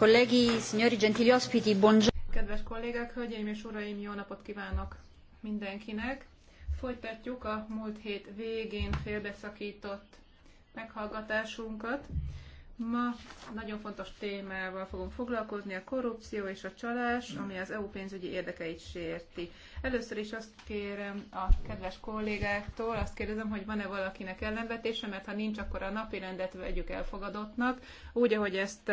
Colleghi, signori gentili ospiti, buongiorno. Kedves kollégák, hölgyeim és uraim, jó napot kívánok mindenkinek. Folytatjuk a múlt hét végén félbeszakított meghallgatásunkat. Ma nagyon fontos témával fogunk foglalkozni, a korrupció és a csalás, ami az EU pénzügyi érdekeit sérti. Először is azt kérem a kedves kollégáktól, azt kérdezem, hogy van-e valakinek ellenvetése, mert ha nincs, akkor a napi rendet vegyük elfogadottnak, úgy, ahogy ezt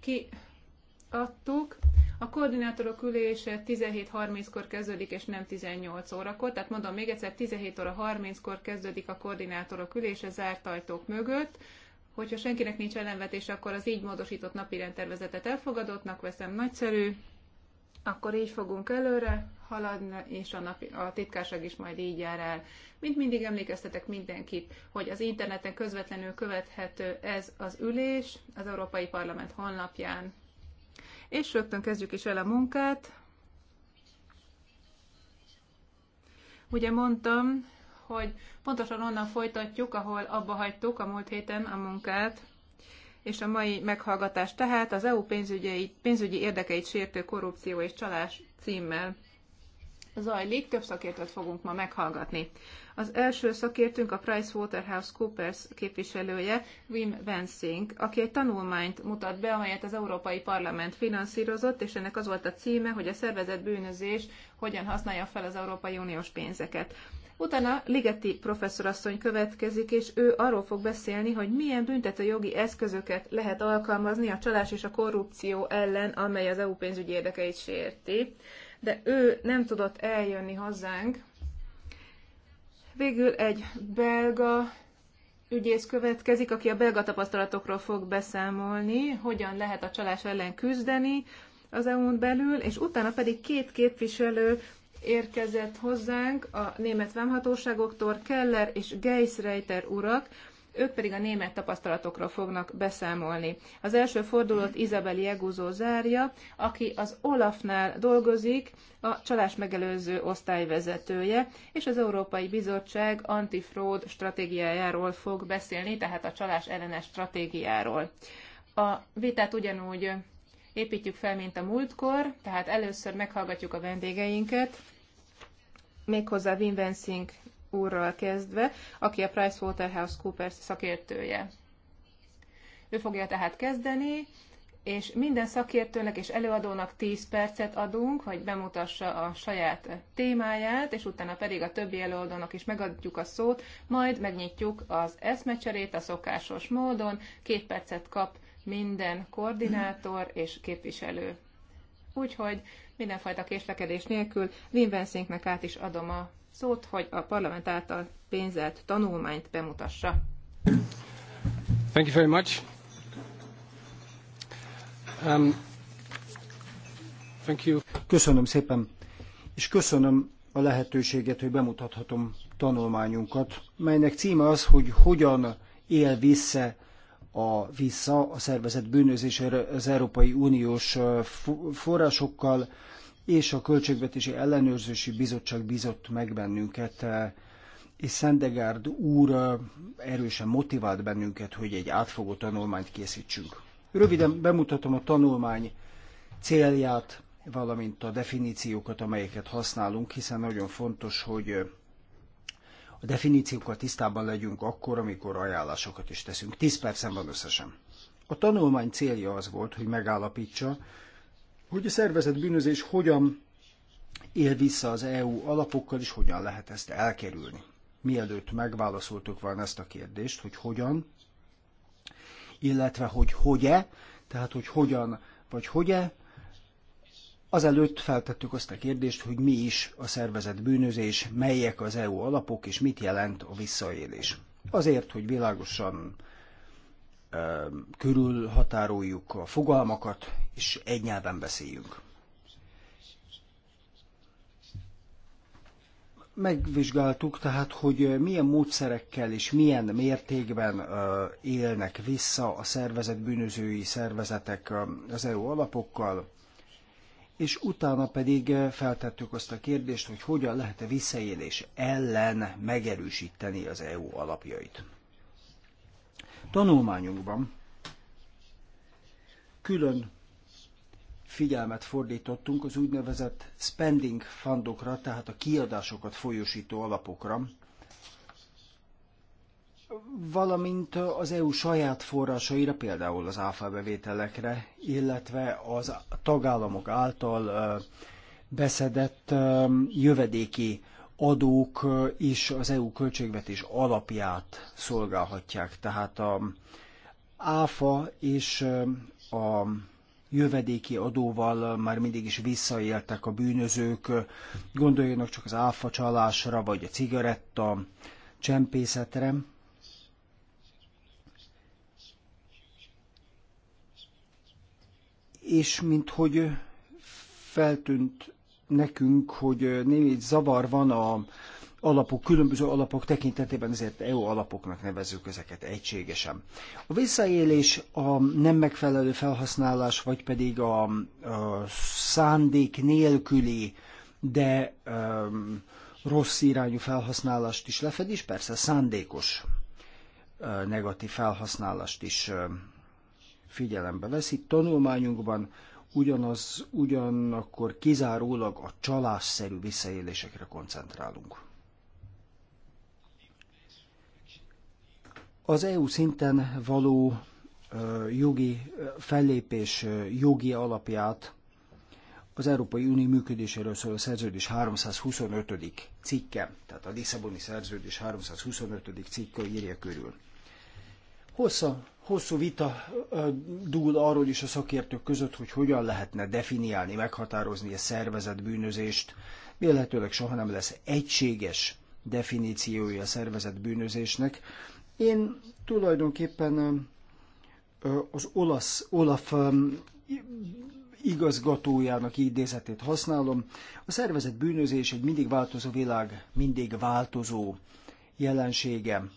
kiadtuk. A koordinátorok ülése 17.30-kor kezdődik, és nem 18 órakor. Tehát mondom még egyszer, 17 óra 30-kor kezdődik a koordinátorok ülése zárt ajtók mögött. Hogyha senkinek nincs ellenvetése, akkor az így módosított napirend tervezetet elfogadottnak veszem, nagyszerű. Akkor így fogunk előre haladna, és a, napi, a titkárság is majd így jár el. Mint mindig emlékeztetek mindenkit, hogy az interneten közvetlenül követhető ez az ülés az Európai Parlament honlapján. És rögtön kezdjük is el a munkát. Ugye mondtam, hogy pontosan onnan folytatjuk, ahol abba hagytuk a múlt héten a munkát, és a mai meghallgatás tehát az EU pénzügyi, pénzügyi érdekeit sértő korrupció és csalás címmel zajlik, több szakértőt fogunk ma meghallgatni. Az első szakértőnk a PricewaterhouseCoopers képviselője, Wim Wensing, aki egy tanulmányt mutat be, amelyet az Európai Parlament finanszírozott, és ennek az volt a címe, hogy a szervezett bűnözés hogyan használja fel az Európai Uniós pénzeket. Utána Ligeti professzorasszony következik, és ő arról fog beszélni, hogy milyen büntetőjogi eszközöket lehet alkalmazni a csalás és a korrupció ellen, amely az EU pénzügyi érdekeit sérti de ő nem tudott eljönni hozzánk. Végül egy belga ügyész következik, aki a belga tapasztalatokról fog beszámolni, hogyan lehet a csalás ellen küzdeni az EU-n belül, és utána pedig két képviselő érkezett hozzánk a német vámhatóságoktól, Keller és Geisreiter urak, ők pedig a német tapasztalatokról fognak beszámolni. Az első fordulót Izabeli Egúzó zárja, aki az Olafnál dolgozik, a csalás megelőző osztályvezetője, és az Európai Bizottság antifraud stratégiájáról fog beszélni, tehát a csalás ellenes stratégiáról. A vitát ugyanúgy építjük fel, mint a múltkor, tehát először meghallgatjuk a vendégeinket, méghozzá Wim Wensing úrral kezdve, aki a PricewaterhouseCoopers szakértője. Ő fogja tehát kezdeni, és minden szakértőnek és előadónak 10 percet adunk, hogy bemutassa a saját témáját, és utána pedig a többi előadónak is megadjuk a szót, majd megnyitjuk az eszmecserét a szokásos módon, két percet kap minden koordinátor és képviselő. Úgyhogy mindenfajta késlekedés nélkül Wim át is adom a szót, hogy a parlament által pénzelt tanulmányt bemutassa. Thank you very much. Um, thank you. Köszönöm szépen, és köszönöm a lehetőséget, hogy bemutathatom tanulmányunkat, melynek címe az, hogy hogyan él vissza a vissza a szervezet bűnözésére az Európai Uniós uh, forrásokkal, és a Költségvetési Ellenőrzési Bizottság bizott meg bennünket, eh, és Szendegárd úr eh, erősen motivált bennünket, hogy egy átfogó tanulmányt készítsünk. Röviden bemutatom a tanulmány célját, valamint a definíciókat, amelyeket használunk, hiszen nagyon fontos, hogy eh, a definíciókkal tisztában legyünk akkor, amikor ajánlásokat is teszünk. Tíz percen van összesen. A tanulmány célja az volt, hogy megállapítsa, hogy a szervezett bűnözés hogyan él vissza az EU alapokkal, és hogyan lehet ezt elkerülni. Mielőtt megválaszoltuk volna ezt a kérdést, hogy hogyan, illetve hogy hogy-e, tehát hogy hogyan vagy hogy-e, azelőtt feltettük azt a kérdést, hogy mi is a szervezett bűnözés, melyek az EU alapok, és mit jelent a visszaélés. Azért, hogy világosan körülhatároljuk a fogalmakat, és egy nyelven beszéljünk. megvizsgáltuk tehát, hogy milyen módszerekkel és milyen mértékben élnek vissza a szervezet bűnözői szervezetek az EU alapokkal, és utána pedig feltettük azt a kérdést, hogy hogyan lehet a visszaélés ellen megerősíteni az EU alapjait. Tanulmányunkban külön figyelmet fordítottunk az úgynevezett spending fundokra, tehát a kiadásokat folyosító alapokra, valamint az EU saját forrásaira, például az áfa bevételekre, illetve az tagállamok által beszedett jövedéki adók is az EU költségvetés alapját szolgálhatják. Tehát a áfa és a jövedéki adóval már mindig is visszaéltek a bűnözők. Gondoljanak csak az áfa csalásra, vagy a cigaretta csempészetre. És mint hogy feltűnt nekünk, hogy némi zavar van a alapok, különböző alapok tekintetében, ezért EU alapoknak nevezzük ezeket egységesen. A visszaélés, a nem megfelelő felhasználás, vagy pedig a, a szándék nélküli, de um, rossz irányú felhasználást is lefedi, és persze szándékos negatív felhasználást is figyelembe veszi. Tanulmányunkban ugyanaz, ugyanakkor kizárólag a csalásszerű visszaélésekre koncentrálunk. Az EU szinten való jogi fellépés jogi alapját az Európai Unió működéséről szóló szerződés 325. cikke, tehát a Lisszaboni szerződés 325. cikke írja körül. Hossza, hosszú vita dúl arról is a szakértők között, hogy hogyan lehetne definiálni, meghatározni a szervezetbűnözést. bűnözést. Véletőleg soha nem lesz egységes definíciója a szervezetbűnözésnek. bűnözésnek. Én tulajdonképpen az olasz, Olaf igazgatójának idézetét használom. A szervezetbűnözés bűnözés egy mindig változó világ, mindig változó jelensége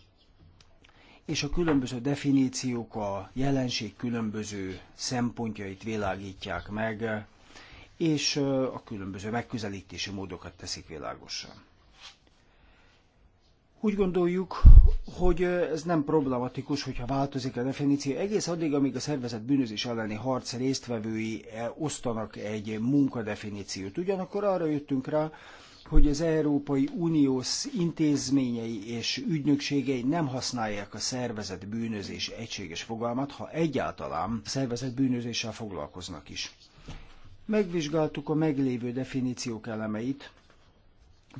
és a különböző definíciók a jelenség különböző szempontjait világítják meg, és a különböző megközelítési módokat teszik világosan. Úgy gondoljuk, hogy ez nem problematikus, hogyha változik a definíció. Egész addig, amíg a szervezet bűnözés elleni harc résztvevői e, osztanak egy munkadefiníciót. Ugyanakkor arra jöttünk rá, hogy az Európai Uniós intézményei és ügynökségei nem használják a szervezet bűnözés egységes fogalmat, ha egyáltalán a szervezet bűnözéssel foglalkoznak is. Megvizsgáltuk a meglévő definíciók elemeit,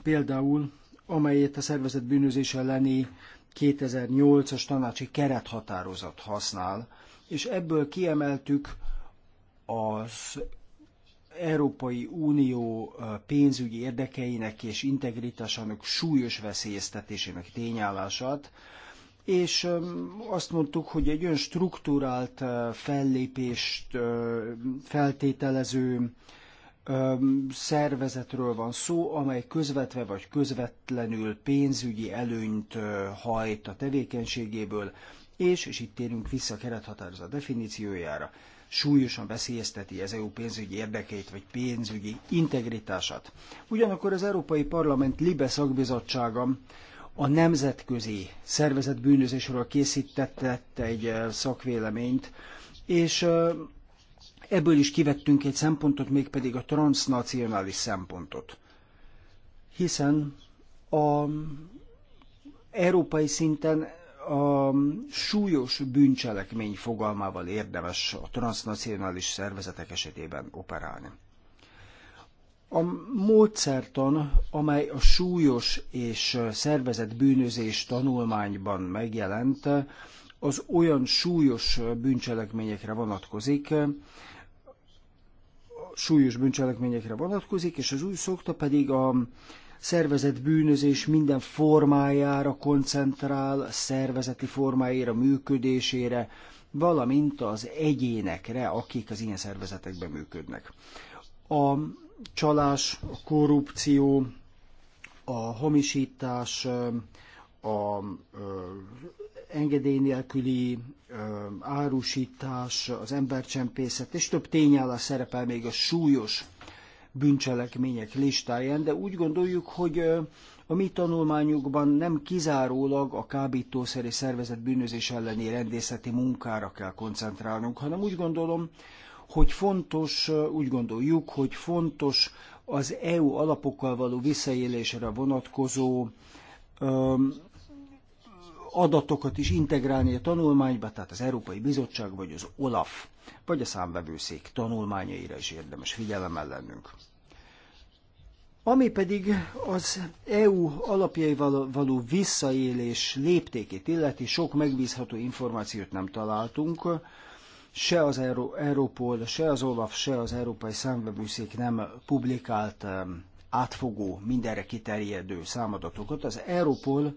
például amelyet a szervezet bűnözés elleni 2008-as tanácsi kerethatározat használ, és ebből kiemeltük az Európai Unió pénzügyi érdekeinek és integritásának súlyos veszélyeztetésének tényállását, és azt mondtuk, hogy egy olyan struktúrált fellépést feltételező szervezetről van szó, amely közvetve vagy közvetlenül pénzügyi előnyt hajt a tevékenységéből, és, és itt térünk vissza a kerethatározat definíciójára, súlyosan veszélyezteti az EU pénzügyi érdekeit vagy pénzügyi integritását. Ugyanakkor az Európai Parlament Libe szakbizottsága a nemzetközi szervezet bűnözésről készítette egy eh, szakvéleményt, és eh, ebből is kivettünk egy szempontot, mégpedig a transnacionális szempontot. Hiszen a európai szinten a súlyos bűncselekmény fogalmával érdemes a transnacionális szervezetek esetében operálni. A módszertan, amely a súlyos és szervezett bűnözés tanulmányban megjelent, az olyan súlyos bűncselekményekre vonatkozik, súlyos bűncselekményekre vonatkozik, és az új szokta pedig a szervezett bűnözés minden formájára koncentrál, szervezeti formáira, működésére, valamint az egyénekre, akik az ilyen szervezetekben működnek. A csalás, a korrupció, a hamisítás, a engedély nélküli árusítás, az embercsempészet, és több tényállás szerepel még a súlyos bűncselekmények listáján, de úgy gondoljuk, hogy a mi tanulmányukban nem kizárólag a kábítószeri szervezet bűnözés elleni rendészeti munkára kell koncentrálnunk, hanem úgy gondolom, hogy fontos, úgy gondoljuk, hogy fontos az EU alapokkal való visszaélésre vonatkozó öm, adatokat is integrálni a tanulmányba, tehát az Európai Bizottság vagy az OLAF vagy a számbevőszék tanulmányaira is érdemes figyelemmel lennünk. Ami pedig az EU alapjaival való visszaélés léptékét illeti, sok megbízható információt nem találtunk, se az Euró- Európol, se az Olaf, se az Európai Számvevőszék nem publikált um, átfogó, mindenre kiterjedő számadatokat. Az Európol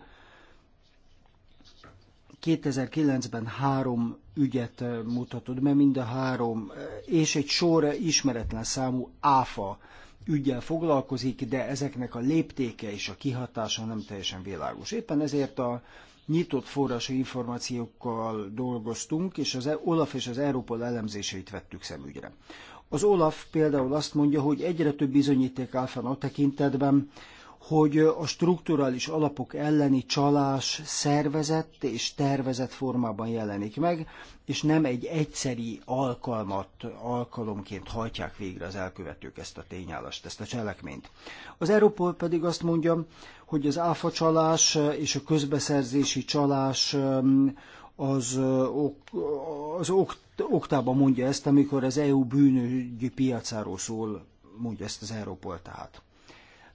2009-ben három ügyet mutatod, mert mind a három, és egy sor ismeretlen számú áfa ügyel foglalkozik, de ezeknek a léptéke és a kihatása nem teljesen világos. Éppen ezért a nyitott forrású információkkal dolgoztunk, és az e- Olaf és az Európol elemzéseit vettük szemügyre. Az Olaf például azt mondja, hogy egyre több bizonyíték áll fenn a tekintetben, hogy a strukturális alapok elleni csalás szervezett és tervezett formában jelenik meg, és nem egy egyszeri alkalmat, alkalomként hajtják végre az elkövetők ezt a tényállást, ezt a cselekményt. Az Europol pedig azt mondja, hogy az áfa csalás és a közbeszerzési csalás az, az oktában mondja ezt, amikor az EU bűnügyi piacáról szól, mondja ezt az Európol tehát.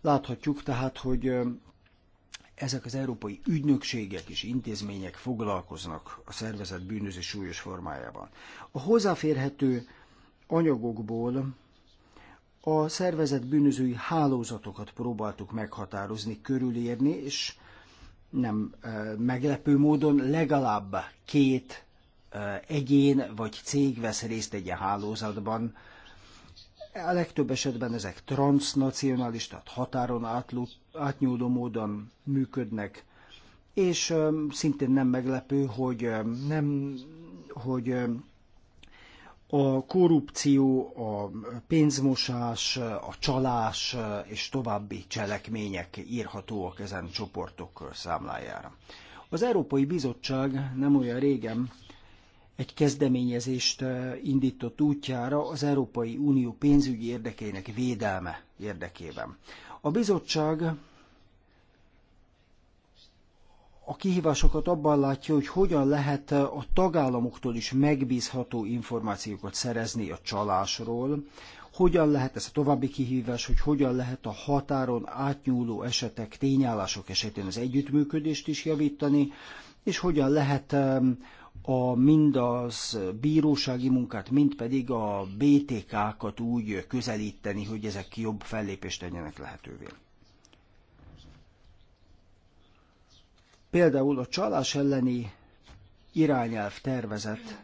Láthatjuk tehát, hogy ezek az európai ügynökségek és intézmények foglalkoznak a szervezet bűnözés súlyos formájában. A hozzáférhető anyagokból a szervezet bűnözői hálózatokat próbáltuk meghatározni, körülírni, és nem meglepő módon legalább két egyén vagy cég vesz részt egy hálózatban, a legtöbb esetben ezek transnacionális, tehát határon átló, átnyúló módon működnek, és um, szintén nem meglepő, hogy um, nem, hogy um, a korrupció, a pénzmosás, a csalás és további cselekmények írhatóak ezen csoportok számlájára. Az Európai Bizottság nem olyan régen egy kezdeményezést indított útjára az Európai Unió pénzügyi érdekeinek védelme érdekében. A bizottság a kihívásokat abban látja, hogy hogyan lehet a tagállamoktól is megbízható információkat szerezni a csalásról, hogyan lehet, ez a további kihívás, hogy hogyan lehet a határon átnyúló esetek, tényállások esetén az együttműködést is javítani, és hogyan lehet a, mind az bírósági munkát, mind pedig a BTK-kat úgy közelíteni, hogy ezek jobb fellépést tegyenek lehetővé. Például a csalás elleni irányelv tervezet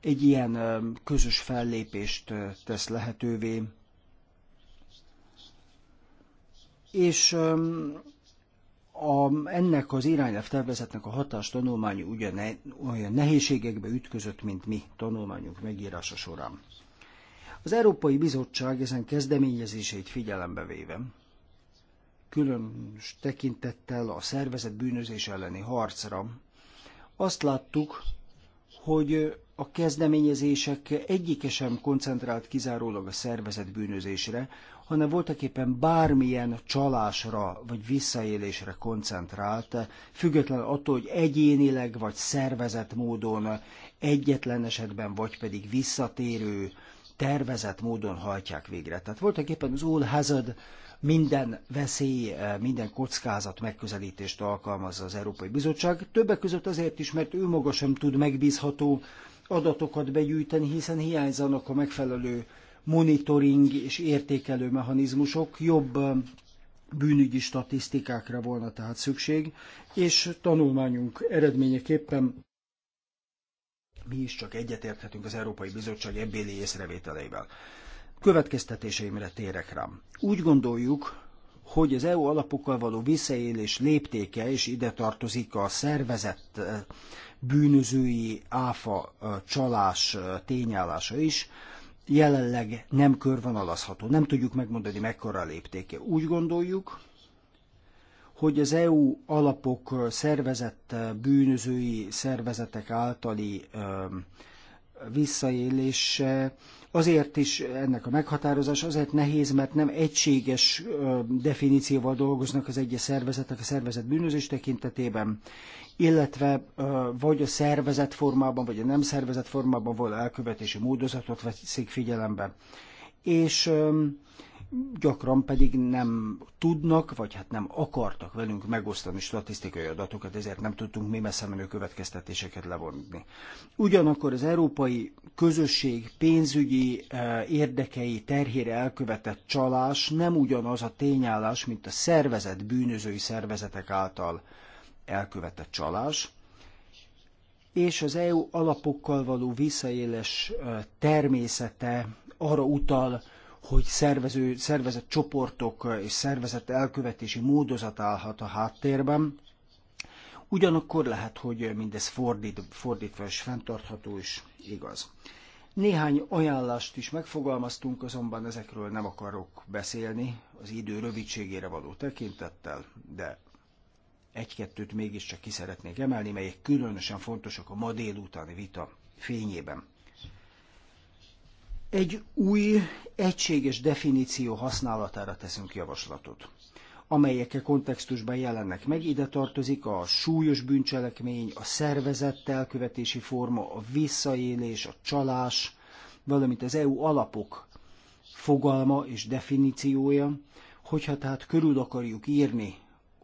egy ilyen közös fellépést tesz lehetővé, és a, ennek az irányelv tervezetnek a hatás tanulmányi ugyan ne, olyan nehézségekbe ütközött, mint mi tanulmányunk megírása során. Az Európai Bizottság ezen kezdeményezéseit figyelembe véve, különös tekintettel a szervezet bűnözés elleni harcra, azt láttuk, hogy a kezdeményezések egyike sem koncentrált kizárólag a szervezet bűnözésre, hanem voltak éppen bármilyen csalásra vagy visszaélésre koncentrált, független attól, hogy egyénileg vagy szervezett módon egyetlen esetben, vagy pedig visszatérő, tervezett módon hajtják végre. Tehát voltak éppen az all hazard minden veszély, minden kockázat megközelítést alkalmazza az Európai Bizottság. Többek között azért is, mert ő maga sem tud megbízható adatokat begyűjteni, hiszen hiányzanak a megfelelő monitoring és értékelő mechanizmusok, jobb bűnügyi statisztikákra volna tehát szükség, és tanulmányunk eredményeképpen mi is csak egyetérthetünk az Európai Bizottság ebbéli észrevételeivel. Következtetéseimre térek rám. Úgy gondoljuk, hogy az EU alapokkal való visszaélés léptéke, és ide tartozik a szervezett bűnözői áfa csalás tényállása is, jelenleg nem körvonalazható. Nem tudjuk megmondani, mekkora léptéke. Úgy gondoljuk, hogy az EU alapok szervezett bűnözői szervezetek általi visszaélés azért is ennek a meghatározás azért nehéz, mert nem egységes definícióval dolgoznak az egyes szervezetek a szervezet bűnözés tekintetében, illetve vagy a szervezet formában, vagy a nem szervezet formában való elkövetési módozatot veszik figyelembe. És gyakran pedig nem tudnak, vagy hát nem akartak velünk megosztani statisztikai adatokat, ezért nem tudtunk mi messze menő következtetéseket levonni. Ugyanakkor az európai közösség pénzügyi érdekei terhére elkövetett csalás nem ugyanaz a tényállás, mint a szervezet bűnözői szervezetek által elkövetett csalás, és az EU alapokkal való visszaéles természete arra utal, hogy szervező, szervezett csoportok és szervezett elkövetési módozat állhat a háttérben. Ugyanakkor lehet, hogy mindez fordít, fordítva és fenntartható is igaz. Néhány ajánlást is megfogalmaztunk, azonban ezekről nem akarok beszélni az idő rövidségére való tekintettel, de egy-kettőt mégiscsak ki szeretnék emelni, melyek különösen fontosak a ma délutáni vita fényében. Egy új, egységes definíció használatára teszünk javaslatot amelyek a e kontextusban jelennek meg. Ide tartozik a súlyos bűncselekmény, a szervezett elkövetési forma, a visszaélés, a csalás, valamint az EU alapok fogalma és definíciója. Hogyha tehát körül akarjuk írni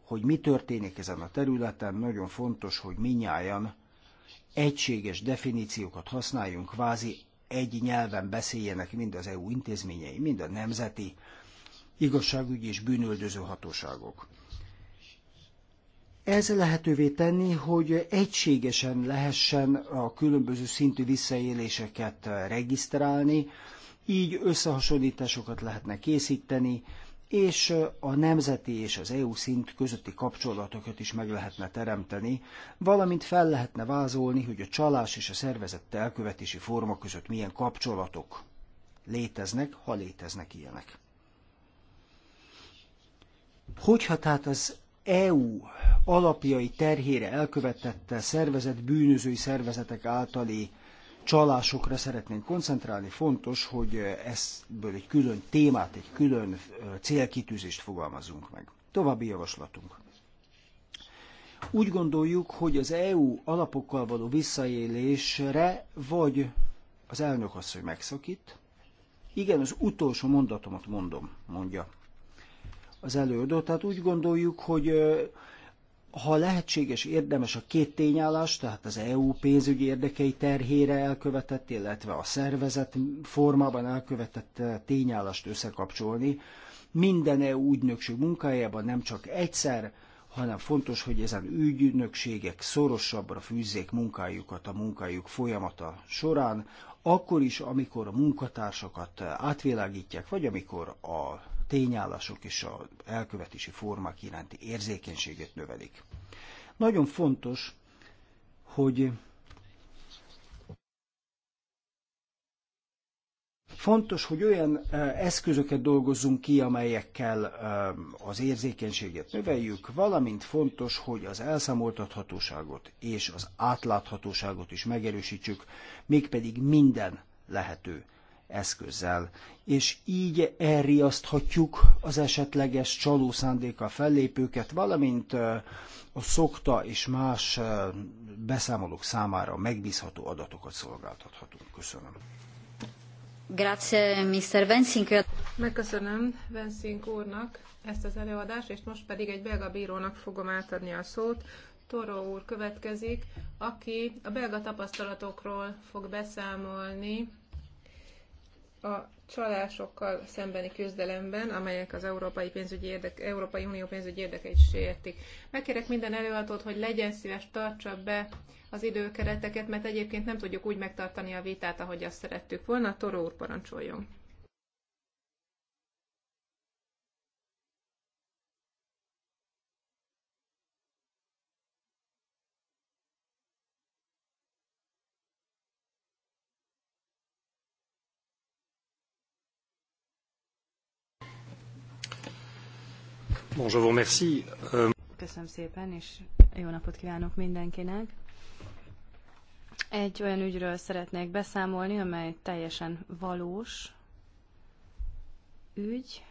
hogy mi történik ezen a területen, nagyon fontos, hogy minnyáján egységes definíciókat használjunk, kvázi egy nyelven beszéljenek mind az EU intézményei, mind a nemzeti igazságügyi és bűnöldöző hatóságok. Ez lehetővé tenni, hogy egységesen lehessen a különböző szintű visszaéléseket regisztrálni, így összehasonlításokat lehetne készíteni, és a nemzeti és az EU szint közötti kapcsolatokat is meg lehetne teremteni, valamint fel lehetne vázolni, hogy a csalás és a szervezett elkövetési forma között milyen kapcsolatok léteznek, ha léteznek ilyenek. Hogyha tehát az EU alapjai terhére elkövetette szervezett bűnözői szervezetek általi csalásokra szeretnénk koncentrálni, fontos, hogy ebből egy külön témát, egy külön célkitűzést fogalmazunk meg. További javaslatunk. Úgy gondoljuk, hogy az EU alapokkal való visszaélésre vagy az elnök asszony megszakít. Igen, az utolsó mondatomat mondom, mondja az előadó. Tehát úgy gondoljuk, hogy ha lehetséges, érdemes a két tényállás, tehát az EU pénzügyi érdekei terhére elkövetett, illetve a szervezet formában elkövetett eh, tényállást összekapcsolni. Minden EU ügynökség munkájában nem csak egyszer, hanem fontos, hogy ezen ügynökségek szorosabbra fűzzék munkájukat a munkájuk folyamata során, akkor is, amikor a munkatársakat eh, átvilágítják, vagy amikor a tényállások és a elkövetési formák iránti érzékenységet növelik. Nagyon fontos, hogy Fontos, hogy olyan eszközöket dolgozzunk ki, amelyekkel az érzékenységet növeljük, valamint fontos, hogy az elszámoltathatóságot és az átláthatóságot is megerősítsük, mégpedig minden lehető eszközzel. És így elriaszthatjuk az esetleges csaló a fellépőket, valamint a szokta és más beszámolók számára megbízható adatokat szolgáltathatunk. Köszönöm. Grazie, Mr. Vensink. Megköszönöm Vensink úrnak ezt az előadást, és most pedig egy belga bírónak fogom átadni a szót. Toró úr következik, aki a belga tapasztalatokról fog beszámolni a csalásokkal szembeni küzdelemben, amelyek az Európai, pénzügyi érdek, Európai Unió pénzügyi érdekeit sértik. Megkérek minden előadót, hogy legyen szíves, tartsa be az időkereteket, mert egyébként nem tudjuk úgy megtartani a vitát, ahogy azt szerettük volna. Toró úr, parancsoljon! Bon, je vous remercie. Euh, Köszönöm szépen, és jó napot kívánok mindenkinek. Egy olyan ügyről szeretnék beszámolni, amely teljesen valós ügy,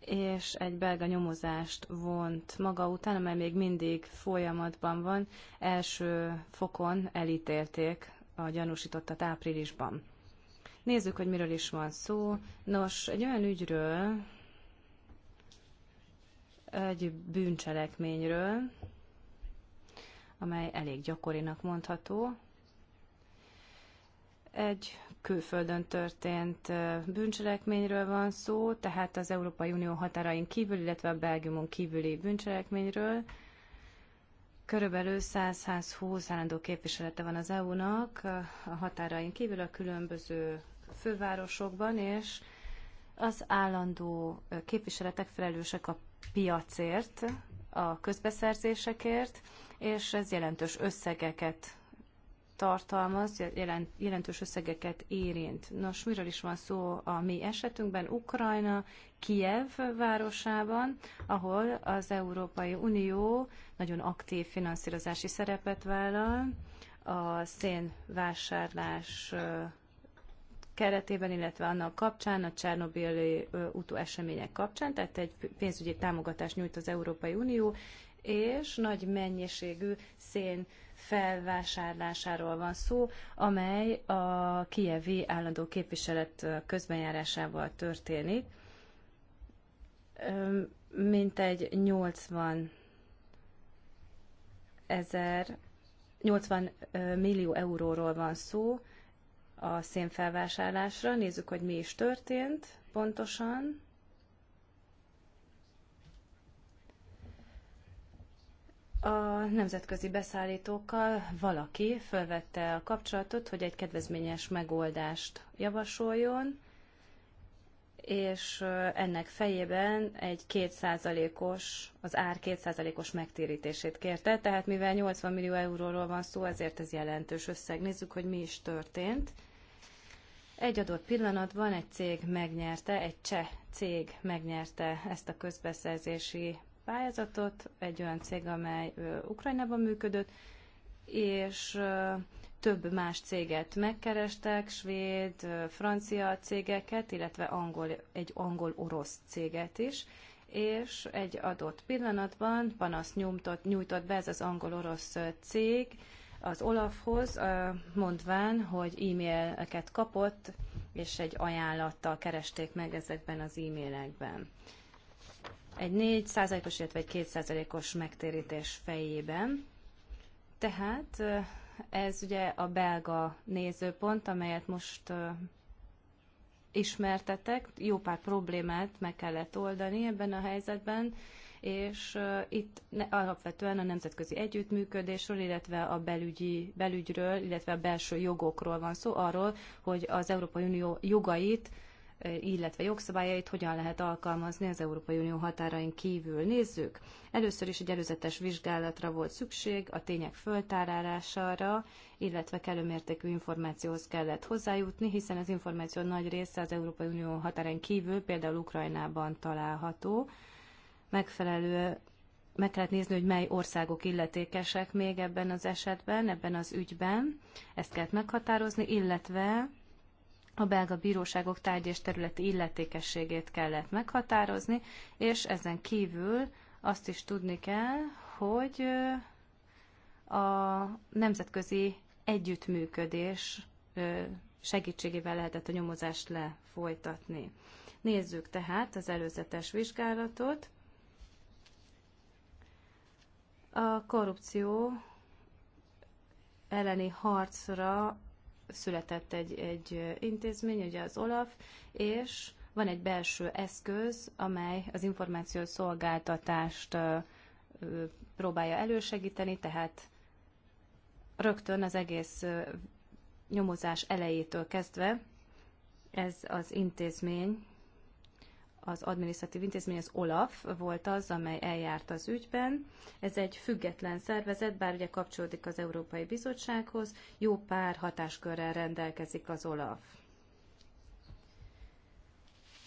és egy belga nyomozást vont maga után, amely még mindig folyamatban van. Első fokon elítélték a gyanúsítottat áprilisban. Nézzük, hogy miről is van szó. Nos, egy olyan ügyről, egy bűncselekményről, amely elég gyakorinak mondható. Egy külföldön történt bűncselekményről van szó, tehát az Európai Unió határain kívül, illetve a Belgiumon kívüli bűncselekményről. Körülbelül 100-120 állandó képviselete van az EU-nak a határain kívül a különböző fővárosokban, és az állandó képviseletek felelősek a piacért, a közbeszerzésekért, és ez jelentős összegeket tartalmaz, jelent, jelentős összegeket érint. Nos, miről is van szó a mi esetünkben? Ukrajna, Kiev városában, ahol az Európai Unió nagyon aktív finanszírozási szerepet vállal a szénvásárlás keretében, illetve annak kapcsán, a Csernobili utó események kapcsán, tehát egy pénzügyi támogatást nyújt az Európai Unió, és nagy mennyiségű szén felvásárlásáról van szó, amely a kievi állandó képviselet közbenjárásával történik. Mintegy 80 ezer, 80 millió euróról van szó a szénfelvásárlásra. Nézzük, hogy mi is történt pontosan. a nemzetközi beszállítókkal valaki felvette a kapcsolatot, hogy egy kedvezményes megoldást javasoljon, és ennek fejében egy kétszázalékos, az ár kétszázalékos megtérítését kérte, tehát mivel 80 millió euróról van szó, ezért ez jelentős összeg. Nézzük, hogy mi is történt. Egy adott pillanatban egy cég megnyerte, egy cseh cég megnyerte ezt a közbeszerzési pályázatot, egy olyan cég, amely Ukrajnában működött, és több más céget megkerestek, svéd, francia cégeket, illetve angol, egy angol-orosz céget is, és egy adott pillanatban panaszt nyújtott, nyújtott be ez az angol-orosz cég az Olafhoz, mondván, hogy e-maileket kapott, és egy ajánlattal keresték meg ezekben az e-mailekben egy 4%-os, illetve egy 2%-os megtérítés fejében. Tehát ez ugye a belga nézőpont, amelyet most ismertetek, jó pár problémát meg kellett oldani ebben a helyzetben, és itt alapvetően a nemzetközi együttműködésről, illetve a belügyi, belügyről, illetve a belső jogokról van szó, arról, hogy az Európai Unió jogait illetve jogszabályait hogyan lehet alkalmazni az Európai Unió határain kívül. Nézzük. Először is egy előzetes vizsgálatra volt szükség, a tények föltárására, illetve kellő mértékű információhoz kellett hozzájutni, hiszen az információ nagy része az Európai Unió határain kívül, például Ukrajnában található. Megfelelő meg kellett nézni, hogy mely országok illetékesek még ebben az esetben, ebben az ügyben. Ezt kellett meghatározni, illetve a belga bíróságok tárgy és területi illetékességét kellett meghatározni, és ezen kívül azt is tudni kell, hogy a nemzetközi együttműködés segítségével lehetett a nyomozást lefolytatni. Nézzük tehát az előzetes vizsgálatot. A korrupció elleni harcra született egy, egy intézmény, ugye az OLAF, és van egy belső eszköz, amely az információ szolgáltatást próbálja elősegíteni, tehát rögtön az egész nyomozás elejétől kezdve ez az intézmény az adminisztratív intézmény, az OLAF volt az, amely eljárt az ügyben. Ez egy független szervezet, bár ugye kapcsolódik az Európai Bizottsághoz, jó pár hatáskörrel rendelkezik az OLAF.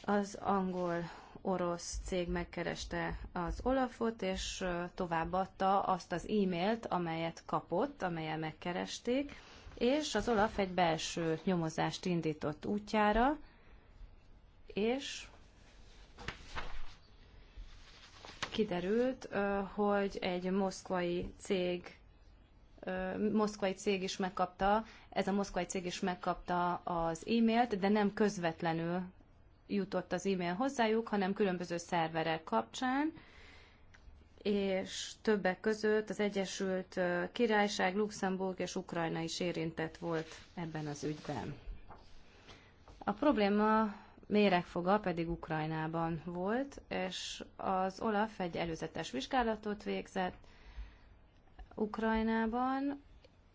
Az angol orosz cég megkereste az Olafot, és továbbadta azt az e-mailt, amelyet kapott, amelyet megkeresték, és az Olaf egy belső nyomozást indított útjára, és kiderült, hogy egy moszkvai cég moszkvai cég is megkapta, ez a moszkvai cég is megkapta az e-mailt, de nem közvetlenül jutott az e-mail hozzájuk, hanem különböző szerverek kapcsán, és többek között az Egyesült Királyság, Luxemburg és Ukrajna is érintett volt ebben az ügyben. A probléma méregfoga pedig Ukrajnában volt, és az Olaf egy előzetes vizsgálatot végzett Ukrajnában,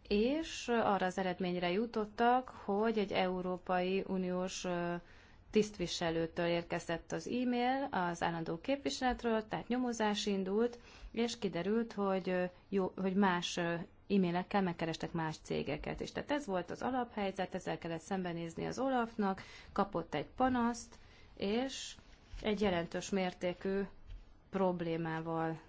és arra az eredményre jutottak, hogy egy Európai Uniós tisztviselőtől érkezett az e-mail az állandó képviseletről, tehát nyomozás indult, és kiderült, hogy, jó, hogy más e-mailekkel megkerestek más cégeket és Tehát ez volt az alaphelyzet, ezzel kellett szembenézni az Olafnak, kapott egy panaszt, és egy jelentős mértékű problémával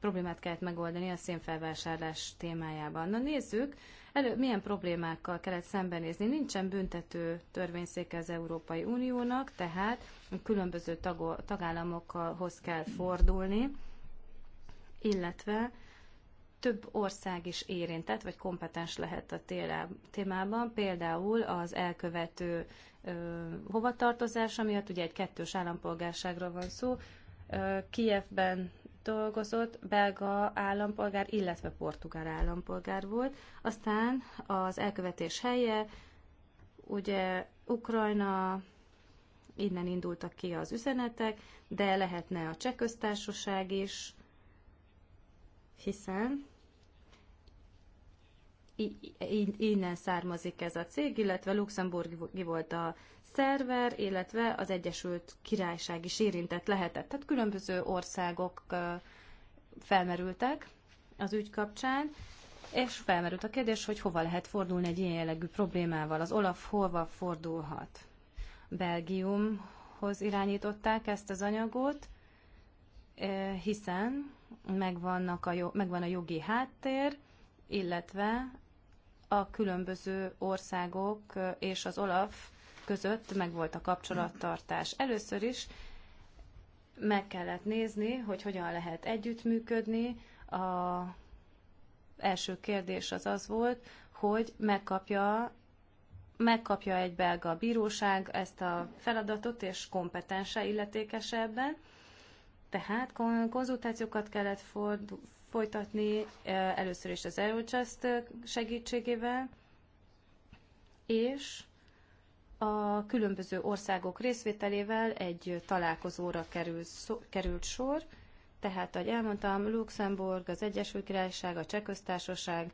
problémát kellett megoldani a szénfelvásárlás témájában. Na nézzük, elő, milyen problémákkal kellett szembenézni. Nincsen büntető törvényszéke az Európai Uniónak, tehát különböző tagállamokhoz kell fordulni, illetve több ország is érintett, vagy kompetens lehet a témában, például az elkövető hovatartozása miatt, ugye egy kettős állampolgárságról van szó, ö, Kijevben dolgozott, belga állampolgár, illetve portugál állampolgár volt. Aztán az elkövetés helye, ugye Ukrajna, innen indultak ki az üzenetek, de lehetne a cseh köztársaság is, hiszen innen származik ez a cég, illetve luxemburgi volt a szerver, illetve az Egyesült Királyság is érintett lehetett. Tehát különböző országok felmerültek az ügy kapcsán, és felmerült a kérdés, hogy hova lehet fordulni egy ilyen jellegű problémával. Az Olaf hova fordulhat? Belgiumhoz irányították ezt az anyagot, hiszen megvannak a, megvan a jogi háttér, illetve a különböző országok és az OLAF között megvolt a kapcsolattartás. Először is meg kellett nézni, hogy hogyan lehet együttműködni. A első kérdés az az volt, hogy megkapja, megkapja egy belga bíróság ezt a feladatot, és kompetense illetékesebben. Tehát konzultációkat kellett folytatni, eh, először is az Eurojust eh, segítségével, és a különböző országok részvételével egy találkozóra került, szó, került sor, tehát, ahogy elmondtam, Luxemburg, az Egyesült Királyság, a Csehköztársaság,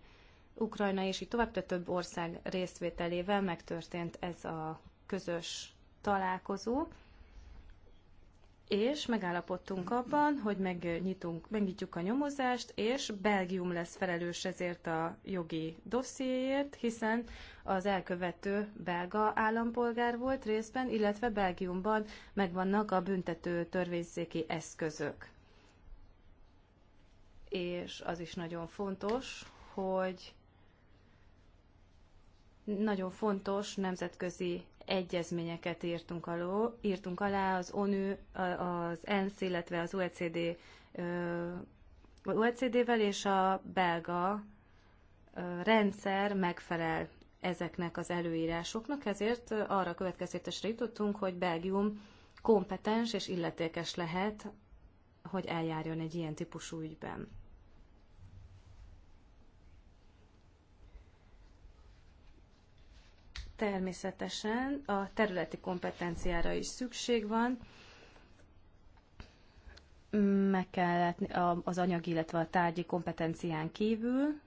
Ukrajna és így tovább, több ország részvételével megtörtént ez a közös találkozó és megállapodtunk abban, hogy megnyitunk, megnyitjuk a nyomozást, és Belgium lesz felelős ezért a jogi dossziéért, hiszen az elkövető belga állampolgár volt részben, illetve Belgiumban megvannak a büntető törvényszéki eszközök. És az is nagyon fontos, hogy nagyon fontos nemzetközi egyezményeket írtunk, aló, írtunk alá az ONU, az ENSZ, illetve az OECD, OECD-vel, és a belga rendszer megfelel ezeknek az előírásoknak, ezért arra következtetésre jutottunk, hogy Belgium kompetens és illetékes lehet, hogy eljárjon egy ilyen típusú ügyben. természetesen a területi kompetenciára is szükség van. Meg kellett az anyagi, illetve a tárgyi kompetencián kívül.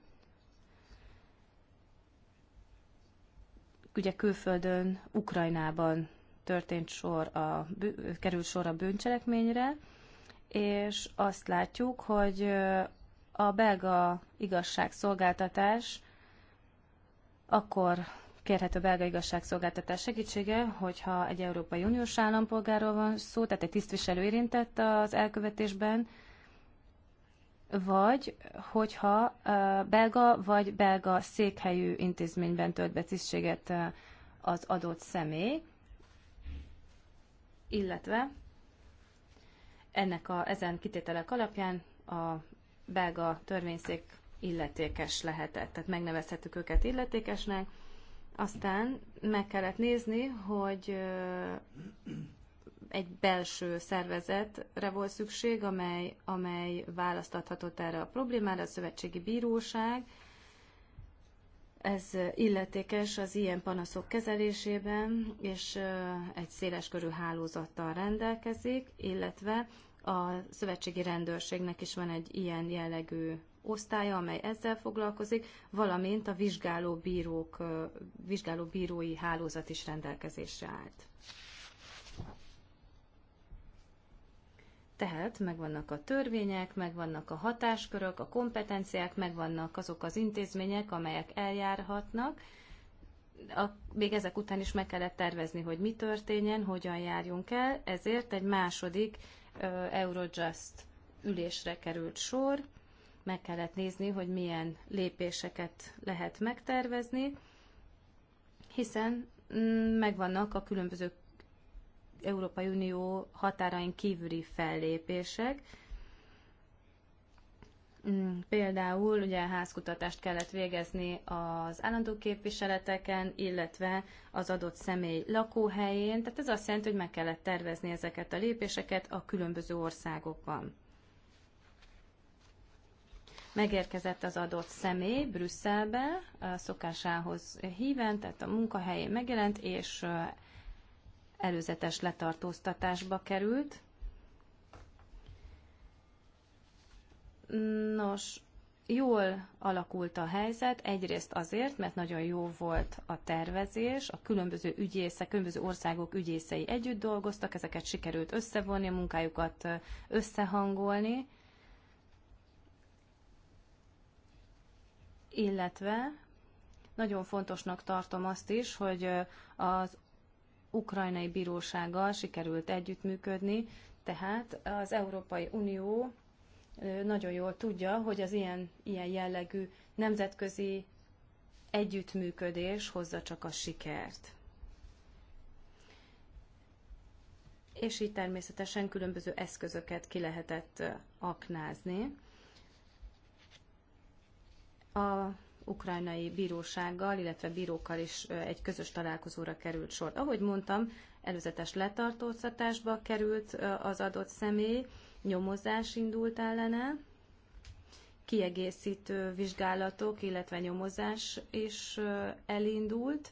Ugye külföldön, Ukrajnában történt sor a, kerül sor a bűncselekményre, és azt látjuk, hogy a belga igazságszolgáltatás akkor kérhet a belga igazságszolgáltatás segítsége, hogyha egy Európai Uniós állampolgáról van szó, tehát egy tisztviselő érintett az elkövetésben, vagy hogyha belga vagy belga székhelyű intézményben tölt be tisztséget az adott személy, illetve ennek a, ezen kitételek alapján a belga törvényszék illetékes lehetett. Tehát megnevezhetük őket illetékesnek, aztán meg kellett nézni, hogy egy belső szervezetre volt szükség, amely, amely választathatott erre a problémára, a Szövetségi Bíróság. Ez illetékes az ilyen panaszok kezelésében, és egy széles körű hálózattal rendelkezik, illetve a szövetségi rendőrségnek is van egy ilyen jellegű osztálya, amely ezzel foglalkozik, valamint a vizsgáló, bírók, vizsgáló bírói hálózat is rendelkezésre állt. Tehát megvannak a törvények, megvannak a hatáskörök, a kompetenciák, megvannak azok az intézmények, amelyek eljárhatnak. A, még ezek után is meg kellett tervezni, hogy mi történjen, hogyan járjunk el, ezért egy második uh, Eurojust ülésre került sor meg kellett nézni, hogy milyen lépéseket lehet megtervezni, hiszen mm, megvannak a különböző Európai Unió határain kívüli fellépések. Mm, például ugye házkutatást kellett végezni az állandó képviseleteken, illetve az adott személy lakóhelyén. Tehát ez azt jelenti, hogy meg kellett tervezni ezeket a lépéseket a különböző országokban. Megérkezett az adott személy Brüsszelbe a szokásához híven, tehát a munkahelyén megjelent, és előzetes letartóztatásba került. Nos, jól alakult a helyzet, egyrészt azért, mert nagyon jó volt a tervezés, a különböző ügyészek, különböző országok ügyészei együtt dolgoztak, ezeket sikerült összevonni, a munkájukat összehangolni, illetve nagyon fontosnak tartom azt is, hogy az ukrajnai bírósággal sikerült együttműködni, tehát az Európai Unió nagyon jól tudja, hogy az ilyen, ilyen jellegű nemzetközi együttműködés hozza csak a sikert. És így természetesen különböző eszközöket ki lehetett aknázni a ukrajnai bírósággal, illetve bírókkal is egy közös találkozóra került sor. Ahogy mondtam, előzetes letartóztatásba került az adott személy, nyomozás indult ellene, kiegészítő vizsgálatok, illetve nyomozás is elindult.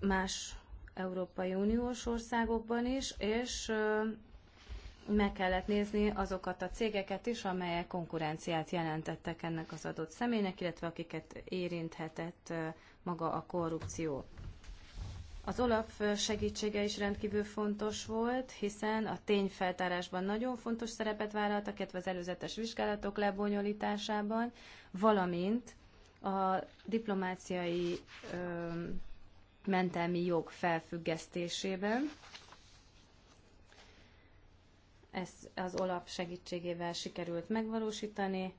Más Európai Uniós országokban is, és meg kellett nézni azokat a cégeket is, amelyek konkurenciát jelentettek ennek az adott személynek, illetve akiket érinthetett maga a korrupció. Az Olaf segítsége is rendkívül fontos volt, hiszen a tényfeltárásban nagyon fontos szerepet vállaltak, illetve az előzetes vizsgálatok lebonyolításában, valamint a diplomáciai ö, mentelmi jog felfüggesztésében ezt az olap segítségével sikerült megvalósítani,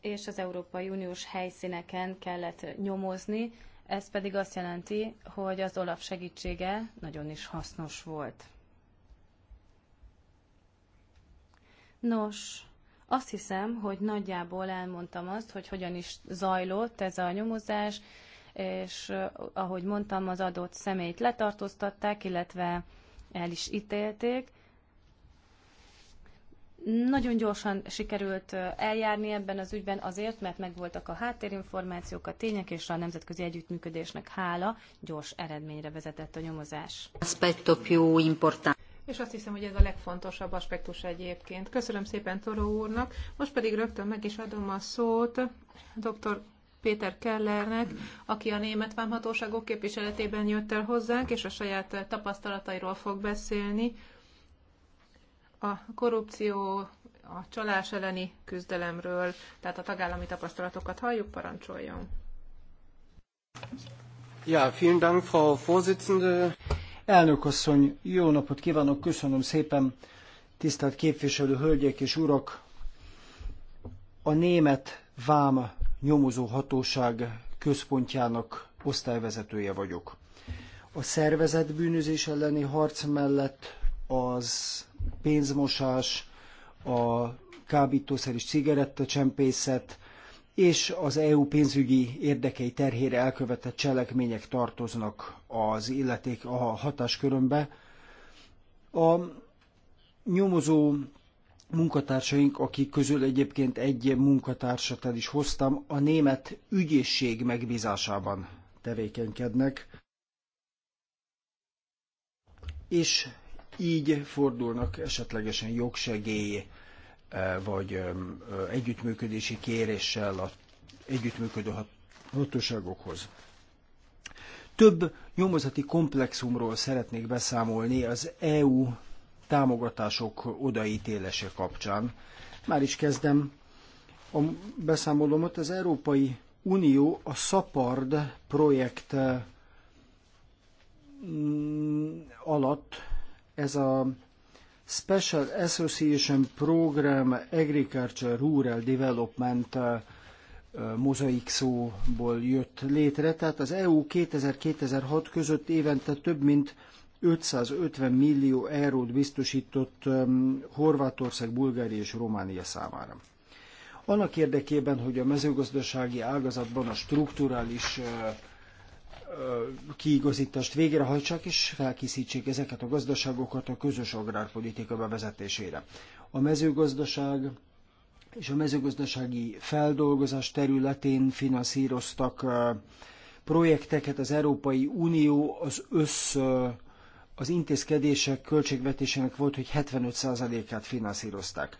és az Európai Uniós helyszíneken kellett nyomozni, ez pedig azt jelenti, hogy az olap segítsége nagyon is hasznos volt. Nos, azt hiszem, hogy nagyjából elmondtam azt, hogy hogyan is zajlott ez a nyomozás, és ahogy mondtam, az adott személyt letartóztatták, illetve el is ítélték, nagyon gyorsan sikerült eljárni ebben az ügyben azért, mert megvoltak a háttérinformációk, a tények és a nemzetközi együttműködésnek hála gyors eredményre vezetett a nyomozás. Aspetto più importante. És azt hiszem, hogy ez a legfontosabb aspektus egyébként. Köszönöm szépen Toró úrnak, most pedig rögtön meg is adom a szót dr. Péter Kellernek, aki a német vámhatóságok képviseletében jött el hozzánk, és a saját tapasztalatairól fog beszélni a korrupció, a csalás elleni küzdelemről, tehát a tagállami tapasztalatokat halljuk, parancsoljon. Ja, vielen Dank, Frau Vorsitzende. Elnök asszony, jó napot kívánok, köszönöm szépen, tisztelt képviselő hölgyek és urak! A német vám nyomozó hatóság központjának osztályvezetője vagyok. A szervezett bűnözés elleni harc mellett az pénzmosás, a kábítószer és csempészet, és az EU pénzügyi érdekei terhére elkövetett cselekmények tartoznak az illeték a hatáskörömbe. A nyomozó munkatársaink, akik közül egyébként egy munkatársat el is hoztam, a német ügyészség megbízásában tevékenykednek. És így fordulnak esetlegesen jogsegély eh, vagy eh, együttműködési kéréssel a együttműködő hatóságokhoz. Több nyomozati komplexumról szeretnék beszámolni az EU támogatások odaítélése kapcsán. Már is kezdem a beszámolomat. Az Európai Unió a SAPARD projekt eh, alatt ez a Special Association Program Agriculture Rural Development eh, eh, mozaik szóból jött létre, tehát az EU 2000-2006 között évente több mint 550 millió eurót biztosított eh, Horvátország, Bulgária és Románia számára. Annak érdekében, hogy a mezőgazdasági ágazatban a strukturális kiigazítást végrehajtsák és felkészítsék ezeket a gazdaságokat a közös agrárpolitika bevezetésére. A mezőgazdaság és a mezőgazdasági feldolgozás területén finanszíroztak projekteket az Európai Unió az össz az intézkedések költségvetésének volt, hogy 75%-át finanszírozták.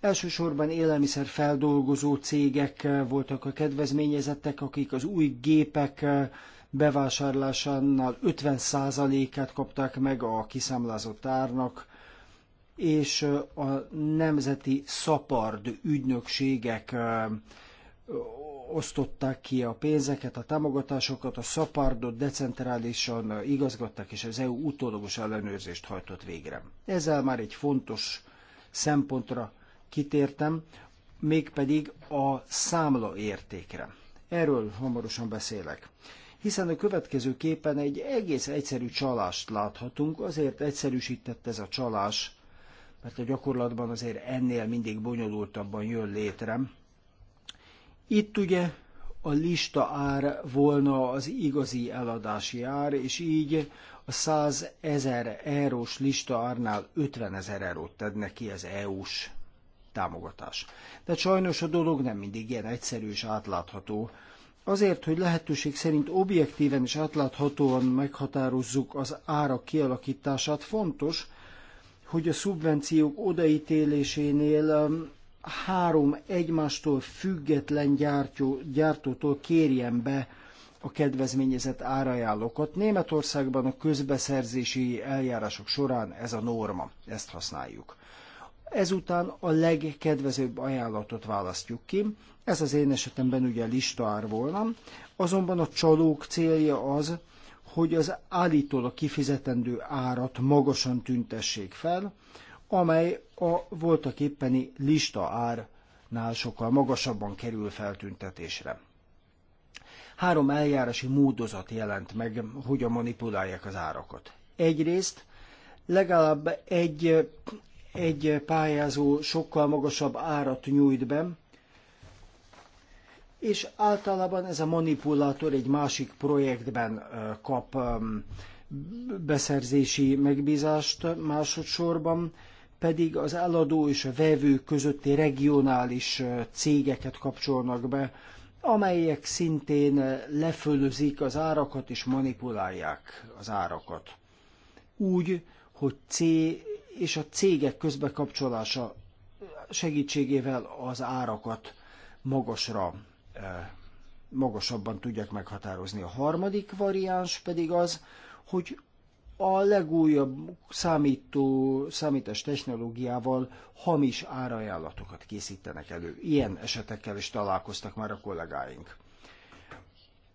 Elsősorban élelmiszer feldolgozó cégek voltak a kedvezményezettek, akik az új gépek bevásárlásánál 50%-át kapták meg a kiszámlázott árnak, és a nemzeti szapard ügynökségek osztották ki a pénzeket, a támogatásokat, a szapardot decentrálisan igazgatták, és az EU utólagos ellenőrzést hajtott végre. Ezzel már egy fontos szempontra kitértem, mégpedig a számla értékre. Erről hamarosan beszélek hiszen a következő képen egy egész egyszerű csalást láthatunk, azért egyszerűsített ez a csalás, mert a gyakorlatban azért ennél mindig bonyolultabban jön létre. Itt ugye a lista ár volna az igazi eladási ár, és így a 100 ezer eurós lista árnál 50 ezer eurót tett neki az EU-s támogatás. De sajnos a dolog nem mindig ilyen egyszerű és átlátható, Azért, hogy lehetőség szerint objektíven és átláthatóan meghatározzuk az árak kialakítását, fontos, hogy a szubvenciók odaítélésénél um, három egymástól független gyártó, gyártótól kérjen be a kedvezményezett árajánlókat. Németországban a közbeszerzési eljárások során ez a norma, ezt használjuk ezután a legkedvezőbb ajánlatot választjuk ki. Ez az én esetemben ugye listaár volna, azonban a csalók célja az, hogy az állítólag kifizetendő árat magasan tüntessék fel, amely a voltak éppeni lista árnál sokkal magasabban kerül feltüntetésre. Három eljárási módozat jelent meg, hogyan manipulálják az árakat. Egyrészt legalább egy egy pályázó sokkal magasabb árat nyújt be, és általában ez a manipulátor egy másik projektben kap beszerzési megbízást másodszorban, pedig az eladó és a vevő közötti regionális cégeket kapcsolnak be, amelyek szintén lefölözik az árakat és manipulálják az árakat. Úgy, hogy C és a cégek közbekapcsolása segítségével az árakat magasra, eh, magasabban tudják meghatározni. A harmadik variáns pedig az, hogy a legújabb számító, számítás technológiával hamis árajánlatokat készítenek elő. Ilyen esetekkel is találkoztak már a kollégáink.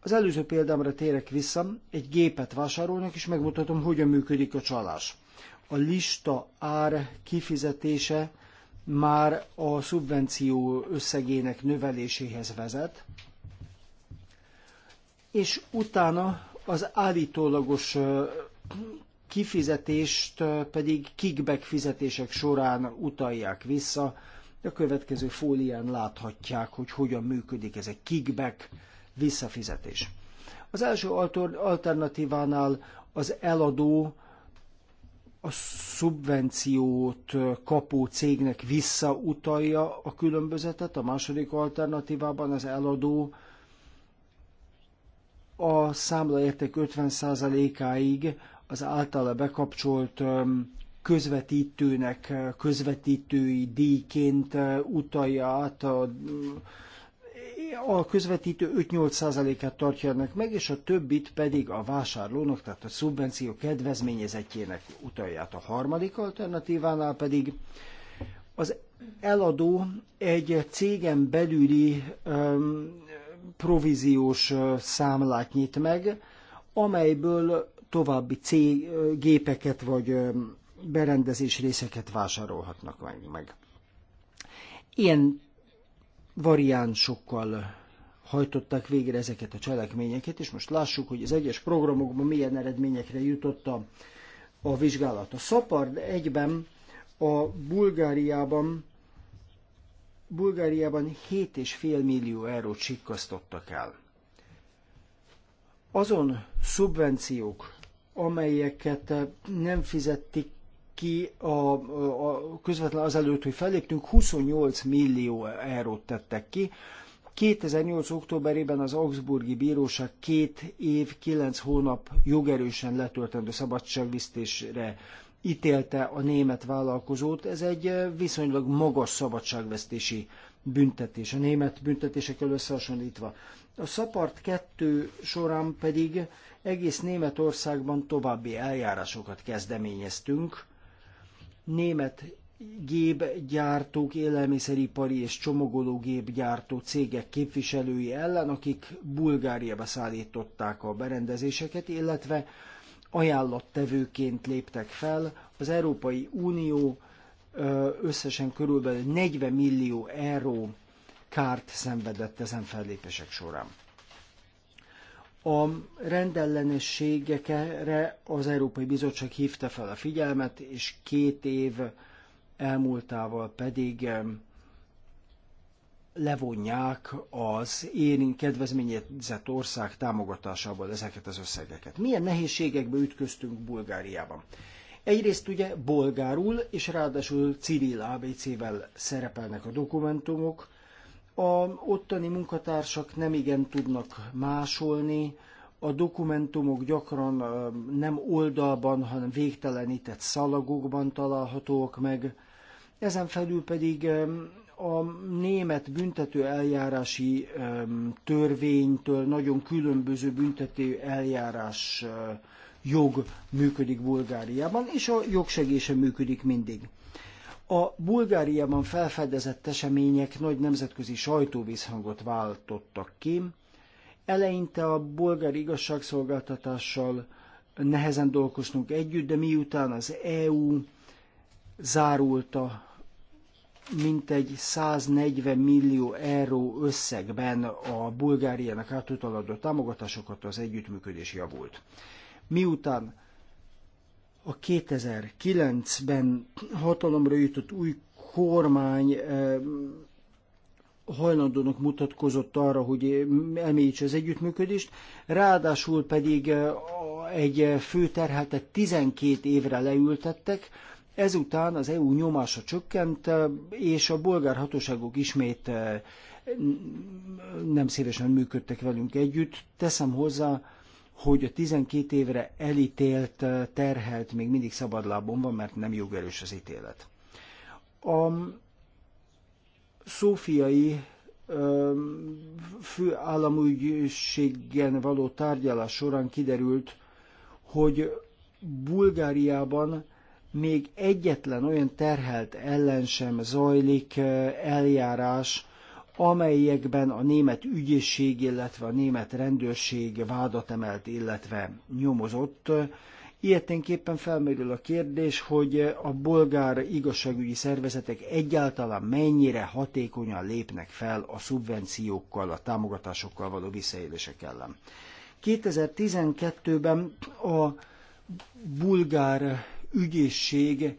Az előző példámra térek vissza, egy gépet vásárolnak, és megmutatom, hogyan működik a csalás a lista ár kifizetése már a szubvenció összegének növeléséhez vezet, és utána az állítólagos kifizetést pedig kickback fizetések során utalják vissza. A következő fólián láthatják, hogy hogyan működik ez a kickback visszafizetés. Az első alternatívánál az eladó a szubvenciót kapó cégnek visszautalja a különbözetet, a második alternatívában az eladó a számlaérték 50%-áig az általa bekapcsolt közvetítőnek közvetítői díjként utalja át a a közvetítő 5-8%-át tartja ennek meg, és a többit pedig a vásárlónak, tehát a szubvenció kedvezményezetjének utalját. A harmadik alternatívánál pedig az eladó egy cégen belüli um, províziós számlát nyit meg, amelyből további cég, gépeket vagy berendezés részeket vásárolhatnak meg. Ilyen variánsokkal hajtották végre ezeket a cselekményeket, és most lássuk, hogy az egyes programokban milyen eredményekre jutott a, a vizsgálat. A Szapard egyben a Bulgáriában Bulgáriában 7,5 millió eurót sikkasztottak el. Azon szubvenciók, amelyeket nem fizették ki a, a közvetlen azelőtt, hogy felléptünk, 28 millió eurót tettek ki. 2008. októberében az Augsburgi Bíróság két év, kilenc hónap jogerősen letöltendő szabadságvisztésre ítélte a német vállalkozót. Ez egy viszonylag magas szabadságvesztési büntetés, a német büntetésekkel összehasonlítva. A Szapart 2 során pedig egész Németországban további eljárásokat kezdeményeztünk, német gépgyártók, élelmiszeripari és csomagológépgyártó cégek képviselői ellen, akik Bulgáriába szállították a berendezéseket, illetve ajánlattevőként léptek fel. Az Európai Unió összesen körülbelül 40 millió euró kárt szenvedett ezen fellépések során. A rendellenességekre az Európai Bizottság hívta fel a figyelmet, és két év elmúltával pedig levonják az érint kedvezményezett ország támogatásából ezeket az összegeket. Milyen nehézségekbe ütköztünk Bulgáriában? Egyrészt ugye bolgárul, és ráadásul Ciril ABC-vel szerepelnek a dokumentumok, a ottani munkatársak nem igen tudnak másolni, a dokumentumok gyakran nem oldalban, hanem végtelenített szalagokban találhatóak meg. Ezen felül pedig a német büntető eljárási törvénytől nagyon különböző büntető eljárás jog működik Bulgáriában, és a jogsegése működik mindig. A Bulgáriában felfedezett események nagy nemzetközi sajtóvészhangot váltottak ki. Eleinte a bolgár igazságszolgáltatással nehezen dolgoztunk együtt, de miután az EU zárulta mintegy 140 millió euró összegben a Bulgáriának átutaladó támogatásokat az együttműködés javult. Miután a 2009-ben hatalomra jutott új kormány eh, hajlandónak mutatkozott arra, hogy emélyítse az együttműködést, ráadásul pedig eh, egy eh, főterheltet 12 évre leültettek, ezután az EU nyomása csökkent, és a bolgár hatóságok ismét nem szívesen működtek velünk együtt. Teszem hozzá, hogy a 12 évre elítélt eh, terhelt még mindig szabadlábon van, mert nem jogerős az ítélet. A szófiai eh, főállamügységen való tárgyalás során kiderült, hogy Bulgáriában még egyetlen olyan terhelt ellen sem zajlik eh, eljárás, amelyekben a német ügyészség, illetve a német rendőrség vádat emelt, illetve nyomozott. Ilyeténképpen felmerül a kérdés, hogy a bolgár igazságügyi szervezetek egyáltalán mennyire hatékonyan lépnek fel a szubvenciókkal, a támogatásokkal való visszaélések ellen. 2012-ben a bulgár ügyészség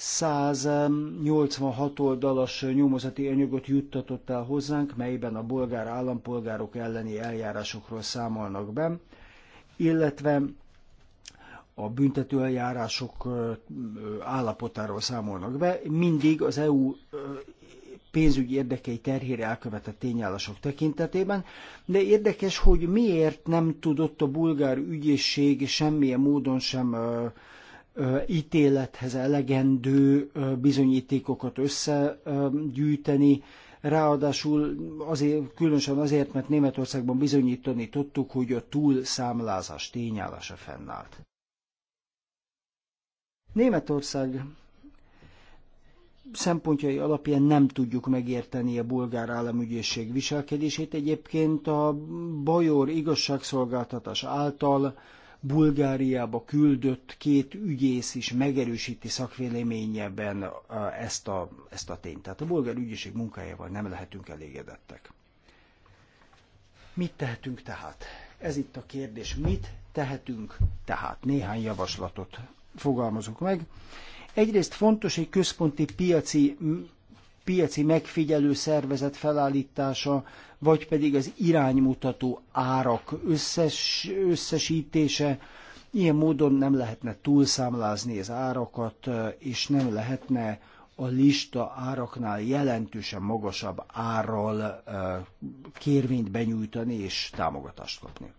186 oldalas nyomozati anyagot juttatott el hozzánk, melyben a bolgár állampolgárok elleni eljárásokról számolnak be, illetve a büntetőeljárások állapotáról számolnak be, mindig az EU pénzügyi érdekei terhére elkövetett tényállások tekintetében, de érdekes, hogy miért nem tudott a bulgár ügyészség semmilyen módon sem ítélethez elegendő bizonyítékokat összegyűjteni, Ráadásul azért, különösen azért, mert Németországban bizonyítani tudtuk, hogy a túlszámlázás tényállása fennállt. Németország szempontjai alapján nem tudjuk megérteni a bolgár államügyészség viselkedését. Egyébként a Bajor igazságszolgáltatás által Bulgáriába küldött két ügyész is megerősíti szakvéleményeben uh, ezt a, ezt a tényt. Tehát a bulgár ügyészség munkájával nem lehetünk elégedettek. Mit tehetünk tehát? Ez itt a kérdés. Mit tehetünk tehát? Néhány javaslatot fogalmazok meg. Egyrészt fontos egy központi piaci piaci megfigyelő szervezet felállítása, vagy pedig az iránymutató árak összes, összesítése. Ilyen módon nem lehetne túlszámlázni az árakat, és nem lehetne a lista áraknál jelentősen magasabb árral kérvényt benyújtani és támogatást kapni.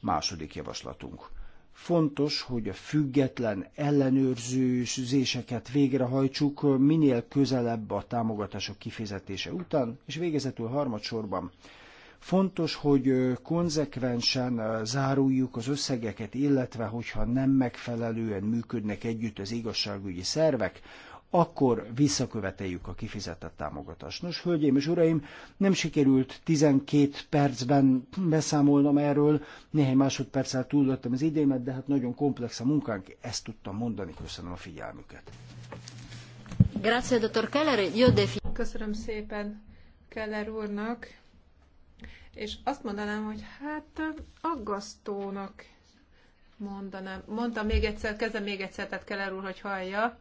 Második javaslatunk. Fontos, hogy a független ellenőrzőzéseket végrehajtsuk minél közelebb a támogatások kifizetése után, és végezetül harmadsorban Fontos, hogy konzekvensen záruljuk az összegeket, illetve hogyha nem megfelelően működnek együtt az igazságügyi szervek, akkor visszaköveteljük a kifizetett támogatást. Nos, hölgyeim és uraim, nem sikerült 12 percben beszámolnom erről, néhány másodperccel túllöttem az idémet, de hát nagyon komplex a munkánk, ezt tudtam mondani, köszönöm a figyelmüket. Grazie, dottor Keller. Jó defi- Köszönöm szépen Keller úrnak, és azt mondanám, hogy hát aggasztónak mondanám. Mondtam még egyszer, kezdem még egyszer, tehát Keller úr, hogy hallja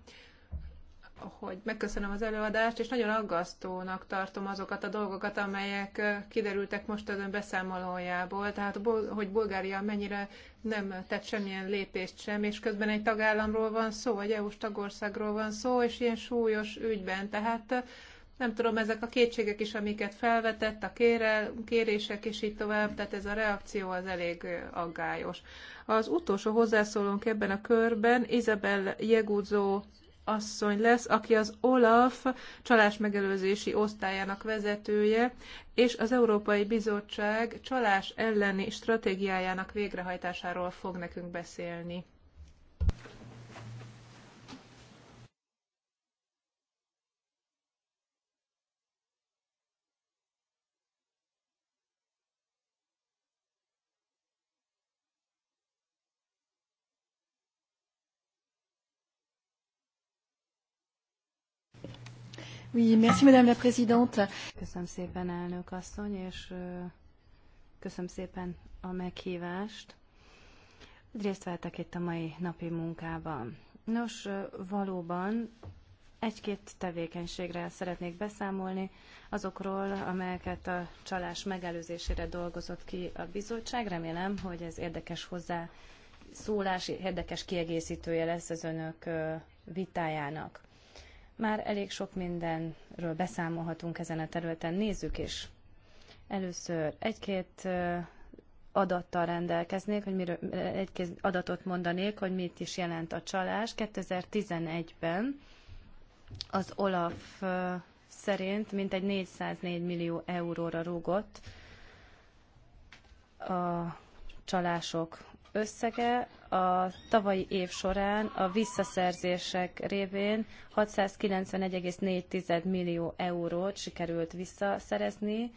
hogy megköszönöm az előadást, és nagyon aggasztónak tartom azokat a dolgokat, amelyek kiderültek most az ön beszámolójából, tehát hogy Bulgária mennyire nem tett semmilyen lépést sem, és közben egy tagállamról van szó, egy EU-s tagországról van szó, és ilyen súlyos ügyben, tehát nem tudom, ezek a kétségek is, amiket felvetett, a kérel, kérések és így tovább, tehát ez a reakció az elég aggályos. Az utolsó hozzászólónk ebben a körben Izabel Jeguzó asszony lesz, aki az OLAF csalás megelőzési osztályának vezetője, és az Európai Bizottság csalás elleni stratégiájának végrehajtásáról fog nekünk beszélni. Oui, merci Madame la Présidente. Köszönöm szépen, elnök asszony, és köszönöm szépen a meghívást. Részt vettek itt a mai napi munkában. Nos, valóban egy-két tevékenységre szeretnék beszámolni, azokról, amelyeket a csalás megelőzésére dolgozott ki a bizottság. Remélem, hogy ez érdekes hozzá szólás, érdekes kiegészítője lesz az önök vitájának. Már elég sok mindenről beszámolhatunk ezen a területen. Nézzük is. Először egy-két adattal rendelkeznék, hogy miről, egy adatot mondanék, hogy mit is jelent a csalás. 2011-ben az OLAF szerint mintegy 404 millió euróra rúgott a csalások összege a tavalyi év során a visszaszerzések révén 691,4 millió eurót sikerült visszaszerezni,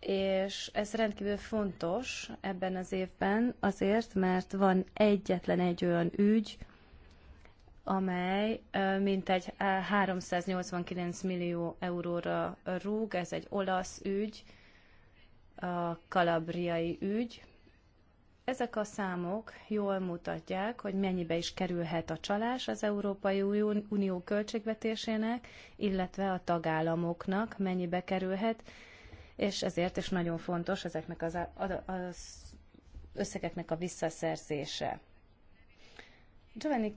és ez rendkívül fontos ebben az évben azért, mert van egyetlen egy olyan ügy, amely mintegy 389 millió euróra rúg, ez egy olasz ügy, a kalabriai ügy, ezek a számok jól mutatják, hogy mennyibe is kerülhet a csalás az Európai Unió költségvetésének, illetve a tagállamoknak mennyibe kerülhet, és ezért is nagyon fontos ezeknek az, az összegeknek a visszaszerzése. Giovanni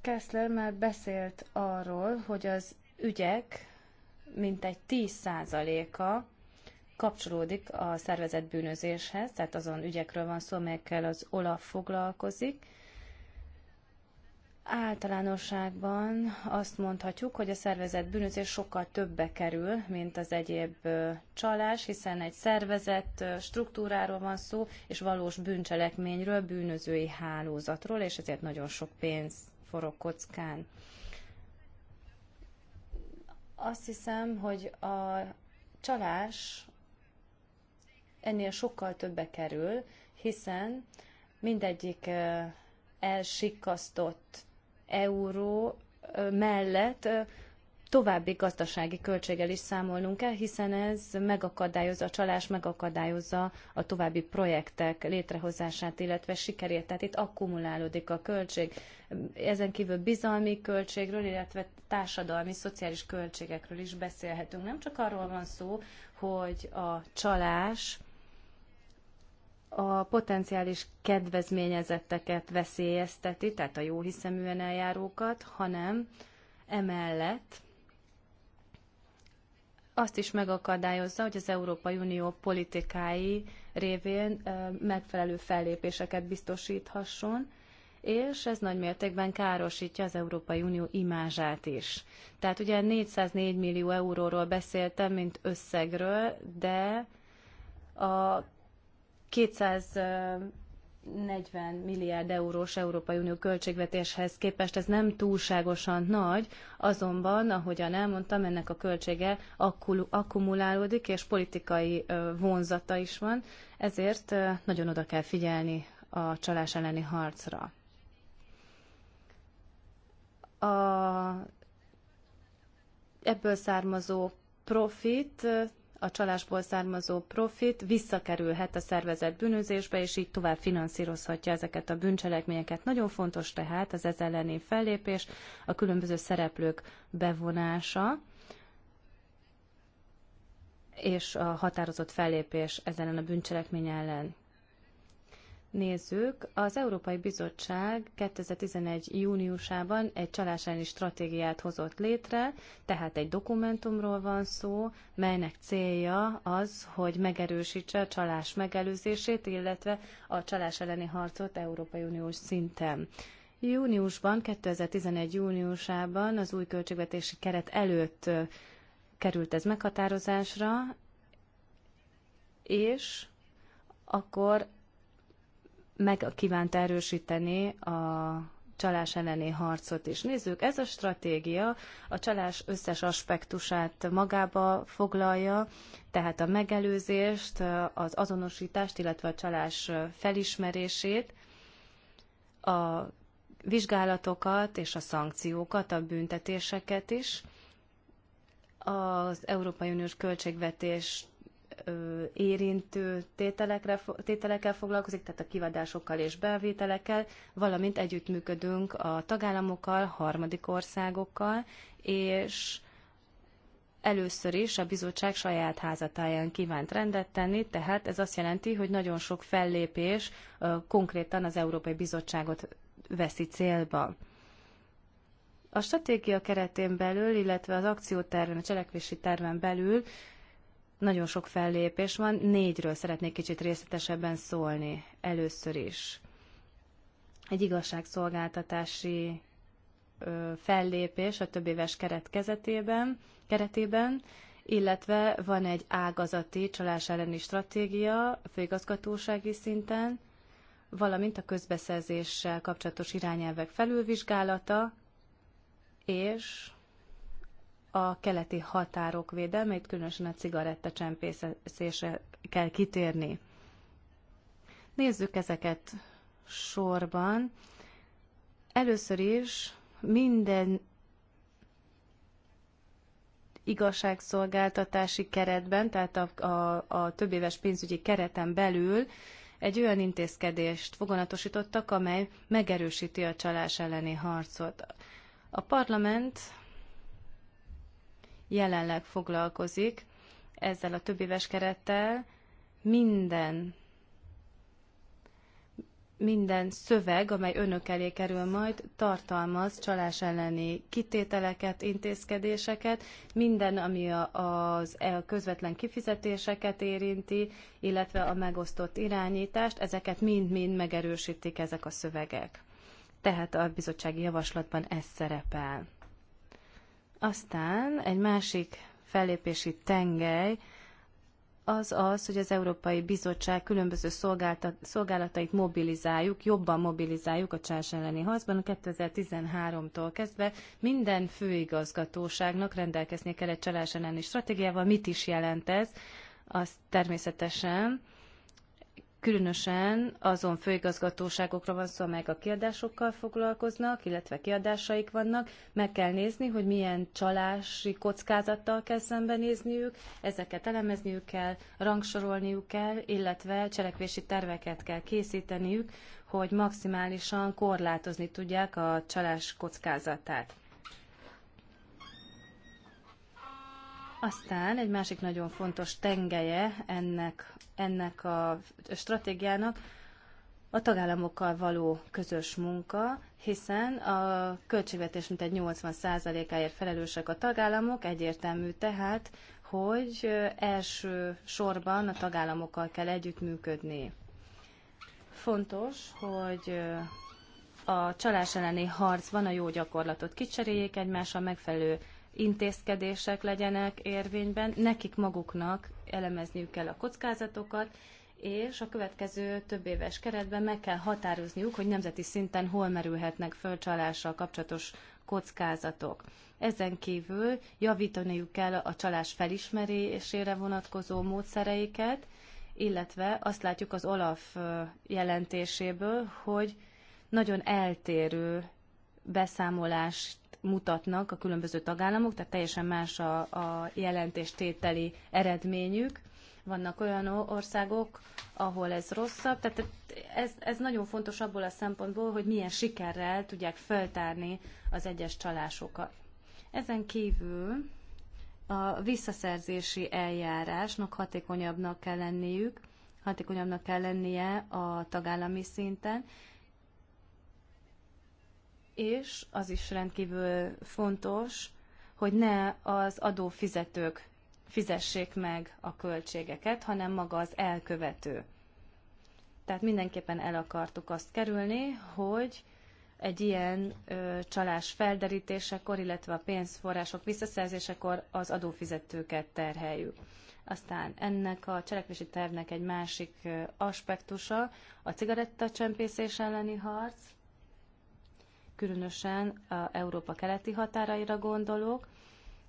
Kessler már beszélt arról, hogy az ügyek mintegy 10%-a kapcsolódik a szervezett bűnözéshez, tehát azon ügyekről van szó, melyekkel az OLAF foglalkozik. Általánosságban azt mondhatjuk, hogy a szervezett bűnözés sokkal többe kerül, mint az egyéb csalás, hiszen egy szervezett struktúráról van szó, és valós bűncselekményről, bűnözői hálózatról, és ezért nagyon sok pénz forog kockán. Azt hiszem, hogy a csalás ennél sokkal többe kerül, hiszen mindegyik elsikasztott euró mellett további gazdasági költséggel is számolnunk kell, hiszen ez megakadályozza, a csalás megakadályozza a további projektek létrehozását, illetve sikerét. Tehát itt akkumulálódik a költség. Ezen kívül bizalmi költségről, illetve társadalmi, szociális költségekről is beszélhetünk. Nem csak arról van szó, hogy a csalás a potenciális kedvezményezetteket veszélyezteti, tehát a jóhiszeműen eljárókat, hanem emellett azt is megakadályozza, hogy az Európai Unió politikái révén megfelelő fellépéseket biztosíthasson, és ez nagy mértékben károsítja az Európai Unió imázsát is. Tehát ugye 404 millió euróról beszéltem, mint összegről, de a 240 milliárd eurós Európai Unió költségvetéshez képest ez nem túlságosan nagy, azonban, ahogyan elmondtam, ennek a költsége akkumulálódik, és politikai vonzata is van, ezért nagyon oda kell figyelni a csalás elleni harcra. A ebből származó profit a csalásból származó profit visszakerülhet a szervezett bűnözésbe, és így tovább finanszírozhatja ezeket a bűncselekményeket. Nagyon fontos tehát az ez elleni fellépés, a különböző szereplők bevonása és a határozott fellépés ezen a bűncselekmény ellen nézzük, az Európai Bizottság 2011. júniusában egy elleni stratégiát hozott létre, tehát egy dokumentumról van szó, melynek célja az, hogy megerősítse a csalás megelőzését, illetve a csalás elleni harcot Európai Uniós szinten. Júniusban, 2011. júniusában az új költségvetési keret előtt került ez meghatározásra, és akkor meg kívánt erősíteni a csalás elleni harcot is. Nézzük, ez a stratégia a csalás összes aspektusát magába foglalja, tehát a megelőzést, az azonosítást, illetve a csalás felismerését, a vizsgálatokat és a szankciókat, a büntetéseket is. Az Európai Uniós költségvetést érintő tételekre, tételekkel foglalkozik, tehát a kivadásokkal és belvételekkel, valamint együttműködünk a tagállamokkal, harmadik országokkal, és először is a bizottság saját házatáján kívánt rendet tenni, tehát ez azt jelenti, hogy nagyon sok fellépés konkrétan az Európai Bizottságot veszi célba. A stratégia keretén belül, illetve az akcióterven, a cselekvési terven belül nagyon sok fellépés van, négyről szeretnék kicsit részletesebben szólni először is. Egy igazságszolgáltatási fellépés a több éves keretkezetében, keretében, illetve van egy ágazati csalás elleni stratégia főigazgatósági szinten, valamint a közbeszerzéssel kapcsolatos irányelvek felülvizsgálata, és a keleti határok védelmét, különösen a cigarettacsempészésre kell kitérni. Nézzük ezeket sorban. Először is minden igazságszolgáltatási keretben, tehát a, a, a több éves pénzügyi kereten belül egy olyan intézkedést foganatosítottak, amely megerősíti a csalás elleni harcot. A parlament jelenleg foglalkozik ezzel a többéves kerettel. Minden minden szöveg, amely önök elé kerül majd, tartalmaz csalás elleni kitételeket, intézkedéseket, minden, ami a, az e, közvetlen kifizetéseket érinti, illetve a megosztott irányítást, ezeket mind-mind megerősítik ezek a szövegek. Tehát a bizottsági javaslatban ez szerepel. Aztán egy másik fellépési tengely az az, hogy az Európai Bizottság különböző szolgálatait mobilizáljuk, jobban mobilizáljuk a csás elleni harcban. 2013-tól kezdve minden főigazgatóságnak rendelkeznie kell egy csalás elleni stratégiával. Mit is jelent ez? Az természetesen Különösen azon főigazgatóságokra van szó, amelyek a kiadásokkal foglalkoznak, illetve kiadásaik vannak. Meg kell nézni, hogy milyen csalási kockázattal kell szembenézniük, ezeket elemezniük kell, rangsorolniuk kell, illetve cselekvési terveket kell készíteniük, hogy maximálisan korlátozni tudják a csalás kockázatát. Aztán egy másik nagyon fontos tengelye ennek, ennek a stratégiának a tagállamokkal való közös munka, hiszen a költségvetés mintegy 80%-áért felelősek a tagállamok, egyértelmű tehát, hogy első sorban a tagállamokkal kell együttműködni. Fontos, hogy a csalás elleni harcban a jó gyakorlatot kicseréljék egymással, megfelelő intézkedések legyenek érvényben, nekik maguknak elemezniük kell a kockázatokat, és a következő több éves keretben meg kell határozniuk, hogy nemzeti szinten hol merülhetnek fölcsalással kapcsolatos kockázatok. Ezen kívül javítaniuk kell a csalás felismerésére vonatkozó módszereiket, illetve azt látjuk az OLAF jelentéséből, hogy nagyon eltérő beszámolást mutatnak a különböző tagállamok, tehát teljesen más a, a jelentéstételi eredményük. Vannak olyan országok, ahol ez rosszabb, tehát ez, ez nagyon fontos abból a szempontból, hogy milyen sikerrel tudják feltárni az egyes csalásokat. Ezen kívül a visszaszerzési eljárásnak hatékonyabbnak kell lenniük, hatékonyabbnak kell lennie a tagállami szinten, és az is rendkívül fontos, hogy ne az adófizetők fizessék meg a költségeket, hanem maga az elkövető. Tehát mindenképpen el akartuk azt kerülni, hogy egy ilyen ö, csalás felderítésekor, illetve a pénzforrások visszaszerzésekor az adófizetőket terheljük. Aztán ennek a cselekvési tervnek egy másik aspektusa a cigarettacsempészés elleni harc, különösen a Európa keleti határaira gondolok.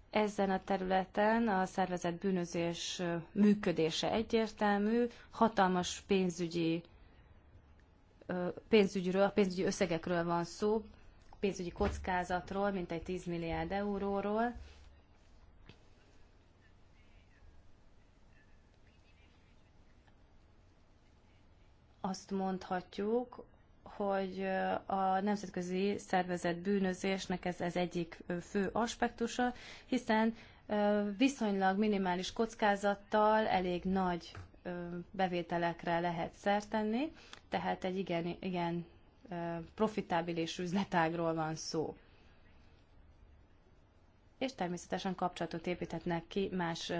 Ezen a területen a szervezet bűnözés működése egyértelmű, hatalmas pénzügyi pénzügyről, a pénzügyi összegekről van szó, pénzügyi kockázatról, mint egy 10 milliárd euróról. Azt mondhatjuk, hogy a nemzetközi szervezet bűnözésnek ez, az egyik fő aspektusa, hiszen viszonylag minimális kockázattal elég nagy bevételekre lehet szert tenni, tehát egy igen, igen profitábilis üzletágról van szó. És természetesen kapcsolatot építhetnek ki más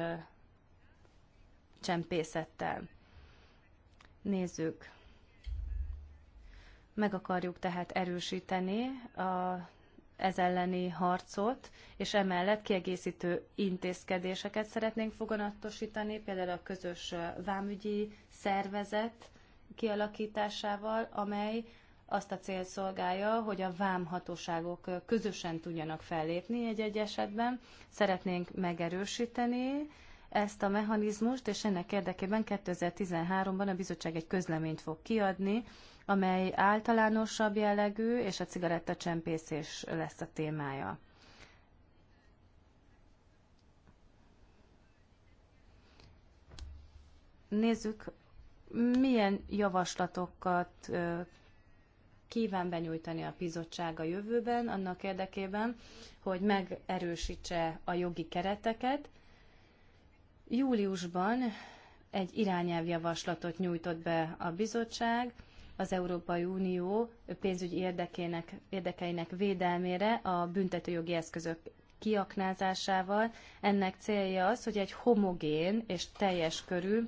csempészettel. Nézzük meg akarjuk tehát erősíteni a ez elleni harcot, és emellett kiegészítő intézkedéseket szeretnénk foganatosítani, például a közös vámügyi szervezet kialakításával, amely azt a cél szolgálja, hogy a vámhatóságok közösen tudjanak fellépni egy-egy esetben. Szeretnénk megerősíteni ezt a mechanizmust, és ennek érdekében 2013-ban a bizottság egy közleményt fog kiadni, amely általánosabb jellegű, és a cigarettacsempészés lesz a témája. Nézzük, milyen javaslatokat kíván benyújtani a bizottság a jövőben, annak érdekében, hogy megerősítse a jogi kereteket. Júliusban egy irányelvjavaslatot nyújtott be a bizottság, az Európai Unió pénzügyi érdekének, érdekeinek védelmére a büntetőjogi eszközök kiaknázásával. Ennek célja az, hogy egy homogén és teljes körű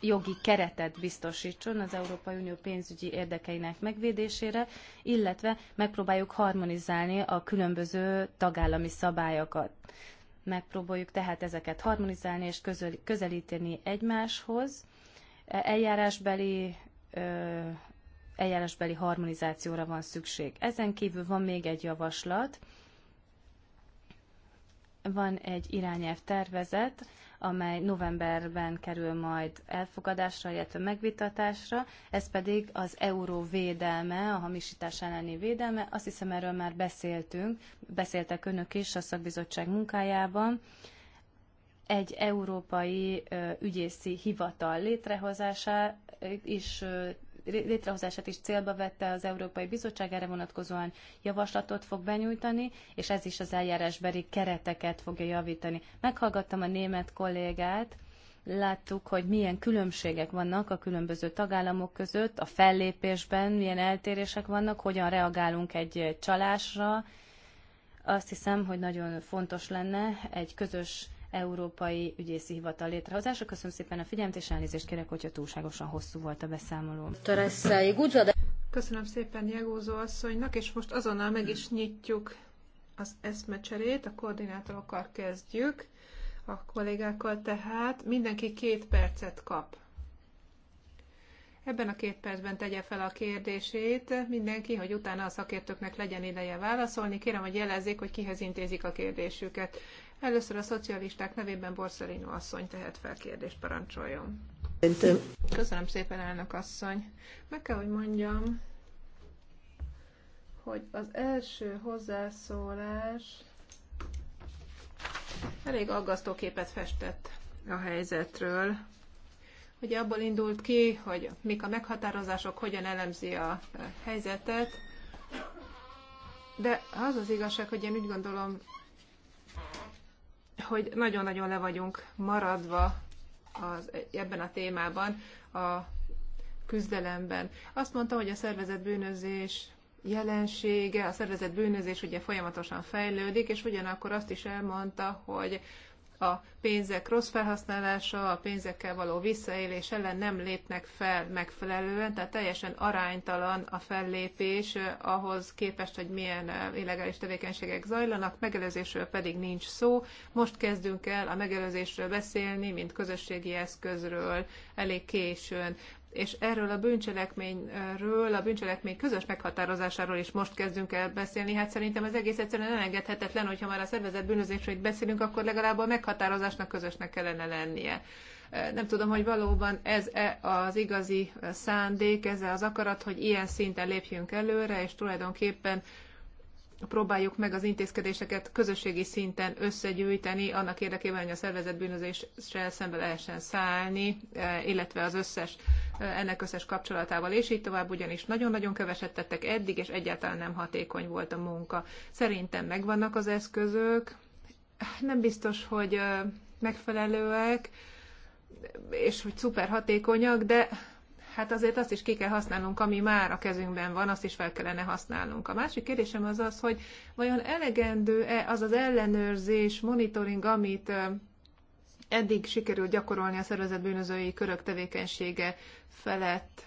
jogi keretet biztosítson az Európai Unió pénzügyi érdekeinek megvédésére, illetve megpróbáljuk harmonizálni a különböző tagállami szabályokat. Megpróbáljuk tehát ezeket harmonizálni és közelíteni egymáshoz. E-, eljárásbeli eljárásbeli harmonizációra van szükség. Ezen kívül van még egy javaslat, van egy irányelv tervezet, amely novemberben kerül majd elfogadásra, illetve megvitatásra, ez pedig az euró védelme, a hamisítás elleni védelme. Azt hiszem, erről már beszéltünk, beszéltek önök is a szakbizottság munkájában. Egy európai ügyészi hivatal létrehozása, is létrehozását is célba vette az Európai Bizottság, erre vonatkozóan javaslatot fog benyújtani, és ez is az eljárásbeli kereteket fogja javítani. Meghallgattam a német kollégát, láttuk, hogy milyen különbségek vannak a különböző tagállamok között, a fellépésben milyen eltérések vannak, hogyan reagálunk egy csalásra. Azt hiszem, hogy nagyon fontos lenne egy közös Európai Ügyészi Hivatal létrehozása. Köszönöm szépen a figyelmet, és elnézést kérek, hogyha túlságosan hosszú volt a beszámoló. Köszönöm szépen Jegózó asszonynak, és most azonnal meg is nyitjuk az eszmecserét, a koordinátorokkal kezdjük, a kollégákkal tehát. Mindenki két percet kap. Ebben a két percben tegye fel a kérdését mindenki, hogy utána a szakértőknek legyen ideje válaszolni. Kérem, hogy jelezzék, hogy kihez intézik a kérdésüket. Először a szocialisták nevében Borszelino asszony tehet fel kérdést, parancsoljon. Köszönöm szépen, elnök asszony. Meg kell, hogy mondjam, hogy az első hozzászólás elég aggasztó képet festett a helyzetről. Ugye abból indult ki, hogy mik a meghatározások, hogyan elemzi a helyzetet, de az az igazság, hogy én úgy gondolom, hogy nagyon-nagyon le vagyunk maradva az, ebben a témában, a küzdelemben. Azt mondta, hogy a szervezet bűnözés jelensége, a szervezet bűnözés ugye folyamatosan fejlődik, és ugyanakkor azt is elmondta, hogy a pénzek rossz felhasználása, a pénzekkel való visszaélés ellen nem lépnek fel megfelelően, tehát teljesen aránytalan a fellépés ahhoz képest, hogy milyen eh, illegális tevékenységek zajlanak, megelőzésről pedig nincs szó. Most kezdünk el a megelőzésről beszélni, mint közösségi eszközről elég későn és erről a bűncselekményről, a bűncselekmény közös meghatározásáról is most kezdünk el beszélni. Hát szerintem az egész egyszerűen elengedhetetlen, hogyha már a szervezett bűnözésről itt beszélünk, akkor legalább a meghatározásnak közösnek kellene lennie. Nem tudom, hogy valóban ez -e az igazi szándék, ez -e az akarat, hogy ilyen szinten lépjünk előre, és tulajdonképpen próbáljuk meg az intézkedéseket közösségi szinten összegyűjteni, annak érdekében, hogy a szervezet bűnözéssel szembe lehessen szállni, eh, illetve az összes, eh, ennek összes kapcsolatával, és így tovább, ugyanis nagyon-nagyon keveset tettek eddig, és egyáltalán nem hatékony volt a munka. Szerintem megvannak az eszközök, nem biztos, hogy eh, megfelelőek, és hogy szuper hatékonyak, de hát azért azt is ki kell használnunk, ami már a kezünkben van, azt is fel kellene használnunk. A másik kérdésem az az, hogy vajon elegendő-e az az ellenőrzés, monitoring, amit eddig sikerült gyakorolni a szervezet bűnözői körök tevékenysége felett?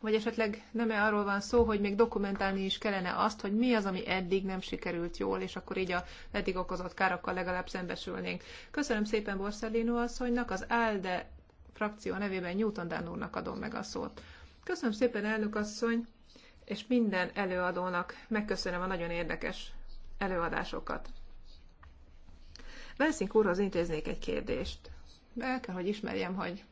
Vagy esetleg nem -e arról van szó, hogy még dokumentálni is kellene azt, hogy mi az, ami eddig nem sikerült jól, és akkor így a eddig okozott károkkal legalább szembesülnénk. Köszönöm szépen Borszellino asszonynak, az ALDE frakció nevében Newton Dan úrnak adom meg a szót. Köszönöm szépen, elnök asszony, és minden előadónak megköszönöm a nagyon érdekes előadásokat. Velszink úrhoz intéznék egy kérdést. El kell, hogy ismerjem, hogy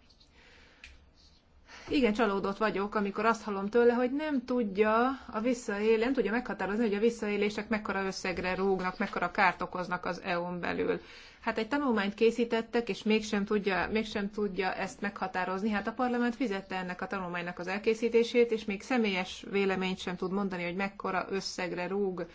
igen csalódott vagyok, amikor azt hallom tőle, hogy nem tudja a visszaélés, nem tudja meghatározni, hogy a visszaélések mekkora összegre rúgnak, mekkora kárt okoznak az EU-n belül. Hát egy tanulmányt készítettek, és mégsem tudja, mégsem tudja ezt meghatározni. Hát a parlament fizette ennek a tanulmánynak az elkészítését, és még személyes véleményt sem tud mondani, hogy mekkora összegre rúg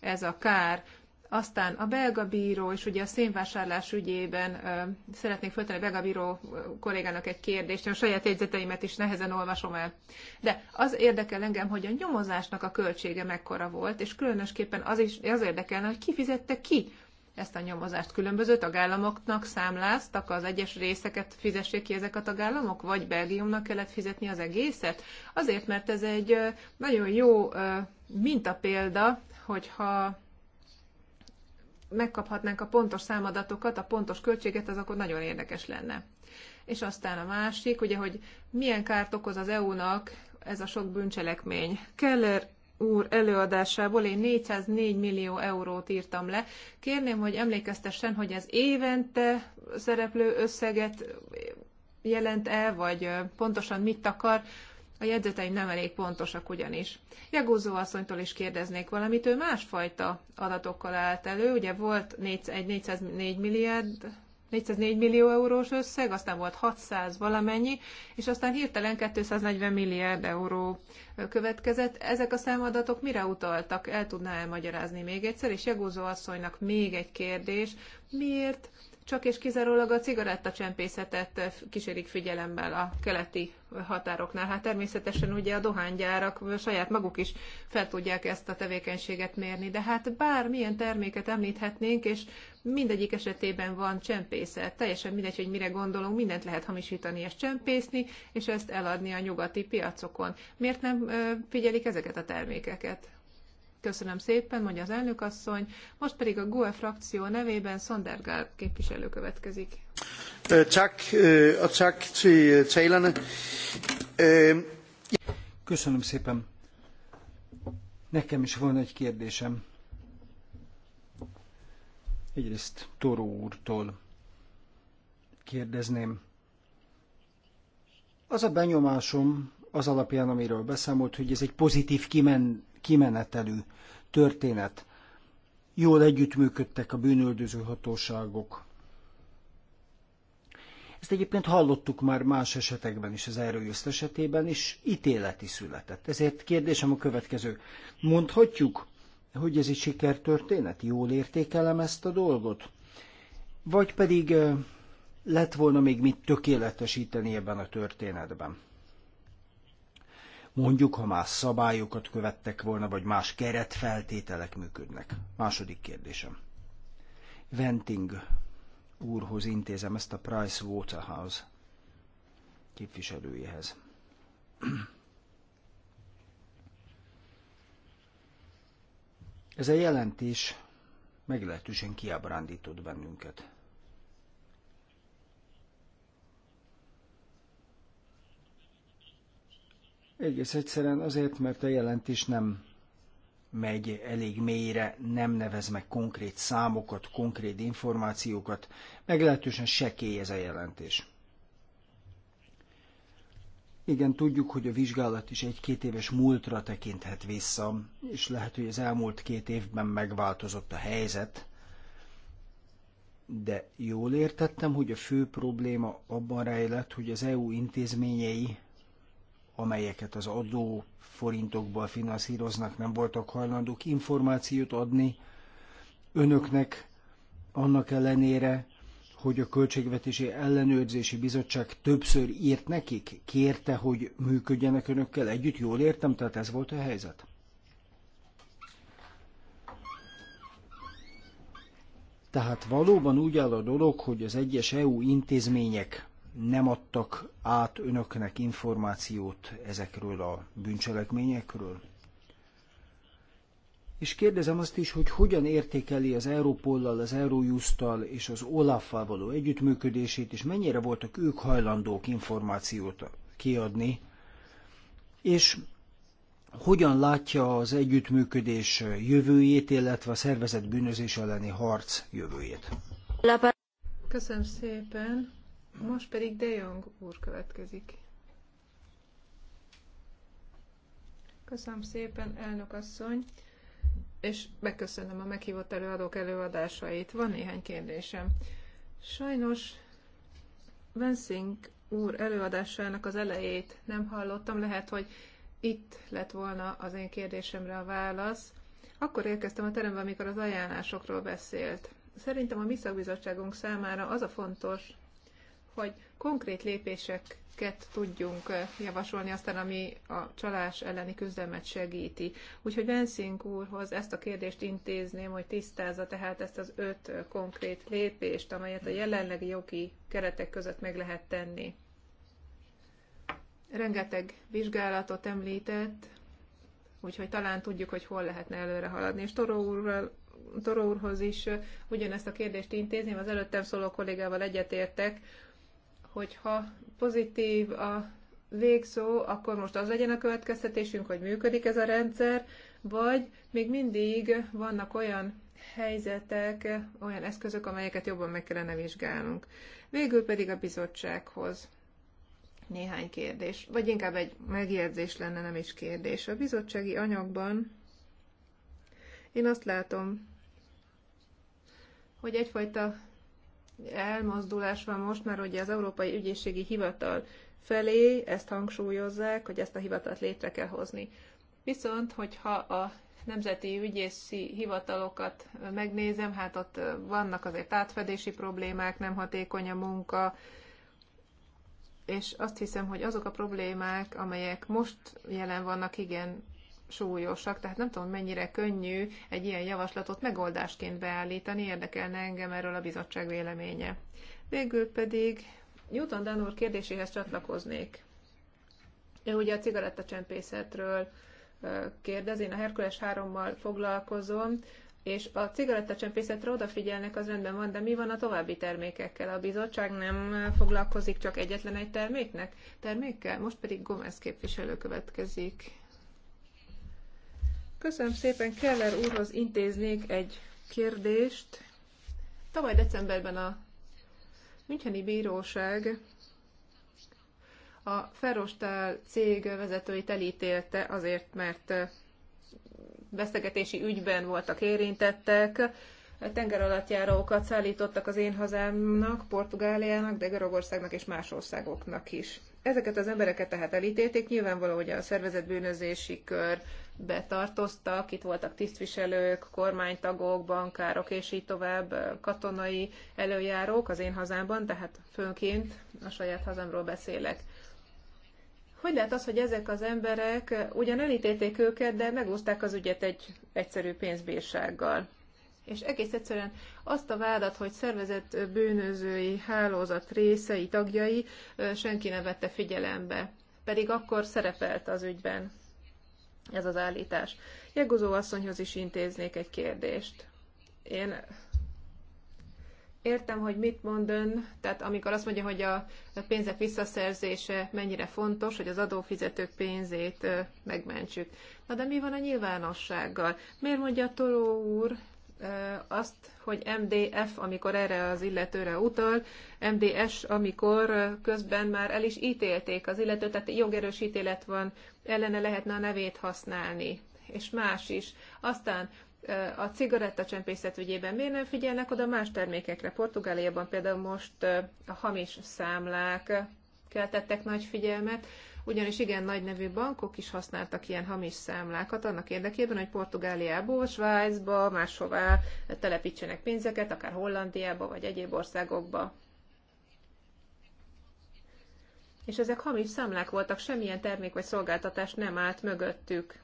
ez a kár. Aztán a belga bíró, és ugye a szénvásárlás ügyében ö, szeretnék föltenni a belga bíró kollégának egy kérdést, a saját jegyzeteimet is nehezen olvasom el. De az érdekel engem, hogy a nyomozásnak a költsége mekkora volt, és különösképpen az is az érdekelne, hogy ki fizette ki ezt a nyomozást. Különböző tagállamoknak számláztak, az egyes részeket fizessék ki ezek a tagállamok, vagy Belgiumnak kellett fizetni az egészet? Azért, mert ez egy nagyon jó mintapélda, hogyha megkaphatnánk a pontos számadatokat, a pontos költséget, az akkor nagyon érdekes lenne. És aztán a másik, ugye, hogy milyen kárt okoz az EU-nak ez a sok bűncselekmény. Keller úr előadásából én 404 millió eurót írtam le. Kérném, hogy emlékeztessen, hogy ez évente szereplő összeget jelent el, vagy pontosan mit akar, a jegyzeteim nem elég pontosak ugyanis. Jagózó asszonytól is kérdeznék valamit, ő másfajta adatokkal állt elő, ugye volt 4, egy 404 milliárd 404 millió eurós összeg, aztán volt 600 valamennyi, és aztán hirtelen 240 milliárd euró következett. Ezek a számadatok mire utaltak? El tudná elmagyarázni még egyszer? És Jagózó asszonynak még egy kérdés. Miért csak és kizárólag a cigarettacsempészetet eh, kísérik figyelemmel a keleti határoknál. Hát természetesen ugye a dohánygyárak saját maguk is fel tudják ezt a tevékenységet mérni, de hát bármilyen terméket említhetnénk, és mindegyik esetében van csempészet. Teljesen mindegy, hogy mire gondolunk, mindent lehet hamisítani és csempészni, és ezt eladni a nyugati piacokon. Miért nem eh, figyelik ezeket a termékeket? Köszönöm szépen, mondja az elnök asszony. Most pedig a GUE frakció nevében Szondergál képviselő következik. Eh, eh, eh, Köszönöm szépen. Nekem is van egy kérdésem. Egyrészt Toró úrtól kérdezném. Az a benyomásom, az alapján, amiről beszámolt, hogy ez egy pozitív kimen, kimenetelű történet. Jól együttműködtek a bűnöldöző hatóságok. Ezt egyébként hallottuk már más esetekben is, az erőjözt esetében is, ítéleti született. Ezért kérdésem a következő. Mondhatjuk, hogy ez egy sikertörténet? Jól értékelem ezt a dolgot? Vagy pedig eh, lett volna még mit tökéletesíteni ebben a történetben? mondjuk, ha más szabályokat követtek volna, vagy más keretfeltételek működnek. Második kérdésem. Venting úrhoz intézem ezt a Price Waterhouse képviselőjéhez. Ez a jelentés meglehetősen kiábrándított bennünket. Egész egyszerűen azért, mert a jelentés nem megy elég mélyre, nem nevez meg konkrét számokat, konkrét információkat, meglehetősen sekély ez a jelentés. Igen, tudjuk, hogy a vizsgálat is egy-két éves múltra tekinthet vissza, és lehet, hogy az elmúlt két évben megváltozott a helyzet, de jól értettem, hogy a fő probléma abban rejlett, hogy az EU intézményei amelyeket az adó forintokból finanszíroznak, nem voltak hajlandók információt adni önöknek, annak ellenére, hogy a Költségvetési Ellenőrzési Bizottság többször írt nekik, kérte, hogy működjenek önökkel együtt, jól értem, tehát ez volt a helyzet? Tehát valóban úgy áll a dolog, hogy az egyes EU intézmények nem adtak át önöknek információt ezekről a bűncselekményekről? És kérdezem azt is, hogy hogyan értékeli az Európollal, az Eurojusztal és az olaf való együttműködését, és mennyire voltak ők hajlandók információt kiadni, és hogyan látja az együttműködés jövőjét, illetve a szervezet bűnözés elleni harc jövőjét? Köszönöm szépen. Most pedig De Jong úr következik. Köszönöm szépen, elnök asszony, és megköszönöm a meghívott előadók előadásait. Van néhány kérdésem. Sajnos Vensing úr előadásának az elejét nem hallottam, lehet, hogy itt lett volna az én kérdésemre a válasz. Akkor érkeztem a terembe, amikor az ajánlásokról beszélt. Szerintem a mi szakbizottságunk számára az a fontos, hogy konkrét lépéseket tudjunk javasolni aztán, ami a csalás elleni küzdelmet segíti. Úgyhogy Venszink úrhoz ezt a kérdést intézném, hogy tisztázza tehát ezt az öt konkrét lépést, amelyet a jelenlegi jogi keretek között meg lehet tenni. Rengeteg vizsgálatot említett, úgyhogy talán tudjuk, hogy hol lehetne előre haladni. És Toró úrral Toró úrhoz is ugyanezt a kérdést intézném, az előttem szóló kollégával egyetértek, hogyha pozitív a végszó, akkor most az legyen a következtetésünk, hogy működik ez a rendszer, vagy még mindig vannak olyan helyzetek, olyan eszközök, amelyeket jobban meg kellene vizsgálnunk. Végül pedig a bizottsághoz néhány kérdés, vagy inkább egy megjegyzés lenne, nem is kérdés. A bizottsági anyagban én azt látom, hogy egyfajta elmozdulás van most mert ugye az Európai Ügyészségi Hivatal felé, ezt hangsúlyozzák, hogy ezt a hivatalt létre kell hozni. Viszont, hogyha a nemzeti ügyészi hivatalokat megnézem, hát ott vannak azért átfedési problémák, nem hatékony a munka, és azt hiszem, hogy azok a problémák, amelyek most jelen vannak, igen súlyosak, tehát nem tudom, mennyire könnyű egy ilyen javaslatot megoldásként beállítani, érdekelne engem erről a bizottság véleménye. Végül pedig Newton Dan úr kérdéséhez csatlakoznék. Ő ugye a cigarettacsempészetről kérdez, én a Herkules 3-mal foglalkozom, és a cigarettacsempészetre odafigyelnek, az rendben van, de mi van a további termékekkel? A bizottság nem foglalkozik csak egyetlen egy terméknek? Termékkel? Most pedig Gomez képviselő következik. Köszönöm szépen, Keller úrhoz intéznék egy kérdést. Tavaly decemberben a Müncheni Bíróság a Ferrostál cég vezetőit elítélte azért, mert vesztegetési ügyben voltak érintettek, tengeralattjárókat szállítottak az én hazámnak, Portugáliának, de Görögországnak és más országoknak is ezeket az embereket tehát elítélték, nyilvánvaló, hogy a bűnözési kör betartoztak, itt voltak tisztviselők, kormánytagok, bankárok és így tovább, katonai előjárók az én hazámban, tehát főnként a saját hazámról beszélek. Hogy lehet az, hogy ezek az emberek ugyan elítélték őket, de megúzták az ügyet egy egyszerű pénzbírsággal? és egész egyszerűen azt a vádat, hogy szervezett bűnözői hálózat részei, tagjai senki nem vette figyelembe, pedig akkor szerepelt az ügyben ez az állítás. Jegozó asszonyhoz is intéznék egy kérdést. Én értem, hogy mit mond ön, tehát amikor azt mondja, hogy a pénzek visszaszerzése mennyire fontos, hogy az adófizetők pénzét megmentsük. Na de mi van a nyilvánossággal? Miért mondja Toró úr, azt, hogy MDF, amikor erre az illetőre utal, MDS, amikor közben már el is ítélték az illetőt, tehát jogerős ítélet van, ellene lehetne a nevét használni, és más is. Aztán a cigarettacsempészet ügyében miért nem figyelnek oda más termékekre? Portugáliában például most a hamis számlák keltettek nagy figyelmet, ugyanis igen nagy nevű bankok is használtak ilyen hamis számlákat annak érdekében, hogy Portugáliából, Svájcba, máshová telepítsenek pénzeket, akár Hollandiába vagy egyéb országokba. És ezek hamis számlák voltak, semmilyen termék vagy szolgáltatás nem állt mögöttük.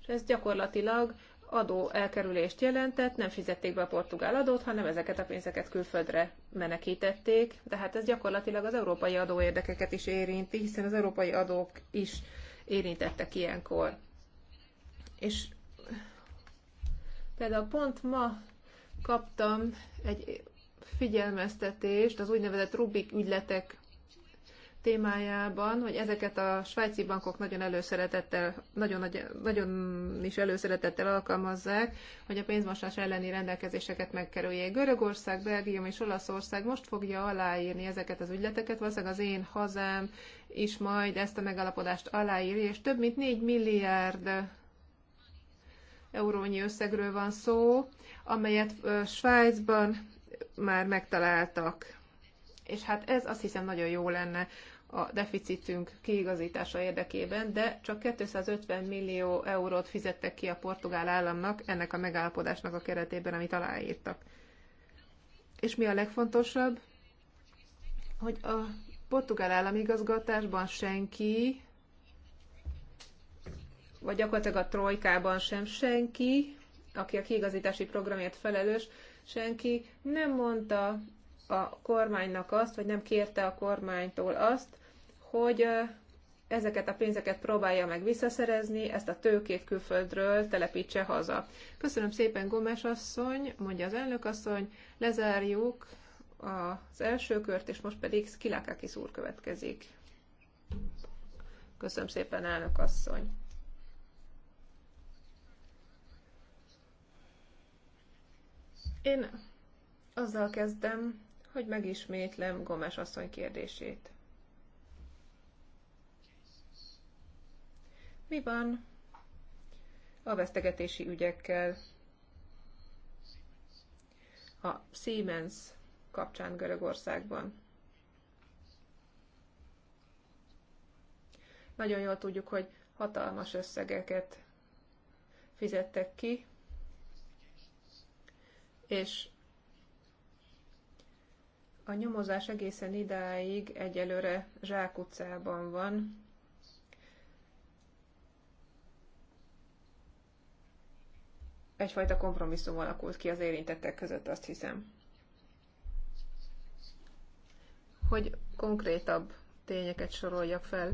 És ez gyakorlatilag adó elkerülést jelentett, nem fizették be a portugál adót, hanem ezeket a pénzeket külföldre menekítették. Tehát ez gyakorlatilag az európai adóérdekeket is érinti, hiszen az európai adók is érintettek ilyenkor. És például pont ma kaptam egy figyelmeztetést az úgynevezett Rubik ügyletek témájában, hogy ezeket a svájci bankok nagyon előszeretettel, nagyon, nagyon is előszeretettel alkalmazzák, hogy a pénzmosás elleni rendelkezéseket megkerüljék. Görögország, Belgium és Olaszország most fogja aláírni ezeket az ügyleteket, valószínűleg az én hazám is majd ezt a megalapodást aláírja, és több mint 4 milliárd eurónyi összegről van szó, amelyet Svájcban már megtaláltak és hát ez azt hiszem nagyon jó lenne a deficitünk kiigazítása érdekében, de csak 250 millió eurót fizettek ki a portugál államnak ennek a megállapodásnak a keretében, amit aláírtak. És mi a legfontosabb? Hogy a portugál államigazgatásban senki, vagy gyakorlatilag a trojkában sem senki, aki a kiigazítási programért felelős, senki nem mondta a kormánynak azt, vagy nem kérte a kormánytól azt, hogy ezeket a pénzeket próbálja meg visszaszerezni, ezt a tőkét külföldről telepítse haza. Köszönöm szépen, Gomes asszony, mondja az elnök asszony, lezárjuk az első kört, és most pedig Skilakakis úr következik. Köszönöm szépen, elnök asszony. Én azzal kezdem, hogy megismétlem Gomes asszony kérdését. Mi van a vesztegetési ügyekkel? A Siemens kapcsán Görögországban. Nagyon jól tudjuk, hogy hatalmas összegeket fizettek ki, és a nyomozás egészen idáig egyelőre zsákutcában van. Egyfajta kompromisszum alakult ki az érintettek között, azt hiszem. Hogy konkrétabb tényeket soroljak fel.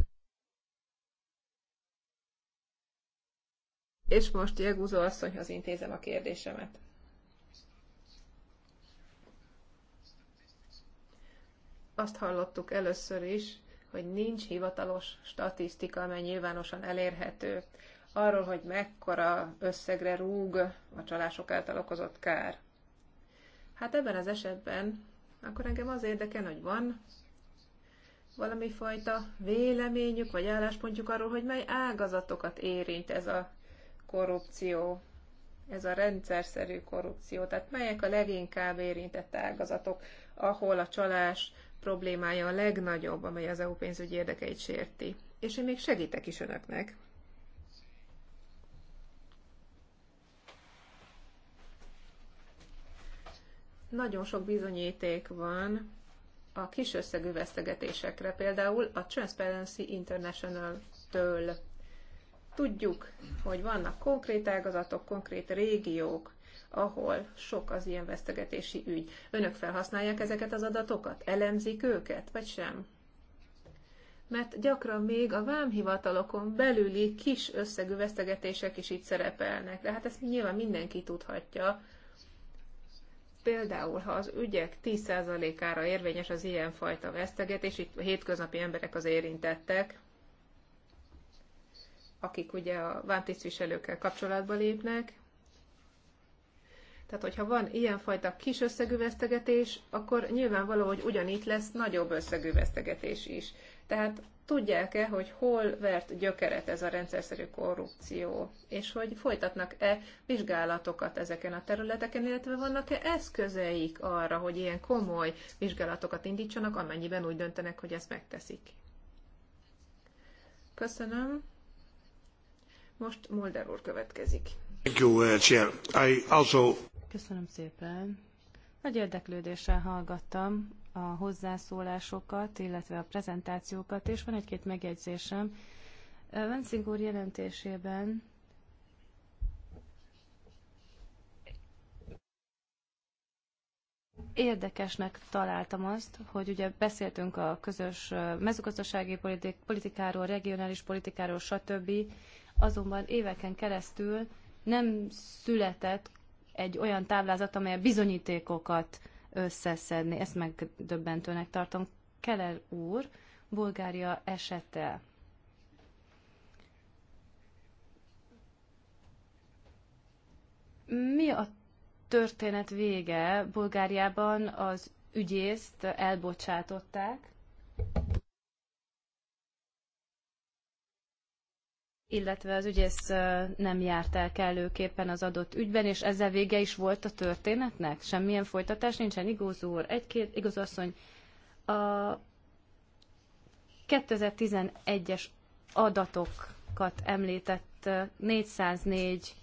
És most Jeguzo asszonyhoz intézem a kérdésemet. azt hallottuk először is, hogy nincs hivatalos statisztika, amely nyilvánosan elérhető arról, hogy mekkora összegre rúg a csalások által okozott kár. Hát ebben az esetben akkor engem az érdekel, hogy van valami fajta véleményük vagy álláspontjuk arról, hogy mely ágazatokat érint ez a korrupció, ez a rendszerszerű korrupció, tehát melyek a leginkább érintett ágazatok, ahol a csalás problémája a legnagyobb, amely az EU pénzügyi érdekeit sérti. És én még segítek is önöknek. Nagyon sok bizonyíték van a kis összegű vesztegetésekre, például a Transparency International-től. Tudjuk, hogy vannak konkrét ágazatok, konkrét régiók, ahol sok az ilyen vesztegetési ügy. Önök felhasználják ezeket az adatokat? Elemzik őket, vagy sem? Mert gyakran még a vámhivatalokon belüli kis összegű vesztegetések is itt szerepelnek, de hát ezt nyilván mindenki tudhatja. Például, ha az ügyek 10%-ára érvényes az ilyenfajta vesztegetés, itt a hétköznapi emberek az érintettek, akik ugye a vámtisztviselőkkel kapcsolatba lépnek, tehát, hogyha van ilyenfajta kis összegű vesztegetés, akkor nyilvánvaló, hogy ugyanígy lesz nagyobb összegű vesztegetés is. Tehát tudják-e, hogy hol vert gyökeret ez a rendszerszerű korrupció, és hogy folytatnak-e vizsgálatokat ezeken a területeken, illetve vannak-e eszközeik arra, hogy ilyen komoly vizsgálatokat indítsanak, amennyiben úgy döntenek, hogy ezt megteszik. Köszönöm. Most Mulder úr következik. Thank you, uh, Chair. I also... Köszönöm szépen. Nagy érdeklődéssel hallgattam a hozzászólásokat, illetve a prezentációkat, és van egy-két megjegyzésem. Vencing úr jelentésében érdekesnek találtam azt, hogy ugye beszéltünk a közös mezőgazdasági politikáról, regionális politikáról, stb. Azonban éveken keresztül nem született egy olyan táblázat, amely a bizonyítékokat összeszedni. Ezt megdöbbentőnek tartom. Keller úr, Bulgária esete. Mi a történet vége? Bulgáriában az ügyészt elbocsátották, illetve az ügyész nem járt el kellőképpen az adott ügyben, és ezzel vége is volt a történetnek? Semmilyen folytatás nincsen? Igaz úr, egy-két, igaz asszony, a 2011-es adatokat említett 404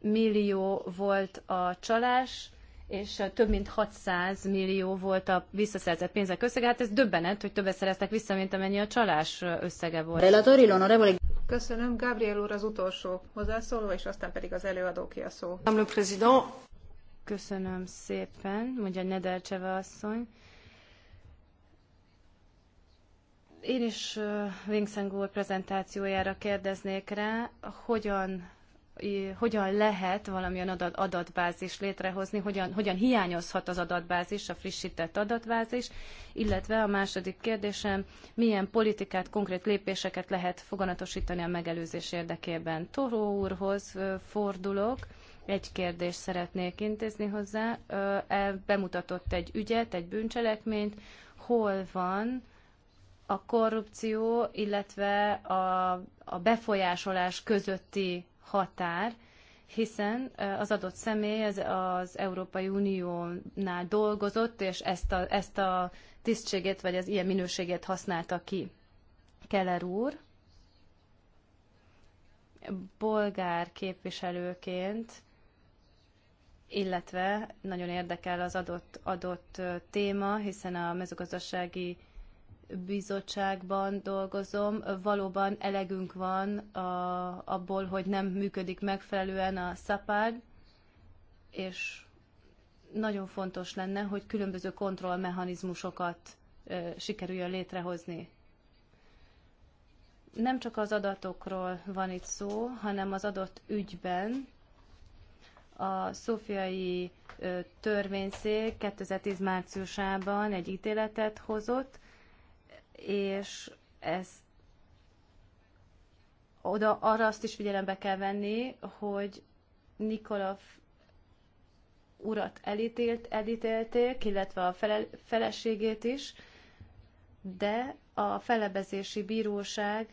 millió volt a csalás, és több mint 600 millió volt a visszaszerzett pénzek összege. Hát ez döbbenet, hogy többet szereztek vissza, mint amennyi a csalás összege volt. Köszönöm. Gabriel úr az utolsó hozzászóló, és aztán pedig az előadóké a szó. Köszönöm szépen, mondja Nedelcseve asszony. Én is Vincent úr prezentációjára kérdeznék rá, hogyan hogyan lehet valamilyen adat, adatbázis létrehozni, hogyan, hogyan hiányozhat az adatbázis, a frissített adatbázis, illetve a második kérdésem, milyen politikát, konkrét lépéseket lehet foganatosítani a megelőzés érdekében. Toró úrhoz fordulok, egy kérdést szeretnék intézni hozzá. E bemutatott egy ügyet, egy bűncselekményt, hol van a korrupció, illetve a, a befolyásolás közötti határ, hiszen az adott személy az, az Európai Uniónál dolgozott, és ezt a, ezt a tisztségét, vagy az ilyen minőségét használta ki. Keller úr, bolgár képviselőként, illetve nagyon érdekel az adott, adott téma, hiszen a mezőgazdasági bizottságban dolgozom, valóban elegünk van a, abból, hogy nem működik megfelelően a szapád, és nagyon fontos lenne, hogy különböző kontrollmechanizmusokat ö, sikerüljön létrehozni. Nem csak az adatokról van itt szó, hanem az adott ügyben a szófiai törvényszék 2010 márciusában egy ítéletet hozott, és ez oda arra azt is figyelembe kell venni, hogy Nikolov urat elítélt, elítélték, illetve a fele, feleségét is, de a felebezési bíróság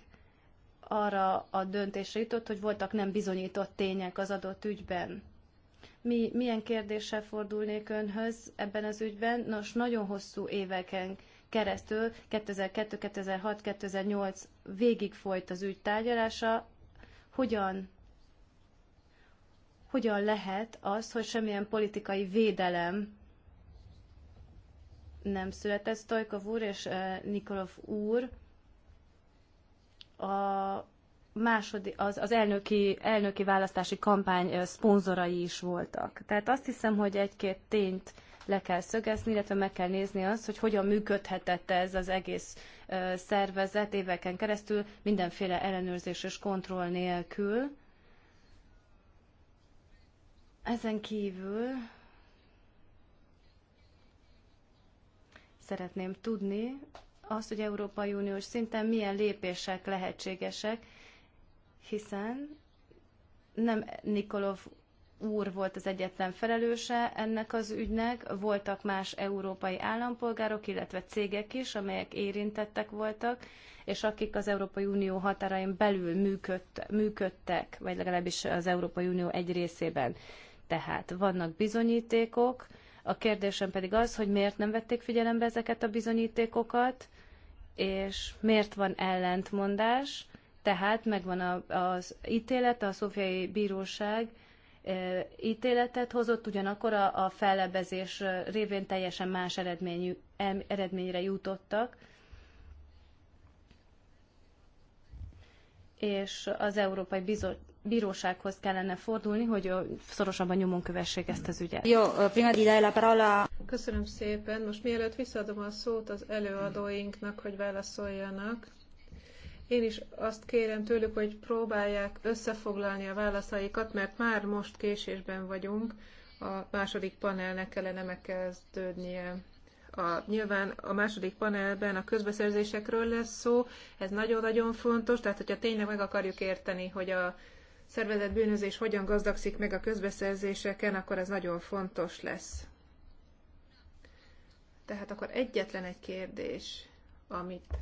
arra a döntésre jutott, hogy voltak nem bizonyított tények az adott ügyben. Mi, milyen kérdéssel fordulnék önhöz ebben az ügyben? Nos, nagyon hosszú éveken keresztül 2002, 2006, 2008 végig folyt az ügy tárgyalása, hogyan hogyan lehet az, hogy semmilyen politikai védelem nem született. Stojkov úr és eh, Nikolov úr a második, az, az elnöki, elnöki választási kampány eh, szponzorai is voltak. Tehát azt hiszem, hogy egy-két tényt le kell szögezni, illetve meg kell nézni azt, hogy hogyan működhetett ez az egész szervezet éveken keresztül mindenféle ellenőrzés és kontroll nélkül. Ezen kívül szeretném tudni azt, hogy Európai Uniós szinten milyen lépések lehetségesek, hiszen nem Nikolov úr volt az egyetlen felelőse ennek az ügynek, voltak más európai állampolgárok, illetve cégek is, amelyek érintettek voltak, és akik az Európai Unió határain belül működt, működtek, vagy legalábbis az Európai Unió egy részében. Tehát vannak bizonyítékok, a kérdésem pedig az, hogy miért nem vették figyelembe ezeket a bizonyítékokat, és miért van ellentmondás, tehát megvan az ítélet, a Szofiai Bíróság ítéletet hozott, ugyanakkor a, a fellebezés révén teljesen más eredményű, eredményre jutottak. És az Európai Bizottság Bírósághoz kellene fordulni, hogy szorosabban nyomon kövessék ezt az ügyet. Jó, prima di la parola. Köszönöm szépen. Most mielőtt visszaadom a szót az előadóinknak, hogy válaszoljanak, én is azt kérem tőlük, hogy próbálják összefoglalni a válaszaikat, mert már most késésben vagyunk, a második panelnek kellene megkezdődnie. A, nyilván a második panelben a közbeszerzésekről lesz szó, ez nagyon-nagyon fontos, tehát hogyha tényleg meg akarjuk érteni, hogy a szervezett bűnözés hogyan gazdagszik meg a közbeszerzéseken, akkor ez nagyon fontos lesz. Tehát akkor egyetlen egy kérdés, amit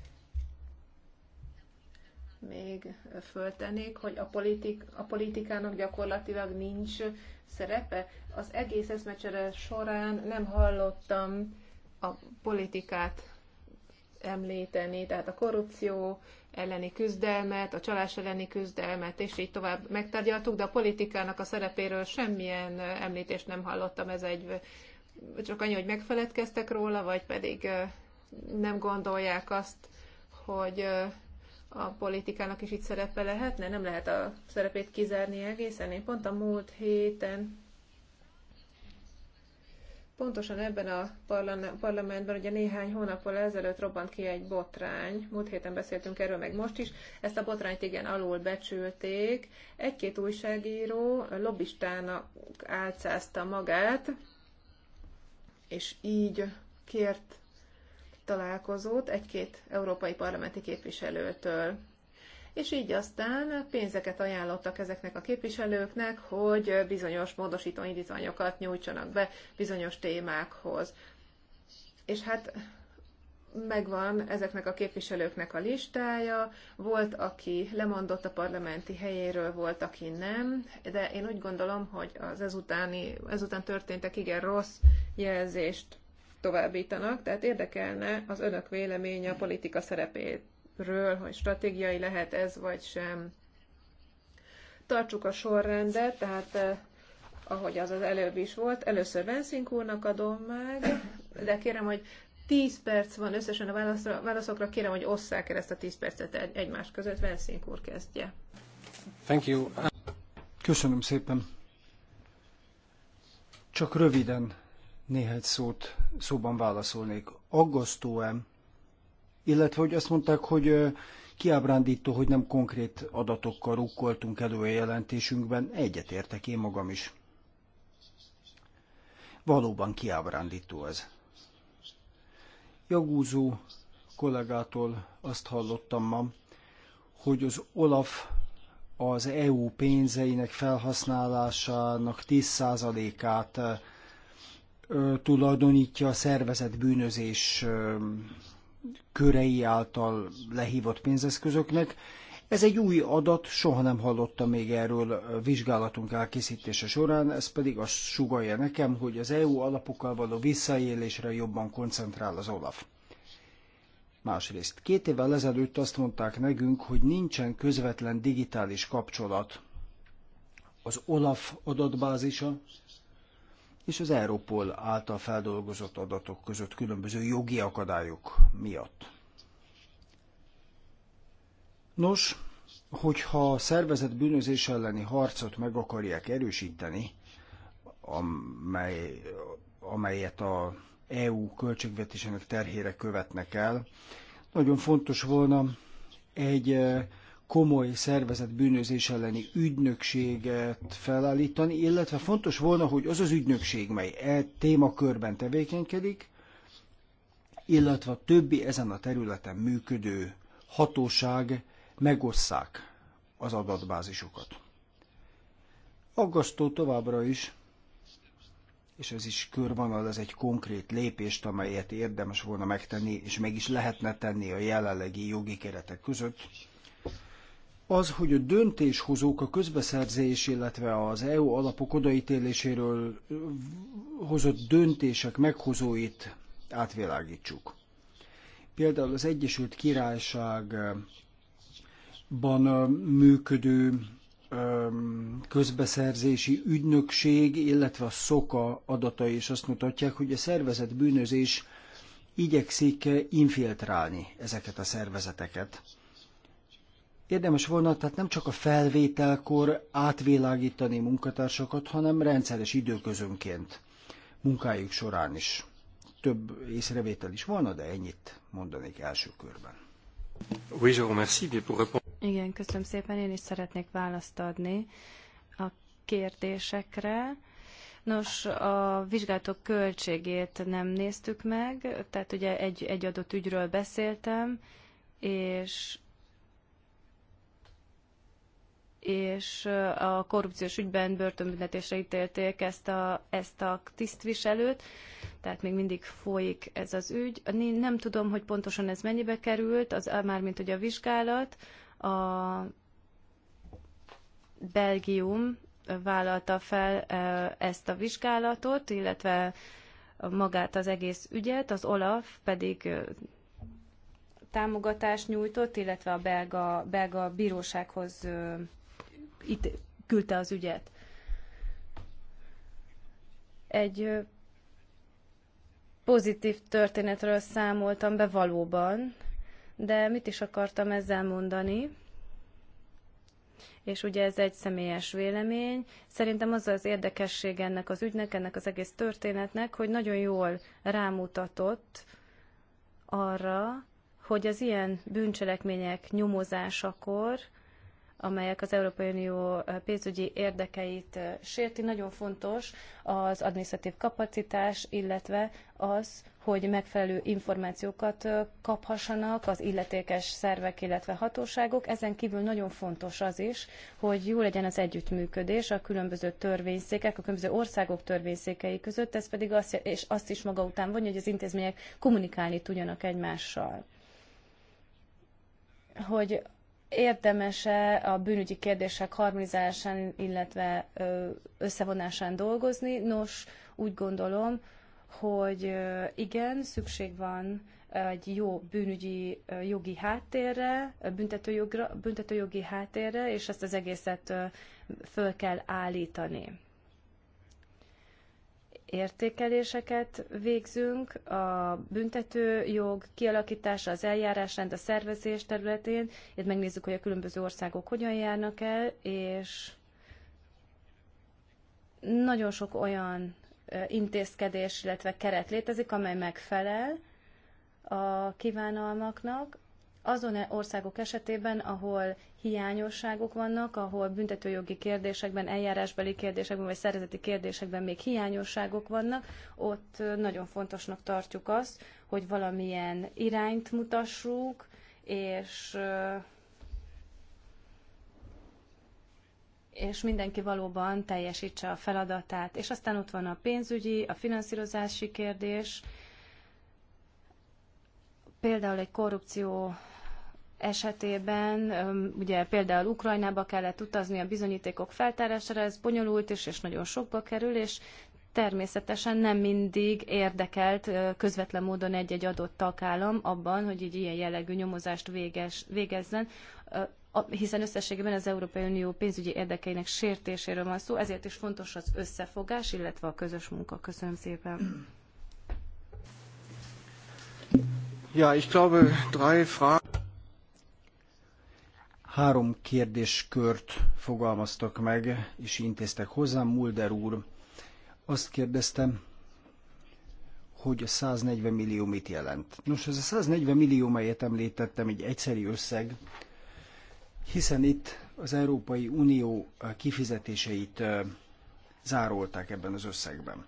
még föltennék, hogy a, politik, a politikának gyakorlatilag nincs szerepe. Az egész eszmecsere során nem hallottam a politikát említeni, tehát a korrupció elleni küzdelmet, a csalás elleni küzdelmet, és így tovább megtárgyaltuk, de a politikának a szerepéről semmilyen említést nem hallottam, ez egy csak annyi, hogy megfeledkeztek róla, vagy pedig nem gondolják azt, hogy a politikának is itt szerepe lehetne? Nem lehet a szerepét kizárni egészen. Én pont a múlt héten Pontosan ebben a parlamentben ugye néhány hónappal ezelőtt robbant ki egy botrány, múlt héten beszéltünk erről, meg most is, ezt a botrányt igen alul becsülték. Egy-két újságíró lobbistának álcázta magát, és így kért találkozót egy-két európai parlamenti képviselőtől. És így aztán pénzeket ajánlottak ezeknek a képviselőknek, hogy bizonyos módosító indítványokat nyújtsanak be bizonyos témákhoz. És hát megvan ezeknek a képviselőknek a listája, volt, aki lemondott a parlamenti helyéről, volt, aki nem, de én úgy gondolom, hogy az ezutáni, ezután történtek igen rossz jelzést továbbítanak, tehát érdekelne az önök véleménye a politika szerepéről, hogy stratégiai lehet ez vagy sem. Tartsuk a sorrendet, tehát eh, ahogy az az előbb is volt, először Venszink úrnak adom meg, de kérem, hogy 10 perc van összesen a válaszra, válaszokra, kérem, hogy osszák el ezt a 10 percet egymás között. Venszink úr kezdje. Thank you. Köszönöm szépen. Csak röviden néhány szót szóban válaszolnék. Aggasztó-e? Illetve, hogy azt mondták, hogy kiábrándító, hogy nem konkrét adatokkal rukkoltunk elő a jelentésünkben, egyetértek én magam is. Valóban kiábrándító ez. Jagúzó kollégától azt hallottam ma, hogy az Olaf az EU pénzeinek felhasználásának 10%-át tulajdonítja a szervezet bűnözés körei által lehívott pénzeszközöknek. Ez egy új adat, soha nem hallottam még erről a vizsgálatunk elkészítése során, ez pedig azt sugalja nekem, hogy az EU alapokkal való visszaélésre jobban koncentrál az OLAF. Másrészt, két évvel ezelőtt azt mondták nekünk, hogy nincsen közvetlen digitális kapcsolat az OLAF adatbázisa és az Európol által feldolgozott adatok között különböző jogi akadályok miatt. Nos, hogyha a szervezet bűnözés elleni harcot meg akarják erősíteni, amely, amelyet a EU költségvetésének terhére követnek el, nagyon fontos volna egy eh, komoly szervezet bűnözés elleni ügynökséget felállítani, illetve fontos volna, hogy az az ügynökség, mely e témakörben tevékenykedik, illetve a többi ezen a területen működő hatóság megosszák az adatbázisokat. Aggasztó továbbra is, és ez is körvonal, ez egy konkrét lépést, amelyet érdemes volna megtenni, és meg is lehetne tenni a jelenlegi jogi keretek között, az, hogy a döntéshozók a közbeszerzés, illetve az EU alapok odaítéléséről hozott döntések meghozóit átvilágítsuk. Például az Egyesült Királyságban működő közbeszerzési ügynökség, illetve a szoka adatai is azt mutatják, hogy a szervezet bűnözés igyekszik infiltrálni ezeket a szervezeteket Érdemes volna tehát nem csak a felvételkor átvilágítani munkatársakat, hanem rendszeres időközönként munkájuk során is. Több észrevétel is volna, de ennyit mondanék első körben. Igen, köszönöm szépen. Én is szeretnék választ adni a kérdésekre. Nos, a vizsgálatok költségét nem néztük meg, tehát ugye egy, egy adott ügyről beszéltem, és és a korrupciós ügyben börtönbüntetésre ítélték ezt a, ezt a tisztviselőt, tehát még mindig folyik ez az ügy. Nem tudom, hogy pontosan ez mennyibe került, az mármint hogy a vizsgálat, a Belgium vállalta fel ezt a vizsgálatot, illetve magát az egész ügyet, az Olaf pedig támogatást nyújtott, illetve a belga, belga bírósághoz itt küldte az ügyet. Egy pozitív történetről számoltam be valóban, de mit is akartam ezzel mondani? És ugye ez egy személyes vélemény. Szerintem az az érdekesség ennek az ügynek, ennek az egész történetnek, hogy nagyon jól rámutatott arra, hogy az ilyen bűncselekmények nyomozásakor amelyek az Európai Unió pénzügyi érdekeit sérti. Nagyon fontos az adminisztratív kapacitás, illetve az, hogy megfelelő információkat kaphassanak az illetékes szervek, illetve hatóságok. Ezen kívül nagyon fontos az is, hogy jó legyen az együttműködés a különböző törvényszékek, a különböző országok törvényszékei között, ez pedig azt, és azt is maga után vonja, hogy az intézmények kommunikálni tudjanak egymással hogy Érdemese a bűnügyi kérdések harmonizálásán, illetve összevonásán dolgozni. Nos, úgy gondolom, hogy igen, szükség van egy jó bűnügyi jogi háttérre, büntetőjogra, büntetőjogi háttérre, és ezt az egészet föl kell állítani értékeléseket végzünk a büntető jog kialakítása, az eljárásrend, a szervezés területén. Itt megnézzük, hogy a különböző országok hogyan járnak el, és nagyon sok olyan intézkedés, illetve keret létezik, amely megfelel a kívánalmaknak azon országok esetében, ahol hiányosságok vannak, ahol büntetőjogi kérdésekben, eljárásbeli kérdésekben vagy szervezeti kérdésekben még hiányosságok vannak, ott nagyon fontosnak tartjuk azt, hogy valamilyen irányt mutassuk, és és mindenki valóban teljesítse a feladatát. És aztán ott van a pénzügyi, a finanszírozási kérdés, például egy korrupció esetében, ugye például Ukrajnába kellett utazni a bizonyítékok feltárására, ez bonyolult is, és nagyon sokba kerül, és természetesen nem mindig érdekelt közvetlen módon egy-egy adott tagállam abban, hogy így ilyen jellegű nyomozást véges, végezzen, hiszen összességében az Európai Unió pénzügyi érdekeinek sértéséről van szó, ezért is fontos az összefogás, illetve a közös munka. Köszönöm szépen. Ja, ich glaube, drei Fragen. Három kérdéskört fogalmaztak meg, és intéztek hozzám. Mulder úr azt kérdeztem, hogy a 140 millió mit jelent. Nos, ez a 140 millió, melyet említettem, egy egyszerű összeg, hiszen itt az Európai Unió kifizetéseit zárolták ebben az összegben.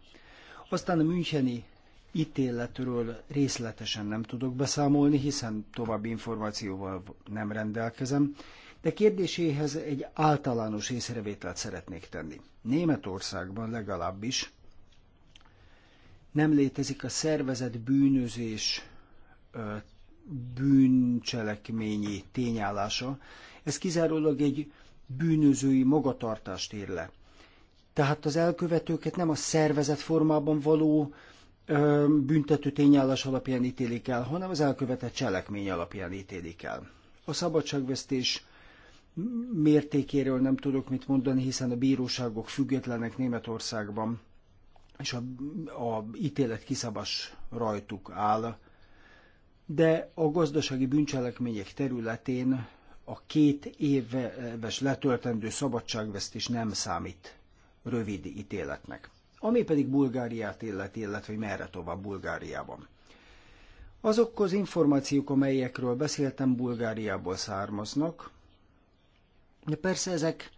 Aztán a Müncheni ítéletről részletesen nem tudok beszámolni, hiszen további információval nem rendelkezem, de kérdéséhez egy általános észrevételt szeretnék tenni. Németországban legalábbis nem létezik a szervezet bűnözés bűncselekményi tényállása, ez kizárólag egy bűnözői magatartást ér le. Tehát az elkövetőket nem a szervezet formában való büntető tényállás alapján ítélik el, hanem az elkövetett cselekmény alapján ítélik el. A szabadságvesztés mértékéről nem tudok mit mondani, hiszen a bíróságok függetlenek Németországban, és a, a ítélet kiszabas rajtuk áll, de a gazdasági bűncselekmények területén a két éves letöltendő szabadságvesztés nem számít rövid ítéletnek. Ami pedig Bulgáriát illeti, illetve hogy merre tovább Bulgáriában. Azok az információk, amelyekről beszéltem, Bulgáriából származnak. De persze ezek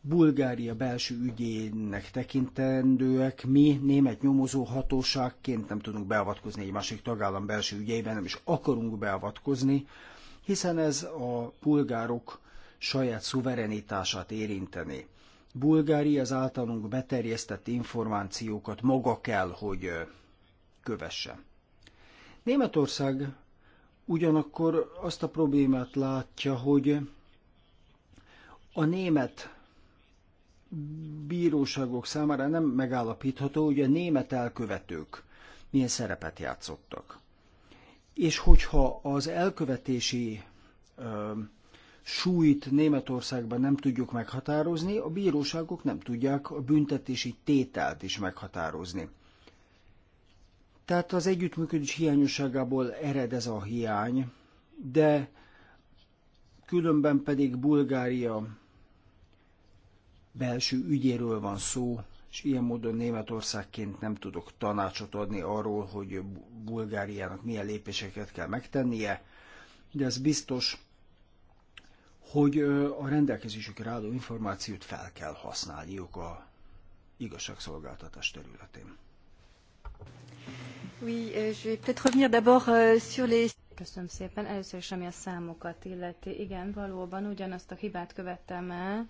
Bulgária belső ügyének tekintendőek, mi német nyomozó hatóságként nem tudunk beavatkozni egy másik tagállam belső ügyeiben, nem is akarunk beavatkozni, hiszen ez a bulgárok saját szuverenitását érinteni. Bulgária az általunk beterjesztett információkat maga kell, hogy kövesse. Németország ugyanakkor azt a problémát látja, hogy a német bíróságok számára nem megállapítható, hogy a német elkövetők milyen szerepet játszottak. És hogyha az elkövetési súlyt Németországban nem tudjuk meghatározni, a bíróságok nem tudják a büntetési tételt is meghatározni. Tehát az együttműködés hiányosságából ered ez a hiány, de különben pedig Bulgária belső ügyéről van szó, és ilyen módon Németországként nem tudok tanácsot adni arról, hogy Bulgáriának milyen lépéseket kell megtennie, de ez biztos, hogy a rendelkezésükre álló információt fel kell használniuk a igazságszolgáltatás területén. Oui, euh, je vais peut-être revenir d'abord euh, sur les... Köszönöm szépen. Először is, ami a számokat illeti. Igen, valóban ugyanazt a hibát követtem el,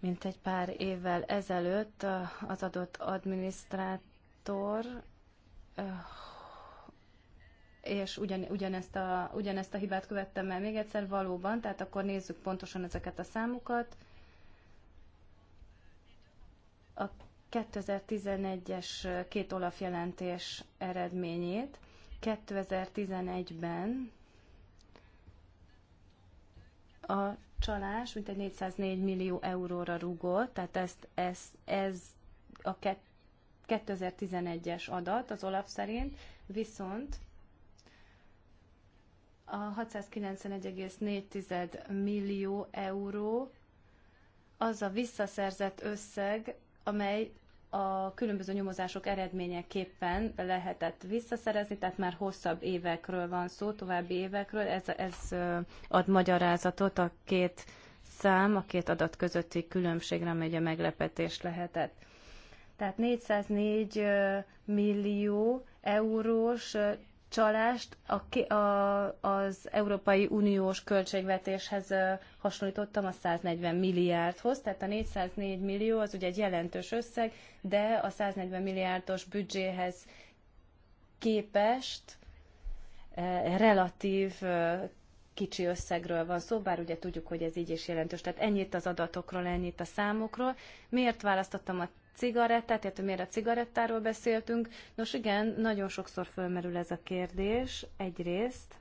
mint egy pár évvel ezelőtt az adott adminisztrátor és ugyan, ugyanezt, a, ugyanezt a hibát követtem el még egyszer valóban, tehát akkor nézzük pontosan ezeket a számokat. A 2011-es két Olaf jelentés eredményét 2011-ben a csalás mintegy 404 millió euróra rúgott, tehát ezt, ez, ez a 2011-es adat az Olaf szerint, viszont a 691,4 millió euró az a visszaszerzett összeg, amely a különböző nyomozások eredményeképpen lehetett visszaszerezni, tehát már hosszabb évekről van szó, további évekről. Ez, ez ad magyarázatot a két szám, a két adat közötti különbségre, amely a meglepetés lehetett. Tehát 404 millió eurós csalást a, a, az Európai Uniós költségvetéshez hasonlítottam a 140 milliárdhoz, tehát a 404 millió az ugye egy jelentős összeg, de a 140 milliárdos büdzséhez képest relatív kicsi összegről van szó, bár ugye tudjuk, hogy ez így is jelentős. Tehát ennyit az adatokról, ennyit a számokról. Miért választottam a cigarettát, illetve miért a cigarettáról beszéltünk. Nos igen, nagyon sokszor fölmerül ez a kérdés egyrészt.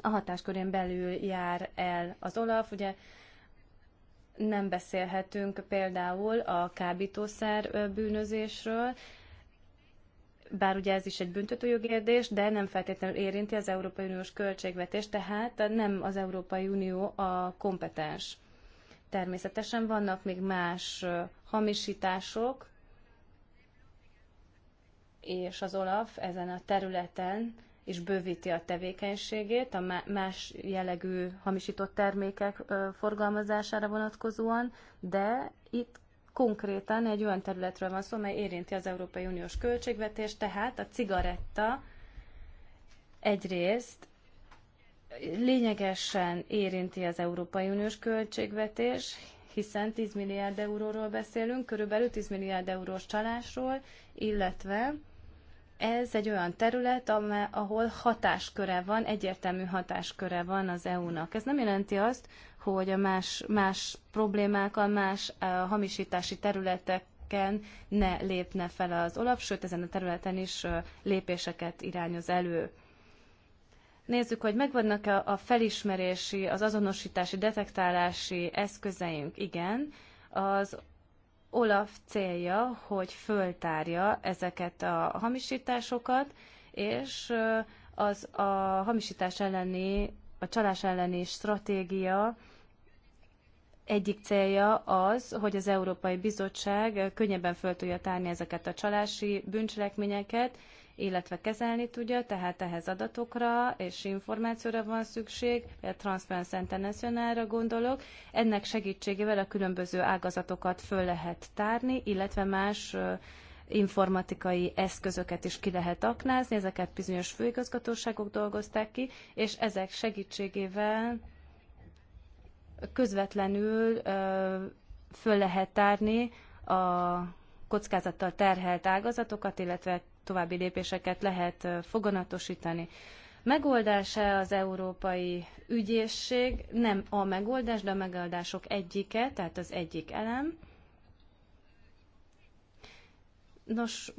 A hatáskörén belül jár el az olaf, ugye nem beszélhetünk például a kábítószer bűnözésről, bár ugye ez is egy büntetőjogi kérdés, de nem feltétlenül érinti az Európai Uniós költségvetést, tehát nem az Európai Unió a kompetens Természetesen vannak még más hamisítások, és az OLAF ezen a területen is bővíti a tevékenységét a más jellegű hamisított termékek forgalmazására vonatkozóan, de itt konkrétan egy olyan területről van szó, mely érinti az Európai Uniós költségvetést, tehát a cigaretta egyrészt lényegesen érinti az Európai Uniós költségvetés, hiszen 10 milliárd euróról beszélünk, körülbelül 10 milliárd eurós csalásról, illetve ez egy olyan terület, amely ahol hatásköre van, egyértelmű hatásköre van az EU-nak. Ez nem jelenti azt, hogy a más, más problémákkal, más uh, hamisítási területeken ne lépne fel az olap, sőt ezen a területen is uh, lépéseket irányoz elő. Nézzük, hogy megvannak-e a felismerési, az azonosítási, detektálási eszközeink. Igen, az Olaf célja, hogy föltárja ezeket a hamisításokat, és az a hamisítás elleni, a csalás elleni stratégia egyik célja az, hogy az Európai Bizottság könnyebben föl tudja tárni ezeket a csalási bűncselekményeket, illetve kezelni tudja, tehát ehhez adatokra és információra van szükség, a Transparency international gondolok. Ennek segítségével a különböző ágazatokat föl lehet tárni, illetve más informatikai eszközöket is ki lehet aknázni, ezeket bizonyos főigazgatóságok dolgozták ki, és ezek segítségével közvetlenül föl lehet tárni a kockázattal terhelt ágazatokat, illetve további lépéseket lehet foganatosítani. Megoldása az európai ügyészség, nem a megoldás, de a megoldások egyike, tehát az egyik elem. Nos,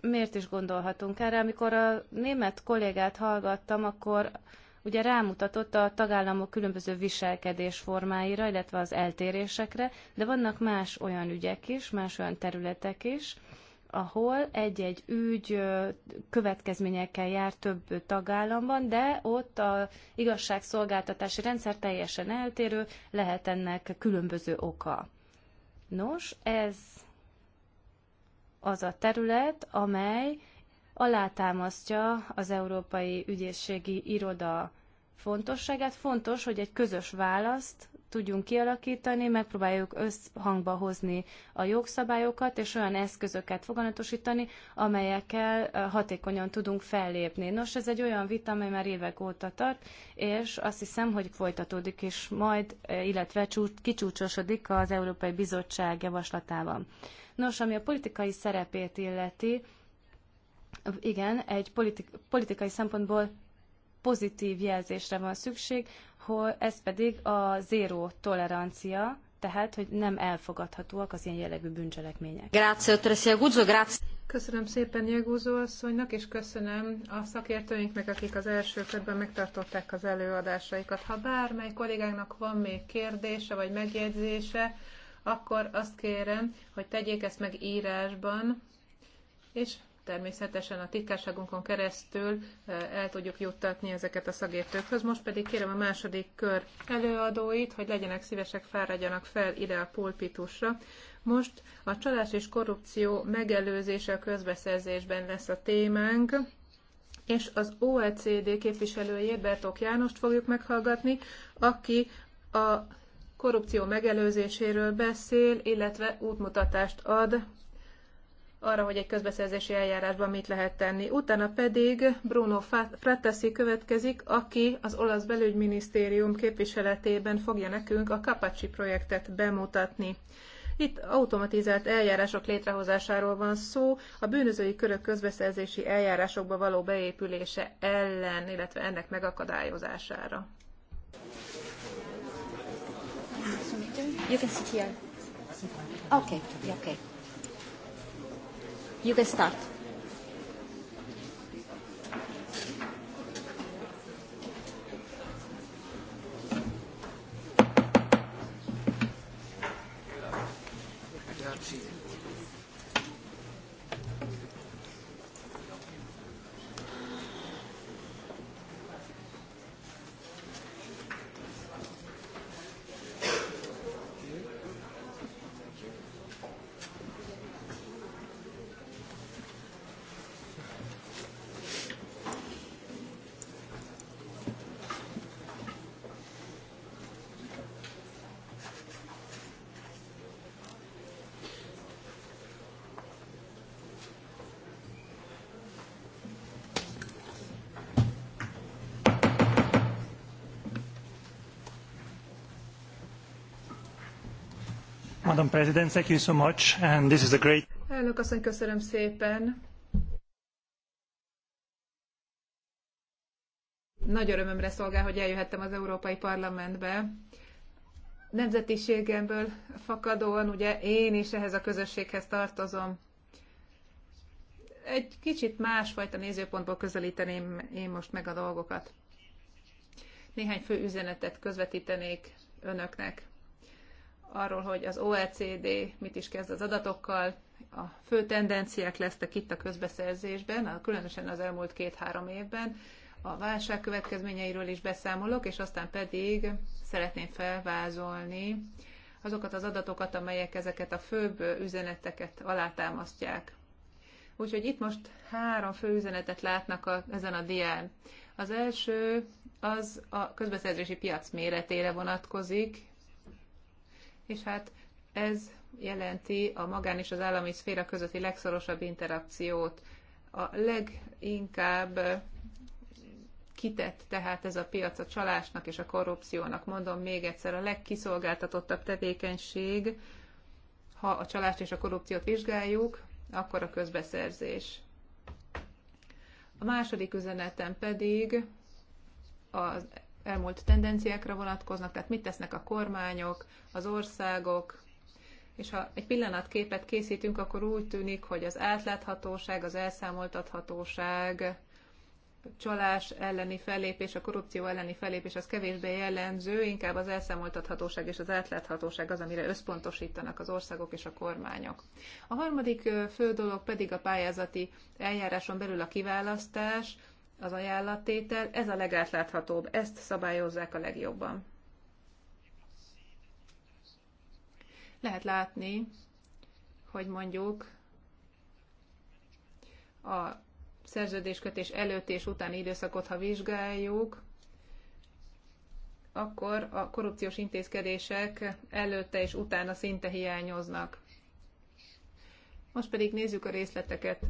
miért is gondolhatunk erre? Amikor a német kollégát hallgattam, akkor ugye rámutatott a tagállamok különböző viselkedés formáira, illetve az eltérésekre, de vannak más olyan ügyek is, más olyan területek is, ahol egy-egy ügy következményekkel jár több tagállamban, de ott a igazságszolgáltatási rendszer teljesen eltérő, lehet ennek különböző oka. Nos, ez az a terület, amely alátámasztja az Európai Ügyészségi Iroda fontosságát. Fontos, hogy egy közös választ tudjunk kialakítani, megpróbáljuk összhangba hozni a jogszabályokat, és olyan eszközöket foganatosítani, amelyekkel hatékonyan tudunk fellépni. Nos, ez egy olyan vita, amely már évek óta tart, és azt hiszem, hogy folytatódik is majd, illetve kicsúcsosodik az Európai Bizottság javaslatában. Nos, ami a politikai szerepét illeti, igen, egy politikai szempontból pozitív jelzésre van szükség, hogy ez pedig a zéró tolerancia, tehát, hogy nem elfogadhatóak az ilyen jellegű bűncselekmények. Grazie, Tresia Guzzo, grazie. Köszönöm szépen Jegúzó asszonynak, és köszönöm a szakértőinknek, akik az első körben megtartották az előadásaikat. Ha bármely kollégának van még kérdése vagy megjegyzése, akkor azt kérem, hogy tegyék ezt meg írásban, és természetesen a titkárságunkon keresztül eh, el tudjuk juttatni ezeket a szakértőkhöz. Most pedig kérem a második kör előadóit, hogy legyenek szívesek, fáradjanak fel ide a pulpitusra. Most a csalás és korrupció megelőzése a közbeszerzésben lesz a témánk és az OECD képviselőjét, Bertók Jánost fogjuk meghallgatni, aki a korrupció megelőzéséről beszél, illetve útmutatást ad arra, hogy egy közbeszerzési eljárásban mit lehet tenni. Utána pedig Bruno Frattasi következik, aki az olasz belügyminisztérium képviseletében fogja nekünk a Kapacsi projektet bemutatni. Itt automatizált eljárások létrehozásáról van szó, a bűnözői körök közbeszerzési eljárásokba való beépülése ellen, illetve ennek megakadályozására. You can sit here. Okay, okay. You can start. Madam President, thank you so much, and this is a great... Elnök asszony, köszönöm szépen. Nagy örömömre szolgál, hogy eljöhettem az Európai Parlamentbe. Nemzetiségemből fakadóan, ugye én is ehhez a közösséghez tartozom. Egy kicsit másfajta nézőpontból közelíteném én most meg a dolgokat. Néhány fő üzenetet közvetítenék önöknek arról, hogy az OECD mit is kezd az adatokkal, a fő tendenciák lesztek itt a közbeszerzésben, különösen az elmúlt két-három évben, a válság következményeiről is beszámolok, és aztán pedig szeretném felvázolni azokat az adatokat, amelyek ezeket a főbb üzeneteket alátámasztják. Úgyhogy itt most három fő üzenetet látnak a, ezen a dián. Az első az a közbeszerzési piac méretére vonatkozik, és hát ez jelenti a magán és az állami szféra közötti legszorosabb interakciót. A leginkább eh, kitett tehát ez a piac a csalásnak és a korrupciónak. Mondom még egyszer, a legkiszolgáltatottabb tevékenység, ha a csalást és a korrupciót vizsgáljuk, akkor a közbeszerzés. A második üzenetem pedig az elmúlt tendenciákra vonatkoznak, tehát mit tesznek a kormányok, az országok, és ha egy pillanatképet készítünk, akkor úgy tűnik, hogy az átláthatóság, az elszámoltathatóság, csalás elleni fellépés, a korrupció elleni fellépés az kevésbé jellemző, inkább az elszámoltathatóság és az átláthatóság az, amire összpontosítanak az országok és a kormányok. A harmadik fő dolog pedig a pályázati eljáráson belül a kiválasztás, az ajánlattétel, ez a legátláthatóbb, ezt szabályozzák a legjobban. Lehet látni, hogy mondjuk a szerződéskötés előtt és utáni időszakot, ha vizsgáljuk, akkor a korrupciós intézkedések előtte és utána szinte hiányoznak. Most pedig nézzük a részleteket.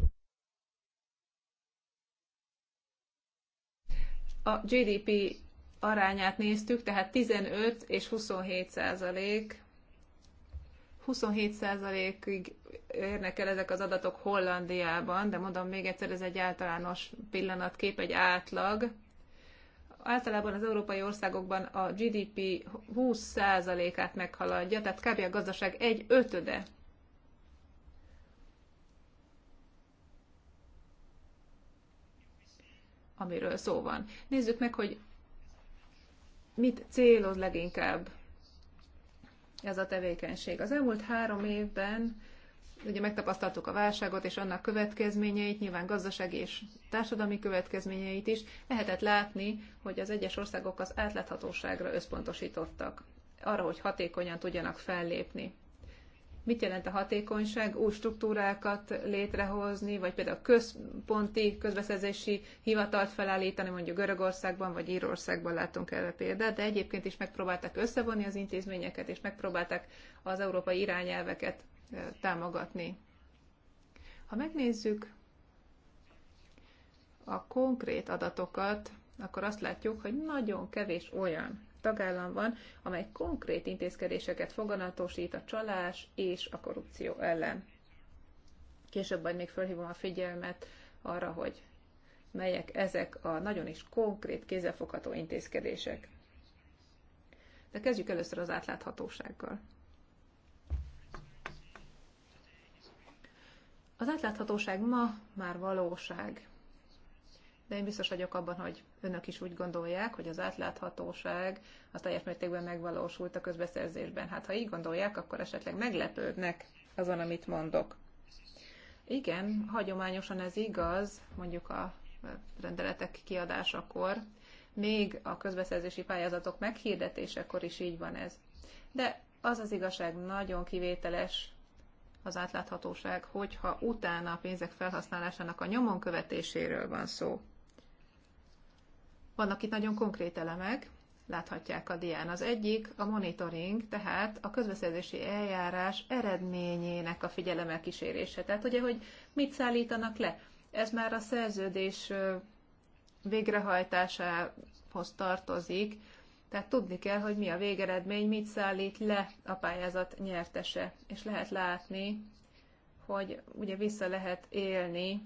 a GDP arányát néztük, tehát 15 és 27 százalék 27 százalékig érnek el ezek az adatok Hollandiában, de mondom még egyszer, ez egy általános pillanatkép, egy átlag. Általában az európai országokban a GDP 20%-át meghaladja, tehát kb. a gazdaság egy ötöde amiről szó van. Nézzük meg, hogy mit céloz leginkább ez a tevékenység. Az elmúlt három évben ugye megtapasztaltuk a válságot és annak következményeit, nyilván gazdasági és társadalmi következményeit is, lehetett látni, hogy az egyes országok az átláthatóságra összpontosítottak, arra, hogy hatékonyan tudjanak fellépni. Mit jelent a hatékonyság? Új struktúrákat létrehozni, vagy például központi közbeszerzési hivatalt felállítani, mondjuk Görögországban vagy Írországban látunk erre példát, de egyébként is megpróbálták összevonni az intézményeket, és megpróbálták az európai irányelveket eh, támogatni. Ha megnézzük a konkrét adatokat, akkor azt látjuk, hogy nagyon kevés olyan tagállam van, amely konkrét intézkedéseket foganatosít a csalás és a korrupció ellen. Később majd még felhívom a figyelmet arra, hogy melyek ezek a nagyon is konkrét kézzelfogható intézkedések. De kezdjük először az átláthatósággal. Az átláthatóság ma már valóság de én biztos vagyok abban, hogy önök is úgy gondolják, hogy az átláthatóság az teljes mértékben megvalósult a közbeszerzésben. Hát ha így gondolják, akkor esetleg meglepődnek azon, amit mondok. Igen, hagyományosan ez igaz, mondjuk a rendeletek kiadásakor, még a közbeszerzési pályázatok meghirdetésekor is így van ez. De az az igazság nagyon kivételes az átláthatóság, hogyha utána a pénzek felhasználásának a nyomon követéséről van szó. Vannak itt nagyon konkrét elemek, láthatják a dián. Az egyik a monitoring, tehát a közbeszerzési eljárás eredményének a figyelemmel kísérése. Tehát ugye, hogy mit szállítanak le. Ez már a szerződés végrehajtásához tartozik, tehát tudni kell, hogy mi a végeredmény, mit szállít le a pályázat nyertese, és lehet látni, hogy ugye vissza lehet élni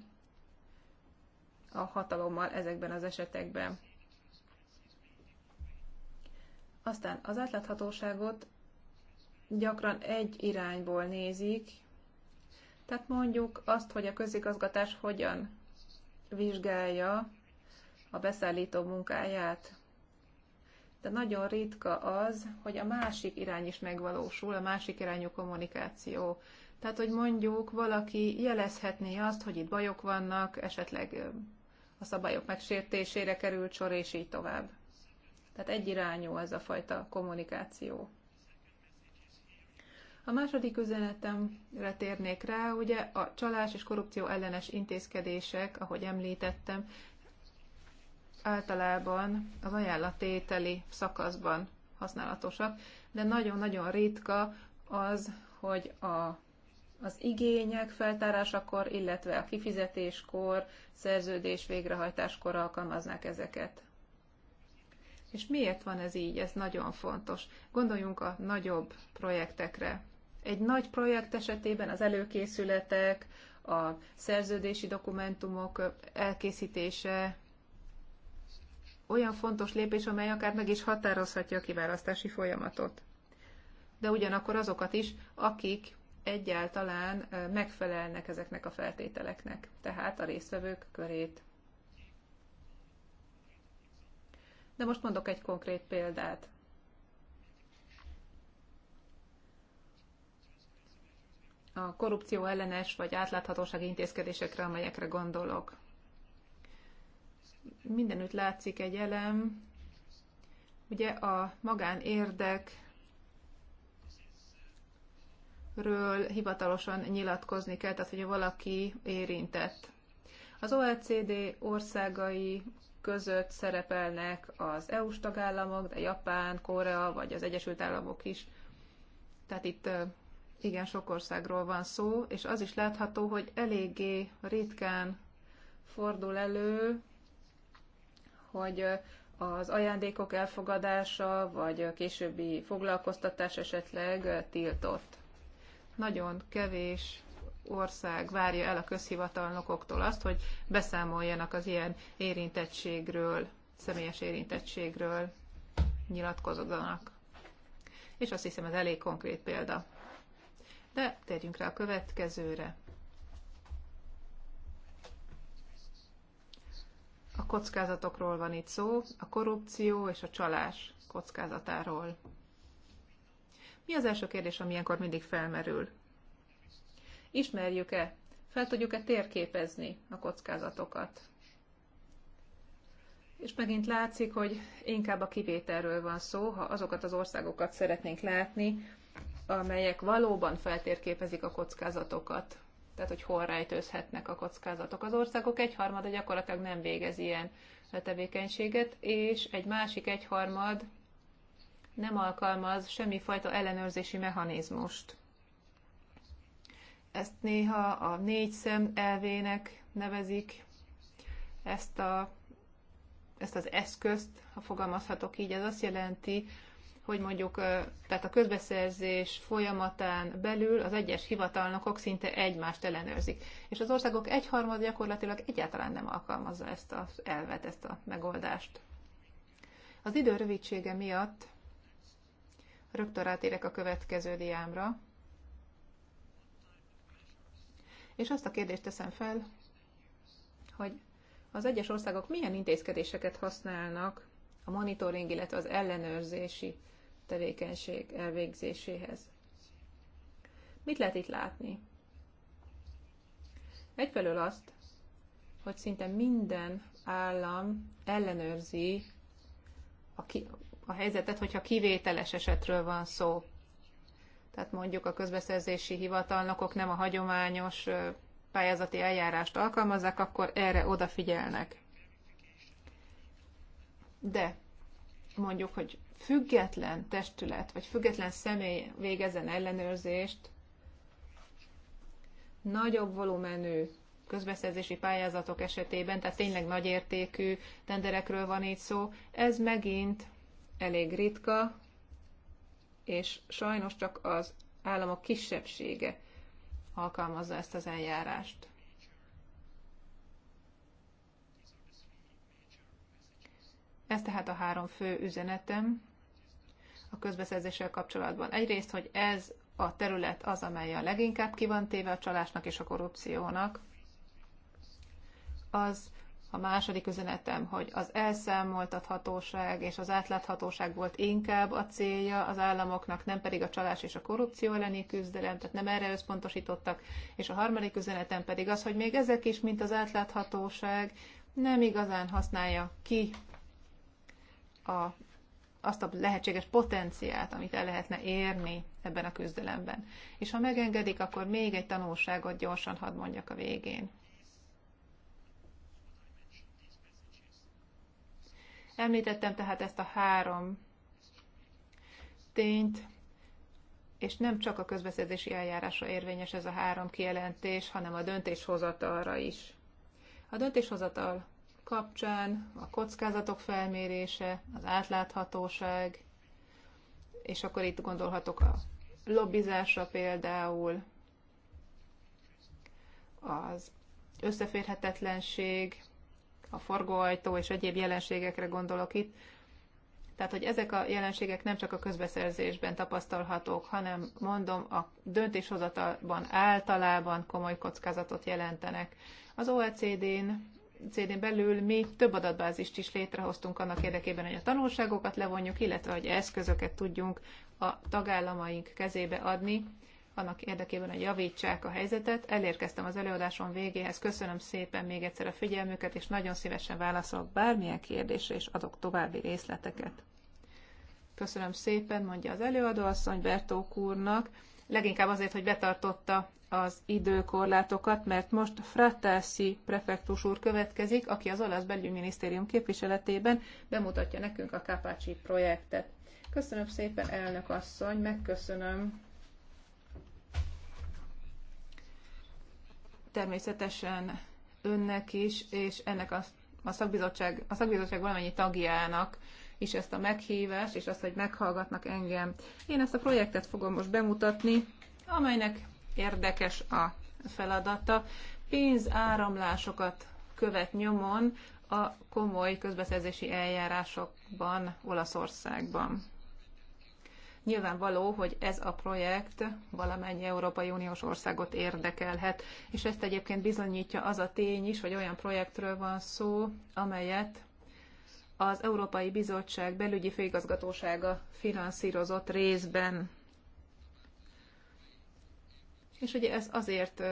a hatalommal ezekben az esetekben. Aztán az átláthatóságot gyakran egy irányból nézik, tehát mondjuk azt, hogy a közigazgatás hogyan vizsgálja a beszállító munkáját. De nagyon ritka az, hogy a másik irány is megvalósul, a másik irányú kommunikáció. Tehát, hogy mondjuk valaki jelezhetné azt, hogy itt bajok vannak, esetleg a szabályok megsértésére került sor, és így tovább. Tehát egyirányú ez a fajta kommunikáció. A második üzenetemre térnék rá, ugye a csalás és korrupció ellenes intézkedések, ahogy említettem, általában az ajánlatételi szakaszban használatosak, de nagyon-nagyon ritka az, hogy a, az igények feltárásakor, illetve a kifizetéskor, szerződés végrehajtáskor alkalmaznák ezeket. És miért van ez így? Ez nagyon fontos. Gondoljunk a nagyobb projektekre. Egy nagy projekt esetében az előkészületek, a szerződési dokumentumok elkészítése olyan fontos lépés, amely akár meg is határozhatja a kiválasztási folyamatot. De ugyanakkor azokat is, akik egyáltalán megfelelnek ezeknek a feltételeknek, tehát a résztvevők körét. De most mondok egy konkrét példát. A korrupció ellenes vagy átláthatósági intézkedésekre, amelyekre gondolok. Mindenütt látszik egy elem, ugye a magánérdek ről hivatalosan nyilatkozni kell, tehát hogy valaki érintett. Az OECD országai között szerepelnek az EU-s tagállamok, de Japán, Korea vagy az Egyesült Államok is. Tehát itt igen sok országról van szó, és az is látható, hogy eléggé ritkán fordul elő, hogy az ajándékok elfogadása, vagy a későbbi foglalkoztatás esetleg tiltott. Nagyon kevés ország várja el a közhivatalnokoktól azt, hogy beszámoljanak az ilyen érintettségről, személyes érintettségről, nyilatkozódnak. És azt hiszem, ez elég konkrét példa. De térjünk rá a következőre. A kockázatokról van itt szó, a korrupció és a csalás kockázatáról. Mi az első kérdés, ami ilyenkor mindig felmerül? Ismerjük-e, fel tudjuk-e térképezni a kockázatokat? És megint látszik, hogy inkább a kivételről van szó, ha azokat az országokat szeretnénk látni, amelyek valóban feltérképezik a kockázatokat. Tehát, hogy hol rejtőzhetnek a kockázatok. Az országok egyharmada gyakorlatilag nem végez ilyen tevékenységet, és egy másik egyharmad nem alkalmaz semmifajta ellenőrzési mechanizmust. Ezt néha a négy szem elvének nevezik, ezt, a, ezt az eszközt, ha fogalmazhatok így, ez azt jelenti, hogy mondjuk tehát a közbeszerzés folyamatán belül az egyes hivatalnokok szinte egymást ellenőrzik. És az országok egyharmad gyakorlatilag egyáltalán nem alkalmazza ezt az elvet, ezt a megoldást. Az idő rövidsége miatt rögtön rátérek a következő diámra. És azt a kérdést teszem fel, hogy az egyes országok milyen intézkedéseket használnak a monitoring, illetve az ellenőrzési tevékenység elvégzéséhez. Mit lehet itt látni? Egyfelől azt, hogy szinte minden állam ellenőrzi a, ki, a helyzetet, hogyha kivételes esetről van szó tehát mondjuk a közbeszerzési hivatalnokok nem a hagyományos pályázati eljárást alkalmazzák, akkor erre odafigyelnek. De mondjuk, hogy független testület vagy független személy végezen ellenőrzést nagyobb volumenű közbeszerzési pályázatok esetében, tehát tényleg nagyértékű tenderekről van itt szó, ez megint elég ritka, és sajnos csak az államok kisebbsége alkalmazza ezt az eljárást. Ez tehát a három fő üzenetem a közbeszerzéssel kapcsolatban. Egyrészt, hogy ez a terület az, amely a leginkább kivantéve a csalásnak és a korrupciónak. Az a második üzenetem, hogy az elszámoltathatóság és az átláthatóság volt inkább a célja az államoknak, nem pedig a csalás és a korrupció elleni küzdelem, tehát nem erre összpontosítottak. És a harmadik üzenetem pedig az, hogy még ezek is, mint az átláthatóság, nem igazán használja ki a, azt a lehetséges potenciát, amit el lehetne érni ebben a küzdelemben. És ha megengedik, akkor még egy tanulságot gyorsan hadd mondjak a végén. Említettem tehát ezt a három tényt, és nem csak a közbeszerzési eljárásra érvényes ez a három kijelentés, hanem a döntéshozatalra is. A döntéshozatal kapcsán a kockázatok felmérése, az átláthatóság, és akkor itt gondolhatok a lobbizásra például, az összeférhetetlenség, a forgóajtó és egyéb jelenségekre gondolok itt. Tehát, hogy ezek a jelenségek nem csak a közbeszerzésben tapasztalhatók, hanem mondom, a döntéshozatalban általában komoly kockázatot jelentenek. Az OECD-n cd belül mi több adatbázist is létrehoztunk annak érdekében, hogy a tanulságokat levonjuk, illetve hogy eszközöket tudjunk a tagállamaink kezébe adni, annak érdekében, hogy javítsák a helyzetet. Elérkeztem az előadásom végéhez. Köszönöm szépen még egyszer a figyelmüket, és nagyon szívesen válaszolok bármilyen kérdésre, és adok további részleteket. Köszönöm szépen, mondja az előadóasszony Bertók úrnak, leginkább azért, hogy betartotta az időkorlátokat, mert most Fratászi prefektus úr következik, aki az olasz belügyminisztérium képviseletében bemutatja nekünk a Kapácsi projektet. Köszönöm szépen, elnök asszony, megköszönöm természetesen önnek is, és ennek a, a szakbizottság, a szakbizottság valamennyi tagjának is ezt a meghívást, és azt, hogy meghallgatnak engem. Én ezt a projektet fogom most bemutatni, amelynek érdekes a feladata. Pénzáramlásokat követ nyomon a komoly közbeszerzési eljárásokban Olaszországban. Nyilvánvaló, hogy ez a projekt valamennyi Európai Uniós országot érdekelhet, és ezt egyébként bizonyítja az a tény is, hogy olyan projektről van szó, amelyet az Európai Bizottság belügyi főigazgatósága finanszírozott részben. És ugye ez azért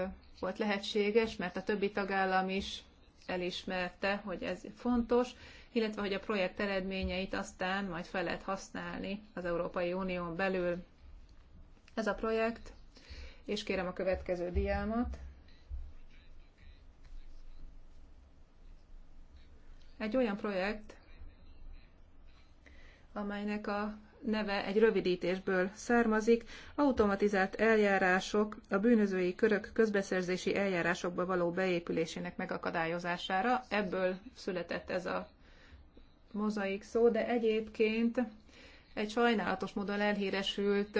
volt lehetséges, mert a többi tagállam is elismerte, hogy ez fontos, illetve hogy a projekt eredményeit aztán majd fel lehet használni az Európai Unión belül. Ez a projekt, és kérem a következő diámat. Egy olyan projekt, amelynek a neve egy rövidítésből származik, automatizált eljárások a bűnözői körök közbeszerzési eljárásokba való beépülésének megakadályozására. Ebből született ez a mozaik szó, de egyébként egy sajnálatos módon elhíresült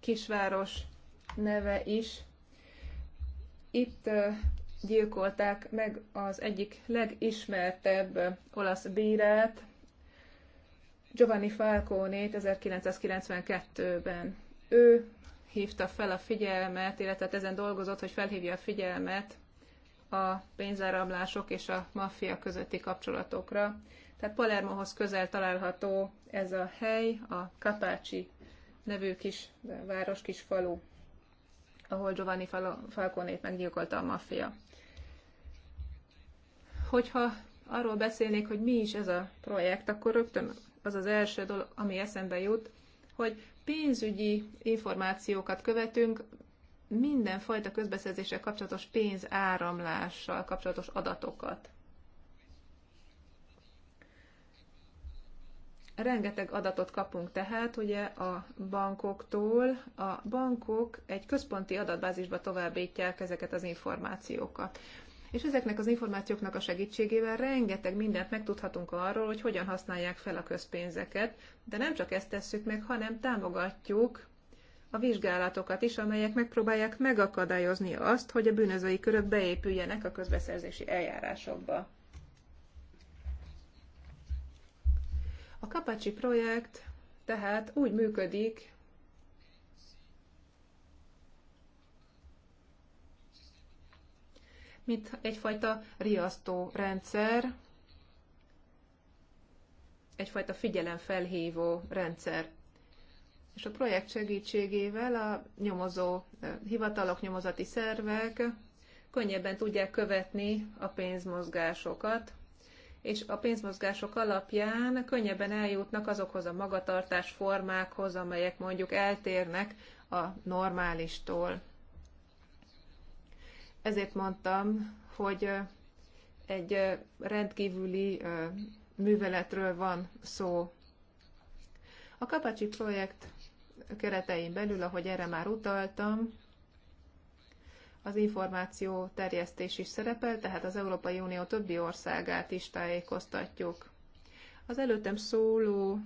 kisváros neve is. Itt gyilkolták meg az egyik legismertebb olasz bírát, Giovanni Falcone 1992-ben. Ő hívta fel a figyelmet, illetve hát ezen dolgozott, hogy felhívja a figyelmet a pénzárablások és a maffia közötti kapcsolatokra. Tehát Palermohoz közel található ez a hely, a Kapácsi nevű kis város, kis falu, ahol Giovanni Falconét meggyilkolta a maffia. Hogyha arról beszélnék, hogy mi is ez a projekt, akkor rögtön az az első dolog, ami eszembe jut, hogy pénzügyi információkat követünk, mindenfajta közbeszerzéssel kapcsolatos pénzáramlással kapcsolatos adatokat. Rengeteg adatot kapunk tehát ugye a bankoktól. A bankok egy központi adatbázisba továbbítják ezeket az információkat. És ezeknek az információknak a segítségével rengeteg mindent megtudhatunk arról, hogy hogyan használják fel a közpénzeket, de nem csak ezt tesszük meg, hanem támogatjuk a vizsgálatokat is, amelyek megpróbálják megakadályozni azt, hogy a bűnözői körök beépüljenek a közbeszerzési eljárásokba. A Kapacsi projekt tehát úgy működik, mint egyfajta riasztó rendszer, egyfajta figyelemfelhívó rendszer és a projekt segítségével a nyomozó hivatalok, nyomozati szervek könnyebben tudják követni a pénzmozgásokat, és a pénzmozgások alapján könnyebben eljutnak azokhoz a magatartás formákhoz, amelyek mondjuk eltérnek a normálistól. Ezért mondtam, hogy egy rendkívüli műveletről van szó. A Kapacsi projekt keretein belül, ahogy erre már utaltam, az információ terjesztés is szerepel, tehát az Európai Unió többi országát is tájékoztatjuk. Az előttem szóló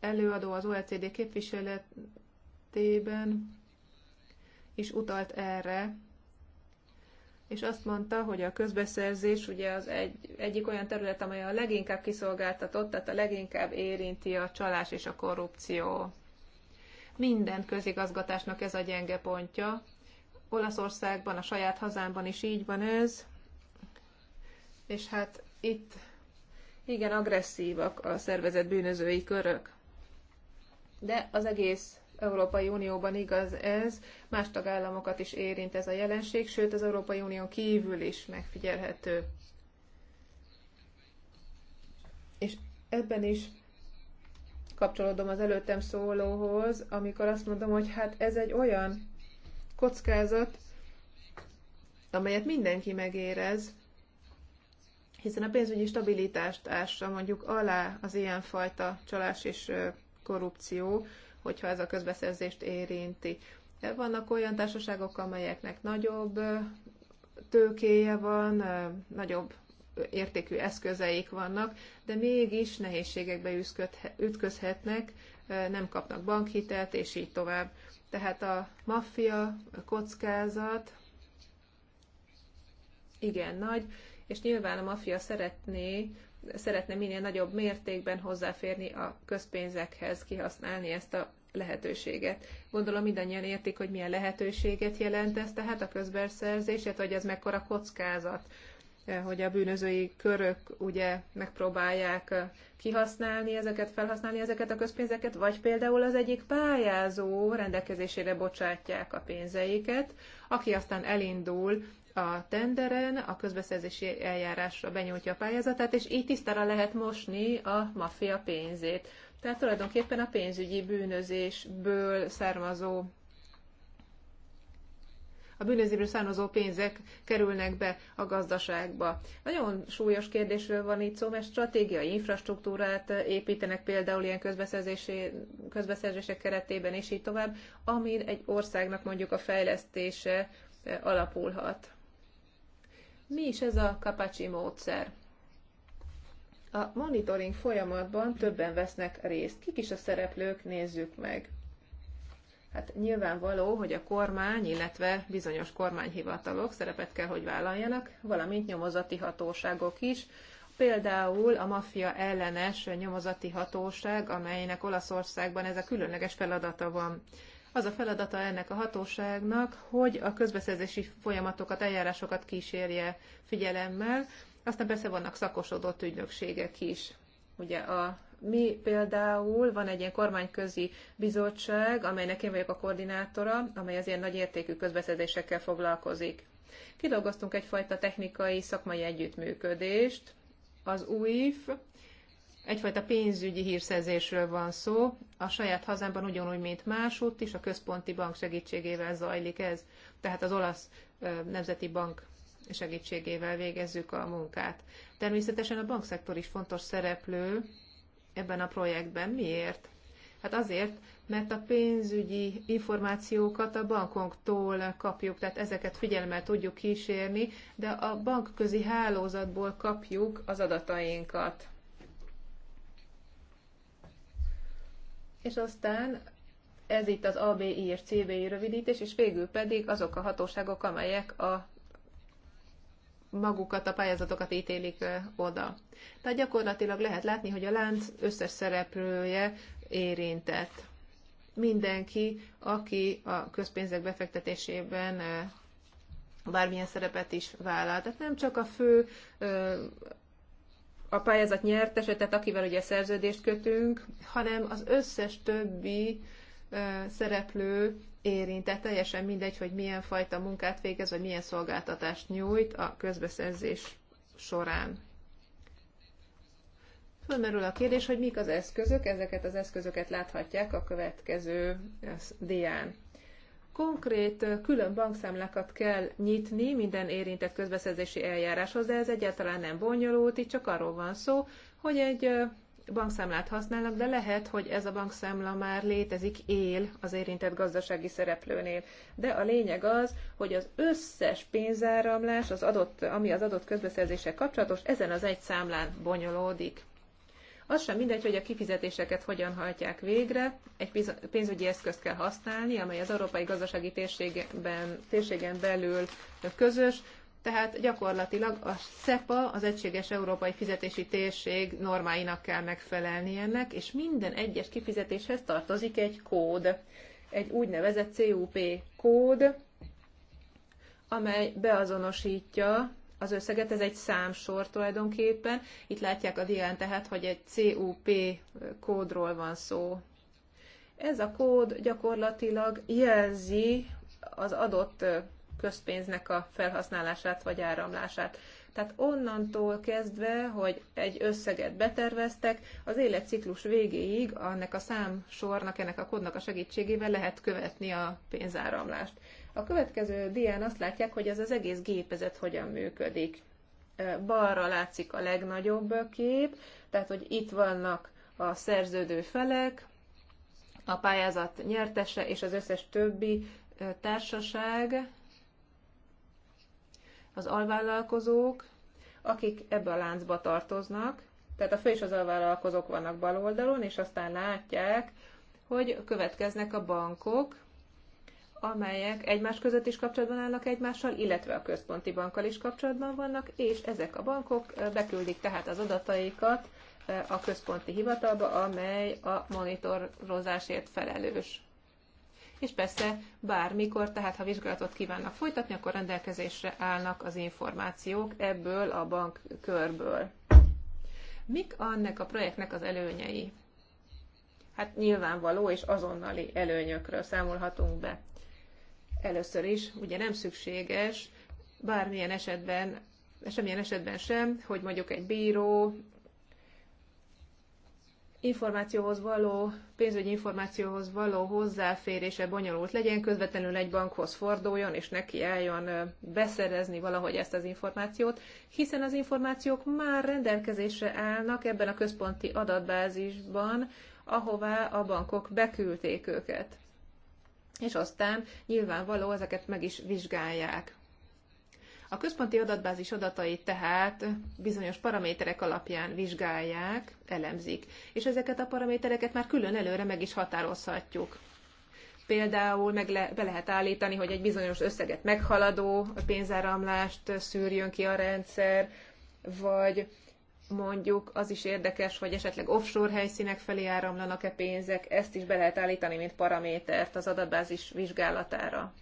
előadó az OECD képviseletében is utalt erre, és azt mondta, hogy a közbeszerzés ugye az egy, egyik olyan terület, amely a leginkább kiszolgáltatott, tehát a leginkább érinti a csalás és a korrupció. Minden közigazgatásnak ez a gyenge pontja. Olaszországban, a saját hazámban is így van ez. És hát itt igen agresszívak a szervezet bűnözői körök. De az egész Európai Unióban igaz ez, más tagállamokat is érint ez a jelenség, sőt az Európai Unió kívül is megfigyelhető. És ebben is kapcsolódom az előttem szólóhoz, amikor azt mondom, hogy hát ez egy olyan kockázat, amelyet mindenki megérez, hiszen a pénzügyi stabilitást ássa mondjuk alá az ilyenfajta csalás és korrupció, hogyha ez a közbeszerzést érinti. Vannak olyan társaságok, amelyeknek nagyobb tőkéje van, nagyobb értékű eszközeik vannak, de mégis nehézségekbe ütközhetnek, nem kapnak bankhitelt, és így tovább. Tehát a maffia, a kockázat igen nagy, és nyilván a maffia szeretné, szeretne minél nagyobb mértékben hozzáférni a közpénzekhez, kihasználni ezt a lehetőséget. Gondolom mindannyian értik, hogy milyen lehetőséget jelent ez, tehát a közbeszerzéset hogy ez mekkora kockázat hogy a bűnözői körök ugye megpróbálják kihasználni ezeket, felhasználni ezeket a közpénzeket, vagy például az egyik pályázó rendelkezésére bocsátják a pénzeiket, aki aztán elindul a tenderen, a közbeszerzési eljárásra benyújtja a pályázatát, és így tisztára lehet mosni a maffia pénzét. Tehát tulajdonképpen a pénzügyi bűnözésből származó a bűnözésből származó pénzek kerülnek be a gazdaságba. Nagyon súlyos kérdésről van itt szó, mert stratégiai infrastruktúrát építenek például ilyen közbeszerzések keretében, és így tovább, amin egy országnak mondjuk a fejlesztése eh, alapulhat. Mi is ez a kapacsi módszer? A monitoring folyamatban többen vesznek részt. Kik is a szereplők, nézzük meg. Hát nyilvánvaló, hogy a kormány, illetve bizonyos kormányhivatalok szerepet kell, hogy vállaljanak, valamint nyomozati hatóságok is. Például a maffia ellenes nyomozati hatóság, amelynek Olaszországban ez a különleges feladata van. Az a feladata ennek a hatóságnak, hogy a közbeszerzési folyamatokat, eljárásokat kísérje figyelemmel, aztán persze vannak szakosodott ügynökségek is. Ugye a mi például van egy ilyen kormányközi bizottság, amelynek én vagyok a koordinátora, amely az ilyen nagy értékű közbeszerzésekkel foglalkozik. Kidolgoztunk egyfajta technikai szakmai együttműködést, az UIF, Egyfajta pénzügyi hírszerzésről van szó. A saját hazámban ugyanúgy, mint másútt is, a központi bank segítségével zajlik ez. Tehát az olasz nemzeti bank segítségével végezzük a munkát. Természetesen a bankszektor is fontos szereplő, ebben a projektben. Miért? Hát azért, mert a pénzügyi információkat a bankoktól kapjuk, tehát ezeket figyelemmel tudjuk kísérni, de a bankközi hálózatból kapjuk az adatainkat. És aztán ez itt az ABIR CBI rövidítés, és végül pedig azok a hatóságok, amelyek a magukat, a pályázatokat ítélik oda. Tehát gyakorlatilag lehet látni, hogy a lánc összes szereplője érintett. Mindenki, aki a közpénzek befektetésében bármilyen szerepet is vállal. Tehát nem csak a fő a pályázat nyertese, tehát akivel ugye szerződést kötünk, hanem az összes többi szereplő érintett, teljesen mindegy, hogy milyen fajta munkát végez, vagy milyen szolgáltatást nyújt a közbeszerzés során. Fölmerül a kérdés, hogy mik az eszközök, ezeket az eszközöket láthatják a következő dián. Konkrét külön bankszámlákat kell nyitni minden érintett közbeszerzési eljáráshoz, de ez egyáltalán nem bonyolult, itt csak arról van szó, hogy egy bankszámlát használnak, de lehet, hogy ez a bankszámla már létezik, él az érintett gazdasági szereplőnél. De a lényeg az, hogy az összes pénzáramlás, az adott, ami az adott közbeszerzéssel kapcsolatos, ezen az egy számlán bonyolódik. Az sem mindegy, hogy a kifizetéseket hogyan hajtják végre. Egy pénzügyi eszközt kell használni, amely az európai gazdasági térségben, térségen belül közös, tehát gyakorlatilag a SEPA, az Egységes Európai Fizetési Térség normáinak kell megfelelni ennek, és minden egyes kifizetéshez tartozik egy kód, egy úgynevezett CUP kód, amely beazonosítja az összeget, ez egy számsor tulajdonképpen. Itt látják a dián tehát, hogy egy CUP kódról van szó. Ez a kód gyakorlatilag jelzi az adott közpénznek a felhasználását vagy áramlását. Tehát onnantól kezdve, hogy egy összeget beterveztek, az életciklus végéig annak a számsornak, ennek a kódnak a segítségével lehet követni a pénzáramlást. A következő dián azt látják, hogy ez az egész gépezet hogyan működik. Balra látszik a legnagyobb kép, tehát hogy itt vannak a szerződő felek, a pályázat nyertese és az összes többi társaság, az alvállalkozók, akik ebbe a láncba tartoznak, tehát a fő és az alvállalkozók vannak bal oldalon, és aztán látják, hogy következnek a bankok, amelyek egymás között is kapcsolatban állnak egymással, illetve a központi bankkal is kapcsolatban vannak, és ezek a bankok beküldik tehát az adataikat a központi hivatalba, amely a monitorozásért felelős és persze bármikor, tehát ha vizsgálatot kívánnak folytatni, akkor rendelkezésre állnak az információk ebből a bankkörből. Mik annak a projektnek az előnyei? Hát nyilvánvaló és azonnali előnyökről számolhatunk be. Először is, ugye nem szükséges bármilyen esetben semmilyen esetben sem, hogy mondjuk egy bíró információhoz való, pénzügyi információhoz való hozzáférése bonyolult legyen, közvetlenül egy bankhoz forduljon, és neki eljön beszerezni valahogy ezt az információt, hiszen az információk már rendelkezésre állnak ebben a központi adatbázisban, ahová a bankok beküldték őket. És aztán nyilvánvaló ezeket meg is vizsgálják. A központi adatbázis adatait tehát bizonyos paraméterek alapján vizsgálják, elemzik, és ezeket a paramétereket már külön előre meg is határozhatjuk. Például meg le, be lehet állítani, hogy egy bizonyos összeget meghaladó pénzáramlást szűrjön ki a rendszer, vagy mondjuk az is érdekes, hogy esetleg offshore helyszínek felé áramlanak-e pénzek, ezt is be lehet állítani, mint paramétert az adatbázis vizsgálatára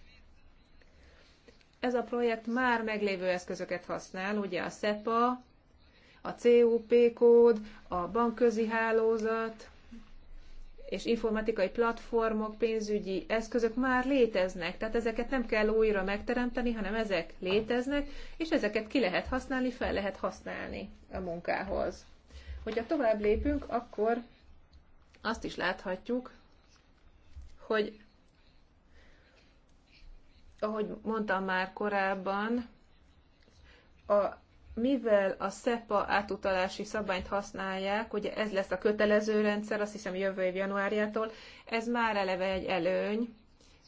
ez a projekt már meglévő eszközöket használ, ugye a SEPA, a CUP kód, a bankközi hálózat, és informatikai platformok, pénzügyi eszközök már léteznek, tehát ezeket nem kell újra megteremteni, hanem ezek léteznek, és ezeket ki lehet használni, fel lehet használni a munkához. Hogyha tovább lépünk, akkor azt is láthatjuk, hogy ahogy mondtam már korábban, a, mivel a SEPA átutalási szabályt használják, ugye ez lesz a kötelező rendszer, azt hiszem jövő év januárjától, ez már eleve egy előny,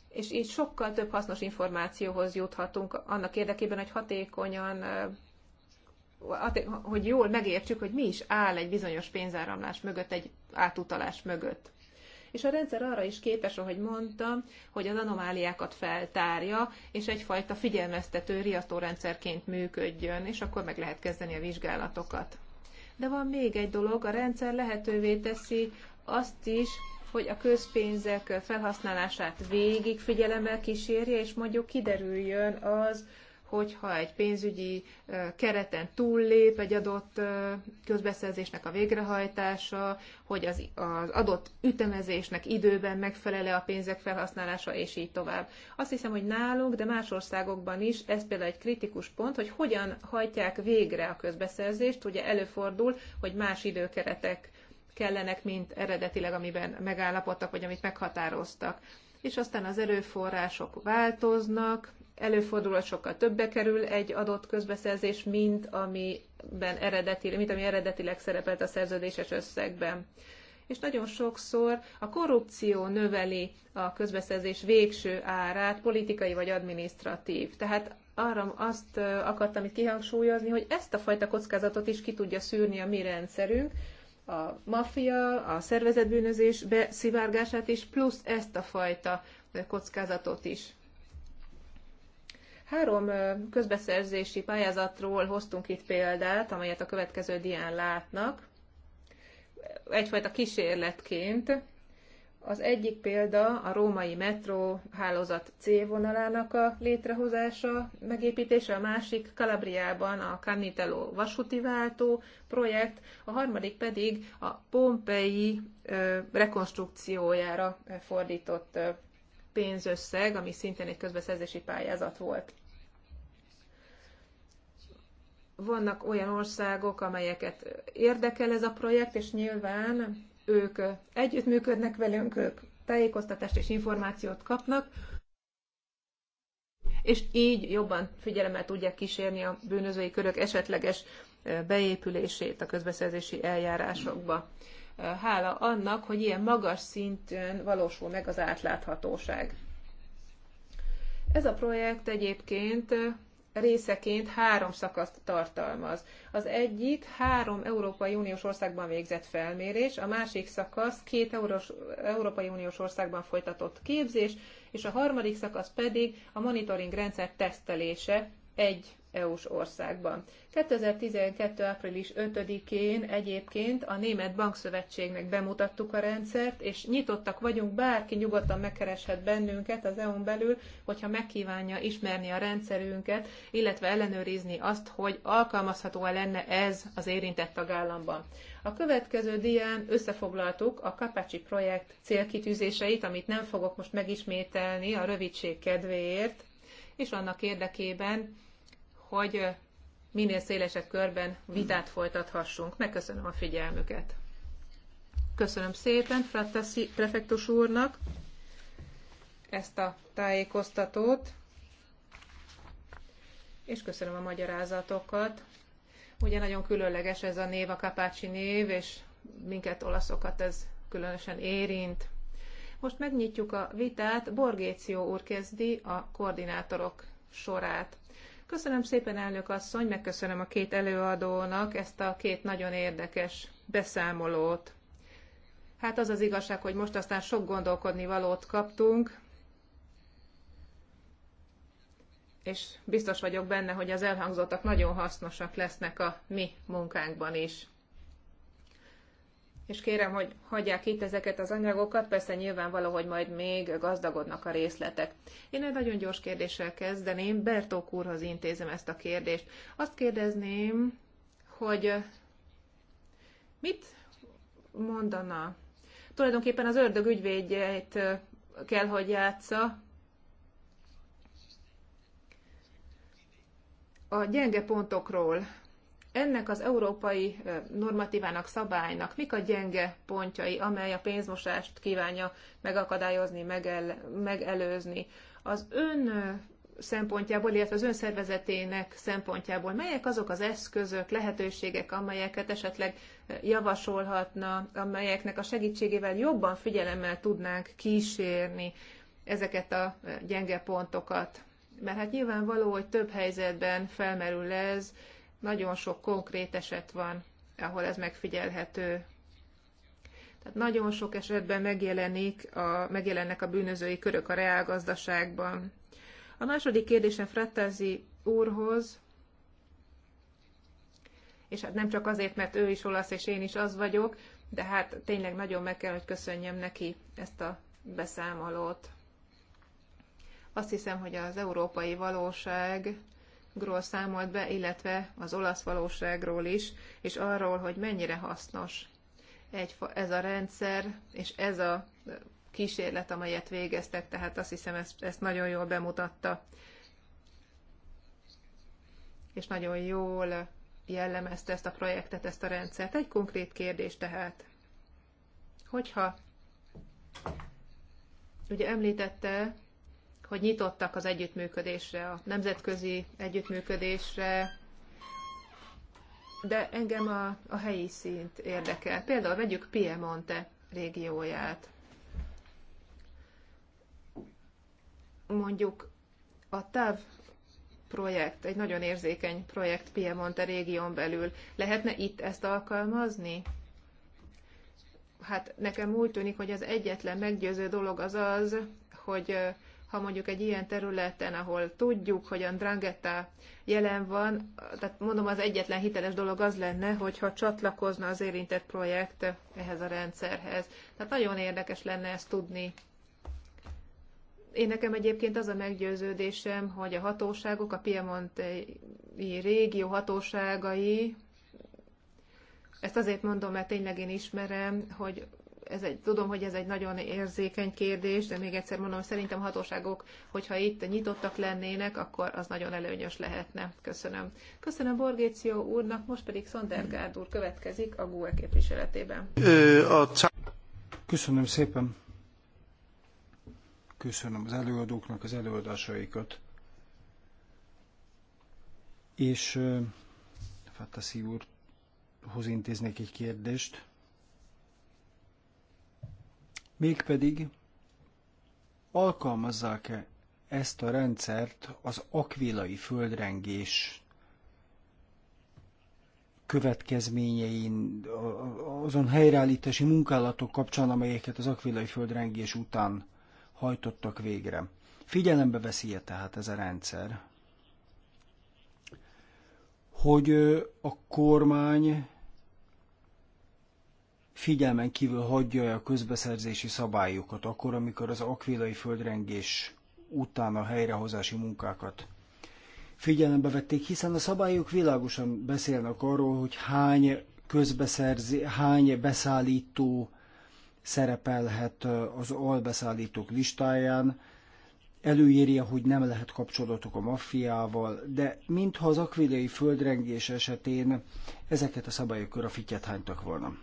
és így sokkal több hasznos információhoz juthatunk annak érdekében, hogy hatékonyan hogy jól megértsük, hogy mi is áll egy bizonyos pénzáramlás mögött, egy átutalás mögött és a rendszer arra is képes, ahogy mondtam, hogy az anomáliákat feltárja, és egyfajta figyelmeztető riasztórendszerként működjön, és akkor meg lehet kezdeni a vizsgálatokat. De van még egy dolog, a rendszer lehetővé teszi azt is, hogy a közpénzek felhasználását végig figyelemmel kísérje, és mondjuk kiderüljön az, hogyha egy pénzügyi kereten túllép egy adott közbeszerzésnek a végrehajtása, hogy az, az adott ütemezésnek időben megfelele a pénzek felhasználása, és így tovább. Azt hiszem, hogy nálunk, de más országokban is ez például egy kritikus pont, hogy hogyan hajtják végre a közbeszerzést. Ugye előfordul, hogy más időkeretek kellenek, mint eredetileg, amiben megállapodtak, vagy amit meghatároztak. És aztán az erőforrások változnak, előfordul, hogy sokkal többe kerül egy adott közbeszerzés, mint amiben eredetileg, mint ami eredetileg szerepelt a szerződéses összegben. És nagyon sokszor a korrupció növeli a közbeszerzés végső árát, politikai vagy adminisztratív. Tehát arra azt akartam itt kihangsúlyozni, hogy ezt a fajta kockázatot is ki tudja szűrni a mi rendszerünk, a maffia, a szervezetbűnözés beszivárgását is, plusz ezt a fajta kockázatot is. Három közbeszerzési pályázatról hoztunk itt példát, amelyet a következő dián látnak, egyfajta kísérletként. Az egyik példa a római metró hálózat C vonalának a létrehozása, megépítése, a másik Kalabriában a Canitello vasúti váltó projekt, a harmadik pedig a Pompei rekonstrukciójára fordított pénzösszeg, ami szintén egy közbeszerzési pályázat volt. Vannak olyan országok, amelyeket érdekel ez a projekt, és nyilván ők együttműködnek velünk, ők tájékoztatást és információt kapnak, és így jobban figyelemmel tudják kísérni a bűnözői körök esetleges beépülését a közbeszerzési eljárásokba hála annak, hogy ilyen magas szinten valósul meg az átláthatóság. Ez a projekt egyébként részeként három szakaszt tartalmaz. Az egyik három Európai Uniós országban végzett felmérés, a másik szakasz két Euros, Európai Uniós országban folytatott képzés, és a harmadik szakasz pedig a monitoring rendszer tesztelése egy EU-s országban. 2012. április 5-én egyébként a Német Bankszövetségnek bemutattuk a rendszert, és nyitottak vagyunk, bárki nyugodtan megkereshet bennünket az EU-n belül, hogyha megkívánja ismerni a rendszerünket, illetve ellenőrizni azt, hogy alkalmazható-e lenne ez az érintett tagállamban. A következő dián összefoglaltuk a Kapacsi projekt célkitűzéseit, amit nem fogok most megismételni a rövidség kedvéért, és annak érdekében, hogy minél szélesebb körben vitát folytathassunk. Megköszönöm a figyelmüket. Köszönöm szépen Frattasi prefektus úrnak ezt a tájékoztatót, és köszönöm a magyarázatokat. Ugye nagyon különleges ez a név, a kapácsi név, és minket olaszokat ez különösen érint. Most megnyitjuk a vitát, Borgéció úr kezdi a koordinátorok sorát. Köszönöm szépen, elnök asszony, megköszönöm a két előadónak ezt a két nagyon érdekes beszámolót. Hát az az igazság, hogy most aztán sok gondolkodni valót kaptunk, és biztos vagyok benne, hogy az elhangzottak nagyon hasznosak lesznek a mi munkánkban is és kérem, hogy hagyják itt ezeket az anyagokat, persze nyilvánvaló, hogy majd még gazdagodnak a részletek. Én egy nagyon gyors kérdéssel kezdeném, Bertók úrhoz intézem ezt a kérdést. Azt kérdezném, hogy mit mondana? Tulajdonképpen az ördög ügyvédjeit kell, hogy játsza. A gyenge pontokról ennek az európai normatívának, szabálynak mik a gyenge pontjai, amely a pénzmosást kívánja megakadályozni, megel, megelőzni. Az ön szempontjából, illetve az önszervezetének szempontjából, melyek azok az eszközök, lehetőségek, amelyeket esetleg javasolhatna, amelyeknek a segítségével jobban figyelemmel tudnánk kísérni ezeket a gyenge pontokat. Mert hát nyilvánvaló, hogy több helyzetben felmerül ez, nagyon sok konkrét eset van, ahol ez megfigyelhető. Tehát nagyon sok esetben megjelenik a, megjelennek a bűnözői körök a reálgazdaságban. A második kérdésem Frattázi úrhoz, és hát nem csak azért, mert ő is olasz, és én is az vagyok, de hát tényleg nagyon meg kell, hogy köszönjem neki ezt a beszámolót. Azt hiszem, hogy az európai valóság gról számolt be, illetve az olasz valóságról is, és arról, hogy mennyire hasznos egy, ez a rendszer, és ez a kísérlet, amelyet végeztek, tehát azt hiszem ezt, ezt nagyon jól bemutatta, és nagyon jól jellemezte ezt a projektet, ezt a rendszert. Egy konkrét kérdés tehát, hogyha ugye említette hogy nyitottak az együttműködésre, a nemzetközi együttműködésre, de engem a, a helyi szint érdekel. Például vegyük Piemonte régióját. Mondjuk a TAV projekt, egy nagyon érzékeny projekt Piemonte régión belül. Lehetne itt ezt alkalmazni? Hát nekem úgy tűnik, hogy az egyetlen meggyőző dolog az az, hogy ha mondjuk egy ilyen területen, ahol tudjuk, hogy a drangetta jelen van, tehát mondom, az egyetlen hiteles dolog az lenne, hogyha csatlakozna az érintett projekt ehhez a rendszerhez. Tehát nagyon érdekes lenne ezt tudni. Én nekem egyébként az a meggyőződésem, hogy a hatóságok, a Piemonti régió hatóságai, ezt azért mondom, mert tényleg én ismerem, hogy ez egy, tudom, hogy ez egy nagyon érzékeny kérdés, de még egyszer mondom, szerintem hatóságok, hogyha itt nyitottak lennének, akkor az nagyon előnyös lehetne. Köszönöm. Köszönöm Borgéció úrnak, most pedig Szondergárd úr következik a GUE képviseletében. Köszönöm szépen. Köszönöm az előadóknak az előadásaikat. És Fatasi úrhoz intéznék egy kérdést. Mégpedig alkalmazzák-e ezt a rendszert az akvilai földrengés következményein, azon helyreállítási munkálatok kapcsán, amelyeket az akvilai földrengés után hajtottak végre. Figyelembe veszi -e tehát ez a rendszer, hogy a kormány figyelmen kívül hagyja a közbeszerzési szabályokat, akkor, amikor az akvilai földrengés után a helyrehozási munkákat figyelembe vették, hiszen a szabályok világosan beszélnek arról, hogy hány közbeszerzi, hány beszállító szerepelhet az albeszállítók listáján, előírja, hogy nem lehet kapcsolatok a maffiával, de mintha az akvilei földrengés esetén ezeket a szabályokra fityet hánytak volna.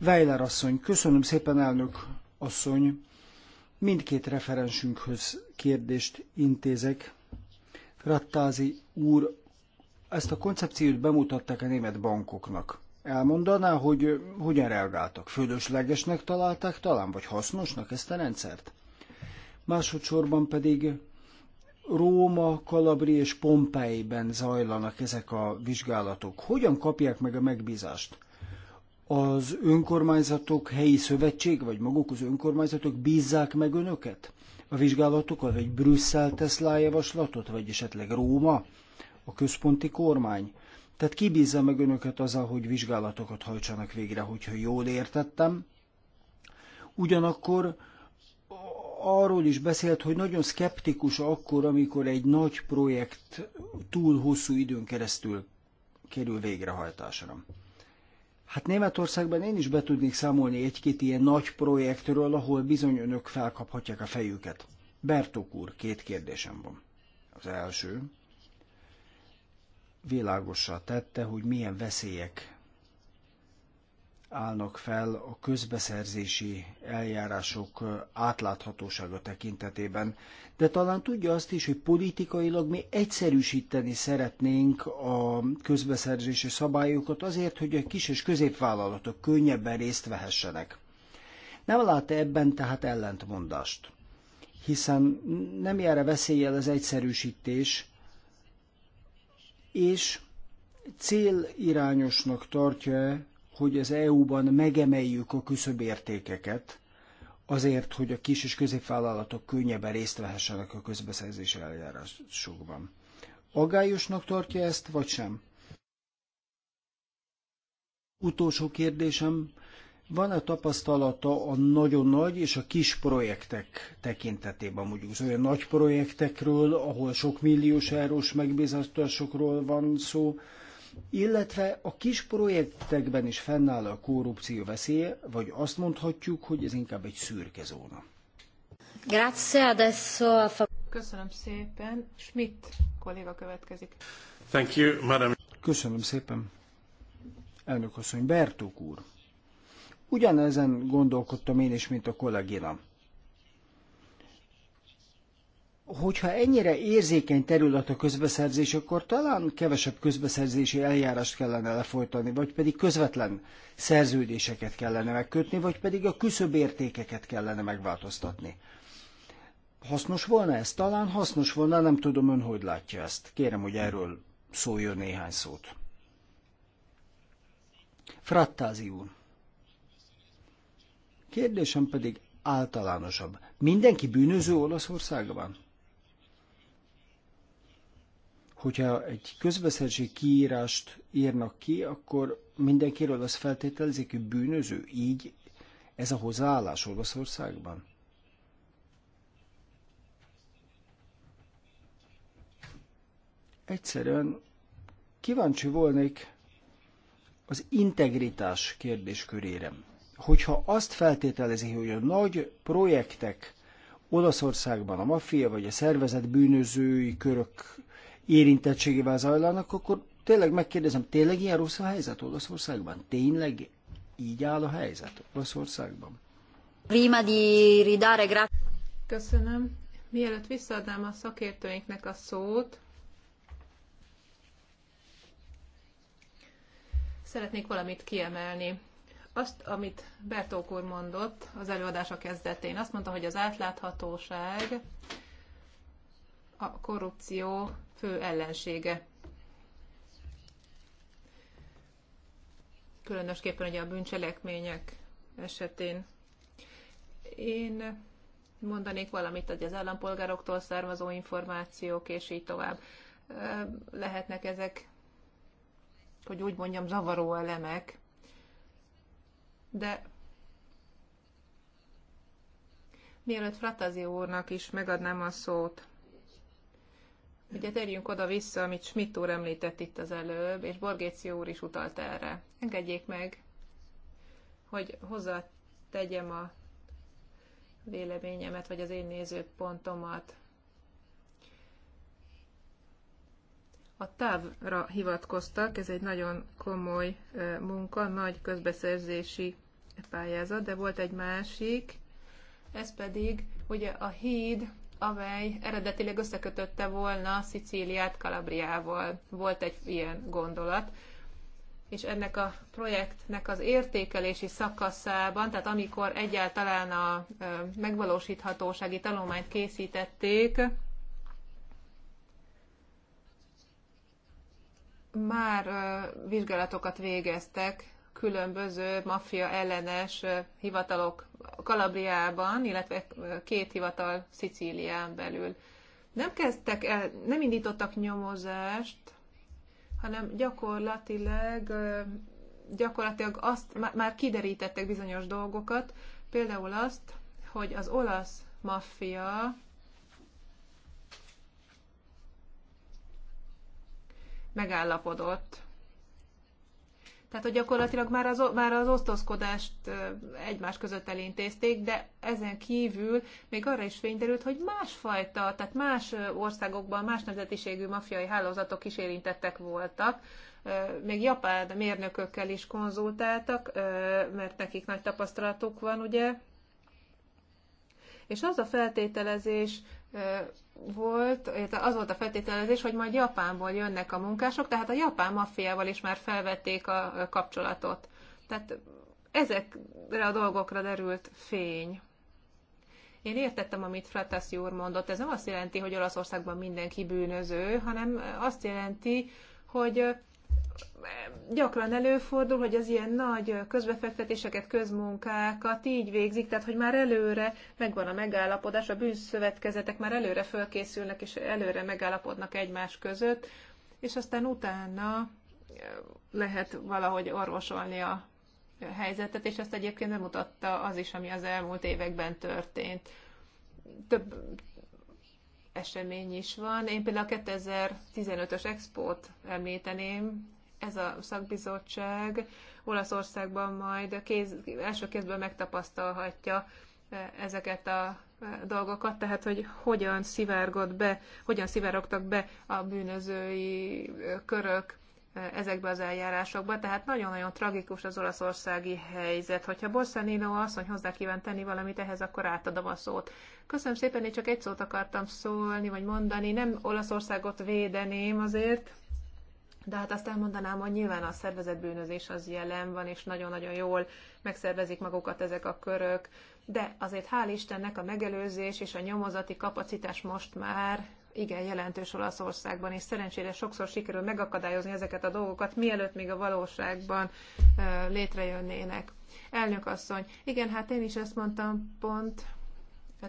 Weiler asszony, köszönöm szépen elnök asszony. Mindkét referensünkhöz kérdést intézek. Rattázi úr, ezt a koncepciót bemutatták a német bankoknak elmondaná, hogy hogyan reagáltak? Fölöslegesnek találták talán, vagy hasznosnak ezt a rendszert? Másodszorban pedig Róma, Kalabri és Pompeiben zajlanak ezek a vizsgálatok. Hogyan kapják meg a megbízást? Az önkormányzatok, helyi szövetség, vagy maguk az önkormányzatok bízzák meg önöket? A vizsgálatokat vagy Brüsszel tesz lájavaslatot, vagy esetleg Róma, a központi kormány? Tehát kibízza meg önöket azzal, hogy vizsgálatokat hajtsanak végre, hogyha jól értettem. Ugyanakkor arról is beszélt, hogy nagyon szkeptikus akkor, amikor egy nagy projekt túl hosszú időn keresztül kerül végrehajtásra. Hát Németországban én is be tudnék számolni egy-két ilyen nagy projektről, ahol bizony önök felkaphatják a fejüket. Bertok úr, két kérdésem van. Az első, világossá tette, hogy milyen veszélyek állnak fel a közbeszerzési eljárások átláthatósága tekintetében, de talán tudja azt is, hogy politikailag mi egyszerűsíteni szeretnénk a közbeszerzési szabályokat azért, hogy a kis és középvállalatok könnyebben részt vehessenek. Nem lát -e ebben tehát ellentmondást, hiszen nem jár -e veszéllyel az egyszerűsítés, és célirányosnak tartja-e, hogy az EU-ban megemeljük a küszöbértékeket, azért, hogy a kis és középvállalatok könnyebben részt vehessenek a közbeszerzési eljárásokban. Agályosnak tartja ezt, vagy sem? Utolsó kérdésem, van-e tapasztalata a nagyon nagy és a kis projektek tekintetében, mondjuk az olyan nagy projektekről, ahol sok milliós eurós megbízatásokról van szó, illetve a kis projektekben is fennáll a korrupció veszélye, vagy azt mondhatjuk, hogy ez inkább egy szürke zóna. Grazie, adesso... Köszönöm szépen. Schmidt kolléga következik. Thank you, madam. Köszönöm szépen. Elnök asszony, Bertók úr. Ugyanezen gondolkodtam én is, mint a kollégina. Hogyha ennyire érzékeny terület a közbeszerzés, akkor talán kevesebb közbeszerzési eljárást kellene lefolytani, vagy pedig közvetlen szerződéseket kellene megkötni, vagy pedig a értékeket kellene megváltoztatni. Hasznos volna ez? Talán hasznos volna, nem tudom ön hogy látja ezt. Kérem, hogy erről szóljon néhány szót. Frattázi úr. Kérdésem pedig általánosabb. Mindenki bűnöző Olaszországban? Hogyha egy közbeszerzési kiírást írnak ki, akkor mindenkiről azt feltételezik, hogy bűnöző. Így ez a hozzáállás Olaszországban? Egyszerűen kíváncsi volnék az integritás kérdéskörére hogyha azt feltételezi, hogy a nagy projektek Olaszországban a maffia vagy a szervezet bűnözői körök érintettségével zajlanak, akkor tényleg megkérdezem, tényleg ilyen rossz a helyzet Olaszországban? Tényleg így áll a helyzet Olaszországban? Prima di ridare Köszönöm. Mielőtt visszaadnám a szakértőinknek a szót, szeretnék valamit kiemelni azt, amit Bertók úr mondott az előadása kezdetén. Azt mondta, hogy az átláthatóság a korrupció fő ellensége. Különösképpen ugye a bűncselekmények esetén. Én mondanék valamit, hogy az állampolgároktól származó információk, és így tovább. Lehetnek ezek, hogy úgy mondjam, zavaró elemek de mielőtt Fratazi úrnak is megadnám a szót, ugye terjünk oda-vissza, amit Schmidt úr említett itt az előbb, és Borgéció úr is utalt erre. Engedjék meg, hogy hozzá tegyem a véleményemet, vagy az én nézőpontomat. A távra hivatkoztak, ez egy nagyon komoly munka, nagy közbeszerzési pályázat, de volt egy másik, ez pedig ugye a híd, amely eredetileg összekötötte volna Szicíliát Kalabriával. Volt egy ilyen gondolat és ennek a projektnek az értékelési szakaszában, tehát amikor egyáltalán a megvalósíthatósági tanulmányt készítették, már vizsgálatokat végeztek különböző maffia ellenes hivatalok Kalabriában, illetve két hivatal Szicílián belül. Nem kezdtek el, nem indítottak nyomozást, hanem gyakorlatilag gyakorlatilag azt már kiderítettek bizonyos dolgokat, például azt, hogy az olasz maffia megállapodott. Tehát, hogy gyakorlatilag már az, már az osztozkodást egymás között elintézték, de ezen kívül még arra is fényderült, hogy másfajta, tehát más országokban más nemzetiségű mafiai hálózatok is érintettek voltak. Még japán mérnökökkel is konzultáltak, mert nekik nagy tapasztalatuk van, ugye? És az a feltételezés volt, az volt a feltételezés, hogy majd Japánból jönnek a munkások, tehát a japán maffiával is már felvették a kapcsolatot. Tehát ezekre a dolgokra derült fény. Én értettem, amit Fratassi úr mondott. Ez nem azt jelenti, hogy Olaszországban mindenki bűnöző, hanem azt jelenti, hogy gyakran előfordul, hogy az ilyen nagy közbefektetéseket, közmunkákat így végzik, tehát hogy már előre megvan a megállapodás, a bűnszövetkezetek már előre fölkészülnek és előre megállapodnak egymás között, és aztán utána eh, lehet valahogy orvosolni a helyzetet, és ezt egyébként bemutatta az is, ami az elmúlt években történt. Több esemény is van. Én például a 2015-ös expót említeném, ez a szakbizottság Olaszországban majd kéz, első kézből megtapasztalhatja e, ezeket a e, dolgokat, tehát hogy hogyan szivárgott be, hogyan szivárogtak be a bűnözői e, körök ezekbe az eljárásokba. Tehát nagyon-nagyon tragikus az olaszországi helyzet. Hogyha Borsanino asszony hozzá kíván tenni valamit ehhez, akkor átadom a szót. Köszönöm szépen, én csak egy szót akartam szólni, vagy mondani. Nem Olaszországot védeném azért, de hát azt elmondanám, hogy nyilván a szervezetbűnözés az jelen van, és nagyon-nagyon jól megszervezik magukat ezek a körök, de azért hál' Istennek a megelőzés és a nyomozati kapacitás most már igen jelentős Olaszországban, és szerencsére sokszor sikerül megakadályozni ezeket a dolgokat, mielőtt még a valóságban létrejönnének. Elnök asszony, igen, hát én is ezt mondtam pont,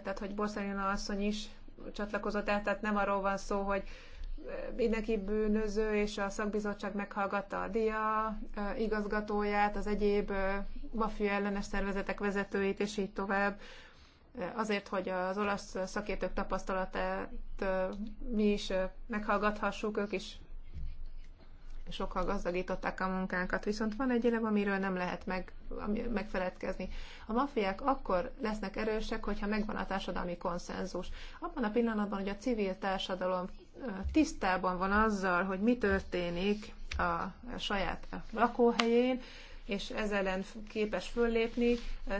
tehát hogy Borszányon asszony is csatlakozott el, tehát nem arról van szó, hogy mindenki bűnöző, és a szakbizottság meghallgatta a DIA igazgatóját, az egyéb mafia ellenes szervezetek vezetőit, és így tovább, azért, hogy az olasz szakértők tapasztalatát mi is meghallgathassuk, ők is sokkal gazdagították a munkánkat. Viszont van egy elem, amiről nem lehet meg, megfeledkezni. A mafiák akkor lesznek erősek, hogyha megvan a társadalmi konszenzus. Abban a pillanatban, hogy a civil társadalom tisztában van azzal, hogy mi történik a saját lakóhelyén, és ez ellen képes föllépni,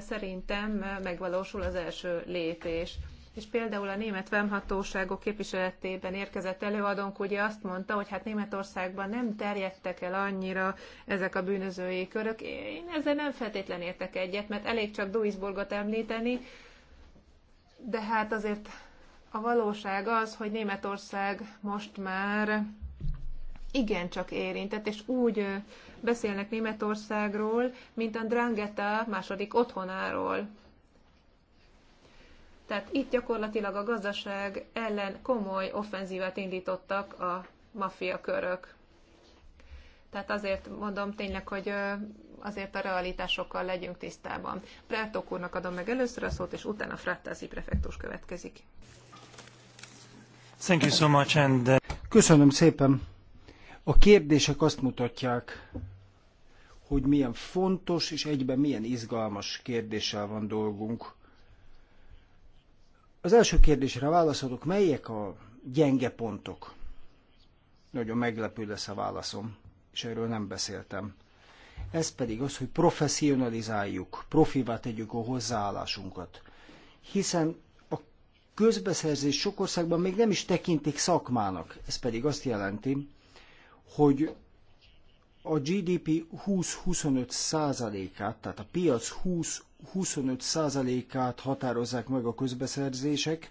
szerintem megvalósul az első lépés. És például a német vemhatóságok képviseletében érkezett előadónk ugye azt mondta, hogy hát Németországban nem terjedtek el annyira ezek a bűnözői körök. Én ezzel nem feltétlen értek egyet, mert elég csak Duisburgot említeni, de hát azért a valóság az, hogy Németország most már igencsak érintett, és úgy beszélnek Németországról, mint a Drangheta második otthonáról. Tehát itt gyakorlatilag a gazdaság ellen komoly offenzívát indítottak a maffia körök. Tehát azért mondom tényleg, hogy azért a realitásokkal legyünk tisztában. Prátok úrnak adom meg először a szót, és utána Frattázi prefektus következik. Thank you so much and... Uh, Köszönöm szépen. A kérdések azt mutatják, hogy milyen fontos és egyben milyen izgalmas kérdéssel van dolgunk. Az első kérdésre válaszolok, melyek a gyenge pontok? Nagyon meglepő lesz a válaszom, és erről nem beszéltem. Ez pedig az, hogy professzionalizáljuk, profivá tegyük a hozzáállásunkat. Hiszen közbeszerzés sok országban még nem is tekintik szakmának. Ez pedig azt jelenti, hogy a GDP 20-25 százalékát, tehát a piac 20-25 százalékát határozzák meg a közbeszerzések,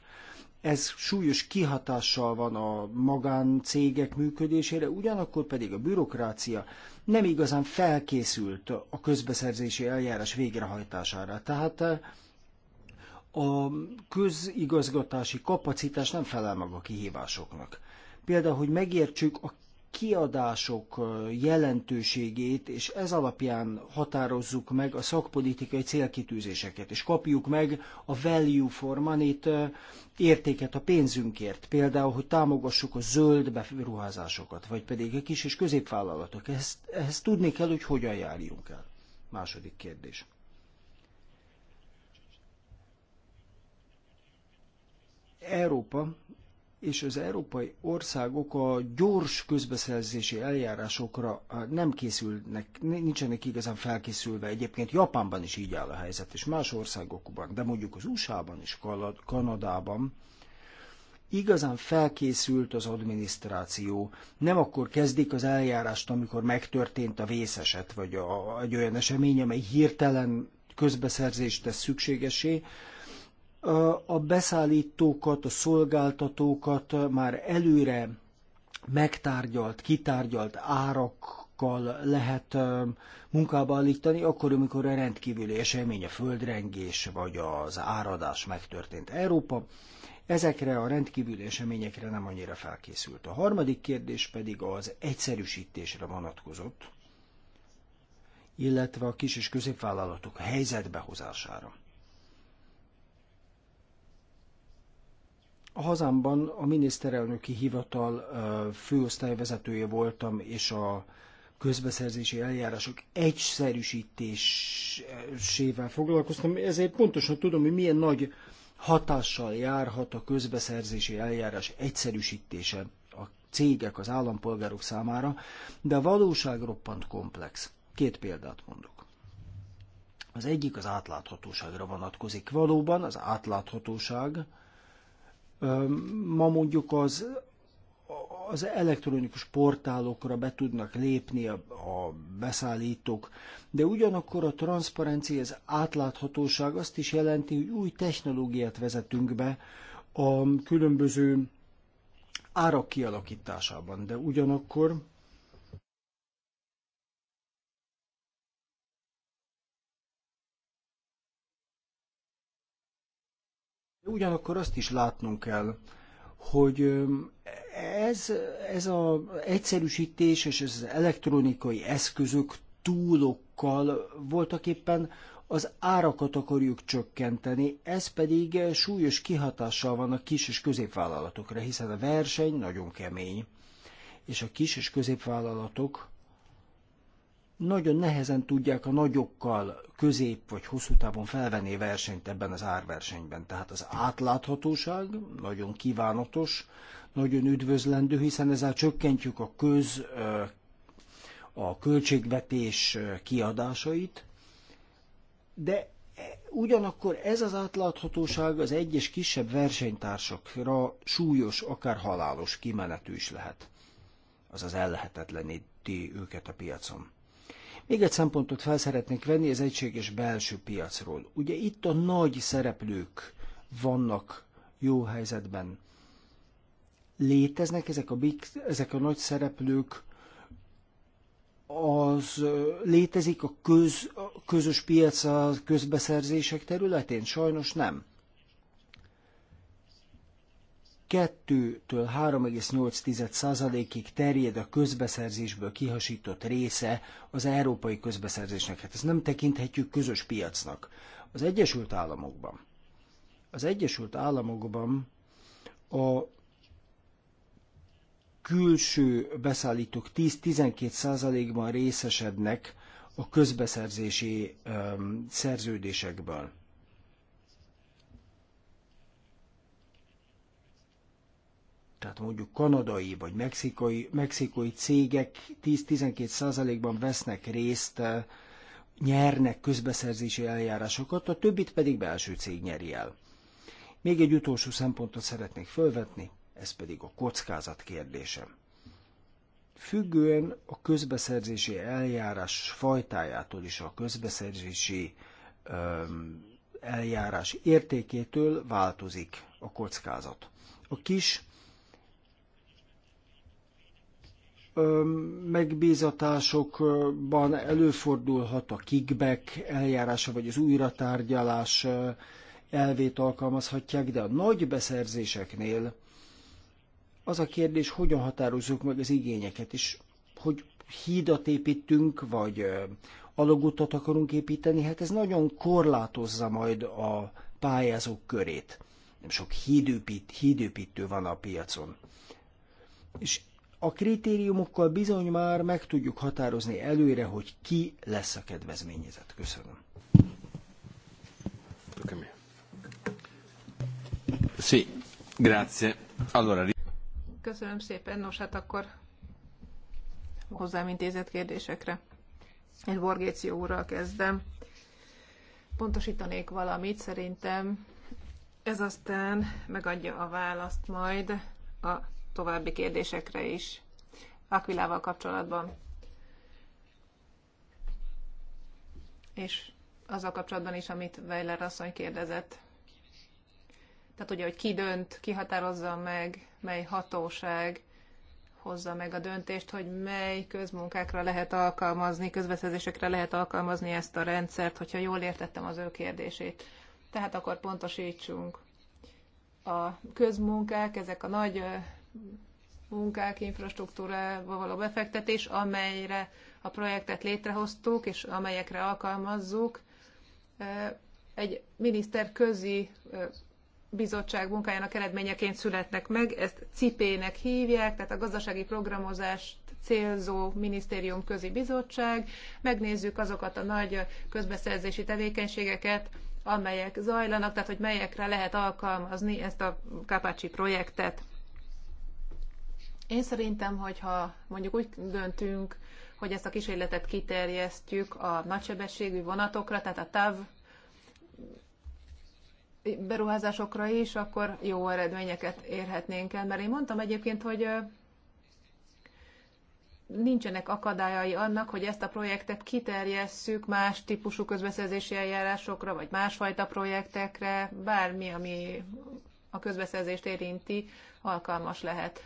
ez súlyos kihatással van a magáncégek működésére, ugyanakkor pedig a bürokrácia nem igazán felkészült a közbeszerzési eljárás végrehajtására. Tehát a közigazgatási kapacitás nem felel meg a kihívásoknak. Például, hogy megértsük a kiadások jelentőségét, és ez alapján határozzuk meg a szakpolitikai célkitűzéseket, és kapjuk meg a value for money értéket a pénzünkért, például, hogy támogassuk a zöld beruházásokat, vagy pedig a kis és középvállalatok. Ezt, ehhez tudni kell, hogy hogyan járjunk el. Második kérdés. Európa és az európai országok a gyors közbeszerzési eljárásokra nem készülnek, nincsenek igazán felkészülve. Egyébként Japánban is így áll a helyzet, és más országokban, de mondjuk az USA-ban és Kanadában igazán felkészült az adminisztráció. Nem akkor kezdik az eljárást, amikor megtörtént a vészeset, vagy a, egy olyan esemény, amely hirtelen közbeszerzést tesz szükségesé, a beszállítókat, a szolgáltatókat már előre megtárgyalt, kitárgyalt árakkal lehet munkába állítani, akkor, amikor a rendkívüli esemény, a földrengés vagy az áradás megtörtént Európa, ezekre a rendkívüli eseményekre nem annyira felkészült. A harmadik kérdés pedig az egyszerűsítésre vonatkozott, illetve a kis és középvállalatok helyzetbehozására. A hazámban a miniszterelnöki hivatal főosztályvezetője voltam, és a közbeszerzési eljárások egyszerűsítésével foglalkoztam, ezért pontosan tudom, hogy milyen nagy hatással járhat a közbeszerzési eljárás egyszerűsítése a cégek, az állampolgárok számára, de a valóság roppant komplex. Két példát mondok. Az egyik az átláthatóságra vonatkozik. Valóban az átláthatóság Ma mondjuk az, az elektronikus portálokra be tudnak lépni a, a beszállítók, de ugyanakkor a transzparencia, az átláthatóság azt is jelenti, hogy új technológiát vezetünk be a különböző árak kialakításában, de ugyanakkor Ugyanakkor azt is látnunk kell, hogy ez, ez az egyszerűsítés és ez az elektronikai eszközök túlokkal voltak éppen az árakat akarjuk csökkenteni, ez pedig súlyos kihatással van a kis és középvállalatokra, hiszen a verseny nagyon kemény, és a kis és középvállalatok nagyon nehezen tudják a nagyokkal közép vagy hosszú távon felvenni versenyt ebben az árversenyben. Tehát az átláthatóság nagyon kívánatos, nagyon üdvözlendő, hiszen ezzel csökkentjük a köz a költségvetés kiadásait, de ugyanakkor ez az átláthatóság az egyes kisebb versenytársakra súlyos, akár halálos kimenetű is lehet azaz ellehetetleníti őket a piacon. Még egy szempontot fel szeretnék venni, az egységes belső piacról. Ugye itt a nagy szereplők vannak jó helyzetben. Léteznek ezek a, big, ezek a nagy szereplők, az létezik a köz, a közös piac a közbeszerzések területén? Sajnos nem. 2-től 3,8%-ig terjed a közbeszerzésből kihasított része az európai közbeszerzésnek. Hát ezt nem tekinthetjük közös piacnak. Az Egyesült Államokban. Az Egyesült Államokban a külső beszállítók 10-12%-ban részesednek a közbeszerzési um, szerződésekből. tehát mondjuk kanadai vagy mexikai, mexikai cégek 10-12%-ban vesznek részt, eh, nyernek közbeszerzési eljárásokat, a többit pedig belső cég nyeri el. Még egy utolsó szempontot szeretnék felvetni, ez pedig a kockázat kérdése. Függően a közbeszerzési eljárás fajtájától és a közbeszerzési öm, eljárás értékétől változik a kockázat. A kis megbízatásokban előfordulhat a kickback eljárása, vagy az újratárgyalás elvét alkalmazhatják, de a nagy beszerzéseknél az a kérdés, hogyan határozzuk meg az igényeket, és hogy hídat építünk, vagy alagutat akarunk építeni, hát ez nagyon korlátozza majd a pályázók körét. Nem sok hídépít, hídépítő van a piacon. És a kritériumokkal bizony már meg tudjuk határozni előre, hogy ki lesz a kedvezményezett. Köszönöm. Sí, grazie. Allora... Köszönöm szépen. Nos, hát akkor hozzám intézett kérdésekre. Én Borgéció úrral kezdem. Pontosítanék valamit, szerintem ez aztán megadja a választ majd a további kérdésekre is Aquilával kapcsolatban. És azzal kapcsolatban is, amit Weiler asszony kérdezett. Tehát ugye, hogy ki dönt, ki határozza meg, mely hatóság hozza meg a döntést, hogy mely közmunkákra lehet alkalmazni, közbeszerzésekre lehet alkalmazni ezt a rendszert, hogyha jól értettem az ő kérdését. Tehát akkor pontosítsunk. A közmunkák, ezek a nagy munkák, infrastruktúrába való befektetés, amelyre a projektet létrehoztuk, és amelyekre alkalmazzuk. Egy miniszter közi bizottság munkájának eredményeként születnek meg, ezt cip nek hívják, tehát a gazdasági programozást célzó minisztérium közi bizottság. Megnézzük azokat a nagy közbeszerzési tevékenységeket, amelyek zajlanak, tehát hogy melyekre lehet alkalmazni ezt a Kapácsi projektet. Én szerintem, hogyha mondjuk úgy döntünk, hogy ezt a kísérletet kiterjesztjük a nagysebességű vonatokra, tehát a TAV beruházásokra is, akkor jó eredményeket érhetnénk el. Mert én mondtam egyébként, hogy nincsenek akadályai annak, hogy ezt a projektet kiterjesszük más típusú közbeszerzési eljárásokra, vagy másfajta projektekre, bármi, ami a közbeszerzést érinti, alkalmas lehet.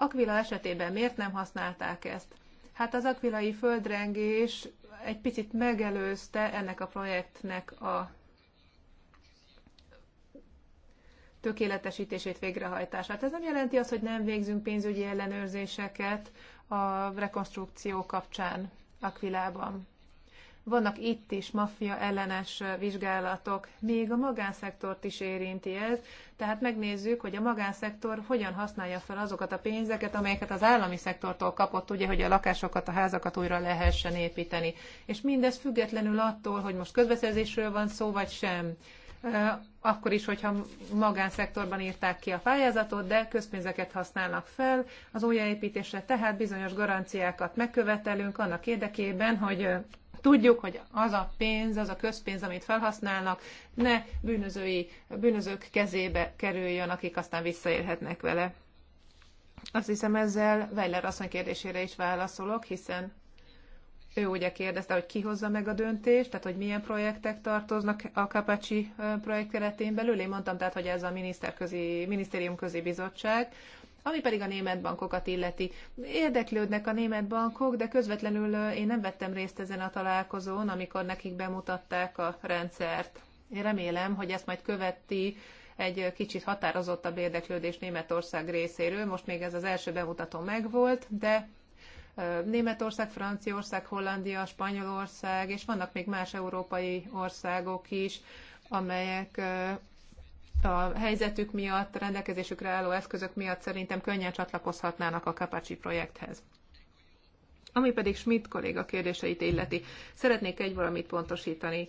Akvila esetében miért nem használták ezt? Hát az akvilai földrengés egy picit megelőzte ennek a projektnek a tökéletesítését, végrehajtását. Ez nem jelenti azt, hogy nem végzünk pénzügyi ellenőrzéseket a rekonstrukció kapcsán Akvilában. Vannak itt is maffia ellenes vizsgálatok, még a magánszektort is érinti ez, tehát megnézzük, hogy a magánszektor hogyan használja fel azokat a pénzeket, amelyeket az állami szektortól kapott, ugye, hogy a lakásokat, a házakat újra lehessen építeni. És mindez függetlenül attól, hogy most közbeszerzésről van szó, vagy sem akkor is, hogyha magánszektorban írták ki a pályázatot, de közpénzeket használnak fel az újjáépítésre, tehát bizonyos garanciákat megkövetelünk annak érdekében, hogy Tudjuk, hogy az a pénz, az a közpénz, amit felhasználnak, ne bűnözői, bűnözők kezébe kerüljön, akik aztán visszaélhetnek vele. Azt hiszem ezzel Weiler asszony kérdésére is válaszolok, hiszen ő ugye kérdezte, hogy ki hozza meg a döntést, tehát hogy milyen projektek tartoznak a Kapacsi projekt keretén belül. Én mondtam tehát, hogy ez a miniszterközi, minisztérium közi bizottság, ami pedig a német bankokat illeti. Érdeklődnek a német bankok, de közvetlenül én nem vettem részt ezen a találkozón, amikor nekik bemutatták a rendszert. Én remélem, hogy ezt majd követi egy kicsit határozottabb érdeklődés Németország részéről. Most még ez az első bemutató megvolt, de Németország, Franciaország, Hollandia, Spanyolország, és vannak még más európai országok is, amelyek a helyzetük miatt, rendelkezésükre álló eszközök miatt szerintem könnyen csatlakozhatnának a Kapacsi projekthez. Ami pedig Schmidt kolléga kérdéseit illeti, szeretnék egy valamit pontosítani.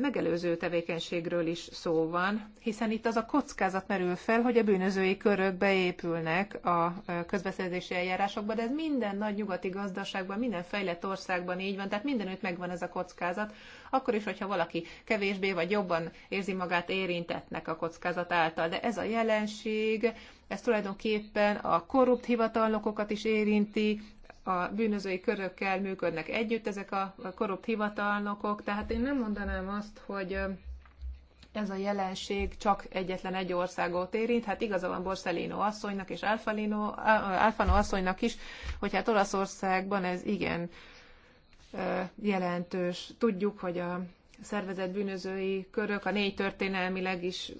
Megelőző tevékenységről is szó van, hiszen itt az a kockázat merül fel, hogy a bűnözői körök beépülnek a közbeszerzési eljárásokba, de ez minden nagy nyugati gazdaságban, minden fejlett országban így van, tehát mindenütt megvan ez a kockázat, akkor is, hogyha valaki kevésbé vagy jobban érzi magát érintetnek a kockázat által. De ez a jelenség, ez tulajdonképpen a korrupt hivatalnokokat is érinti, a bűnözői körökkel működnek együtt ezek a korrupt hivatalnokok, tehát én nem mondanám azt, hogy ez a jelenség csak egyetlen egy országot érint. Hát igaza van Borsellino asszonynak és Alfalino, Alfano asszonynak is, hogy hát Olaszországban ez igen jelentős. Tudjuk, hogy a szervezett bűnözői körök a négy történelmileg is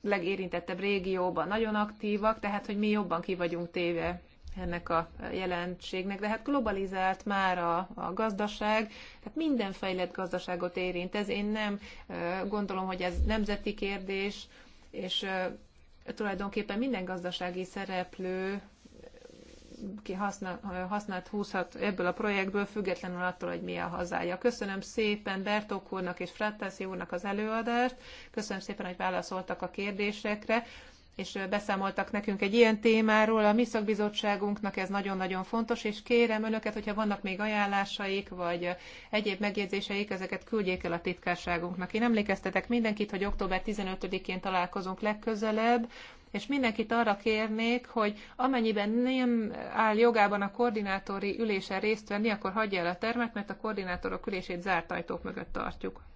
legérintettebb régióban nagyon aktívak, tehát hogy mi jobban ki vagyunk téve ennek a jelentségnek, de hát globalizált már a, a gazdaság, tehát minden fejlett gazdaságot érint. Ez én nem gondolom, hogy ez nemzeti kérdés, és tulajdonképpen minden gazdasági szereplő ki használ, használt húzhat ebből a projektből, függetlenül attól, hogy mi a hazája. Köszönöm szépen Bertók úrnak és Frattászi úrnak az előadást, köszönöm szépen, hogy válaszoltak a kérdésekre és beszámoltak nekünk egy ilyen témáról. A mi szakbizottságunknak ez nagyon-nagyon fontos, és kérem önöket, hogyha vannak még ajánlásaik, vagy egyéb megjegyzéseik, ezeket küldjék el a titkárságunknak. Én emlékeztetek mindenkit, hogy október 15-én találkozunk legközelebb, és mindenkit arra kérnék, hogy amennyiben nem áll jogában a koordinátori ülésen részt venni, akkor hagyja el a termet, mert a koordinátorok ülését zárt ajtók mögött tartjuk.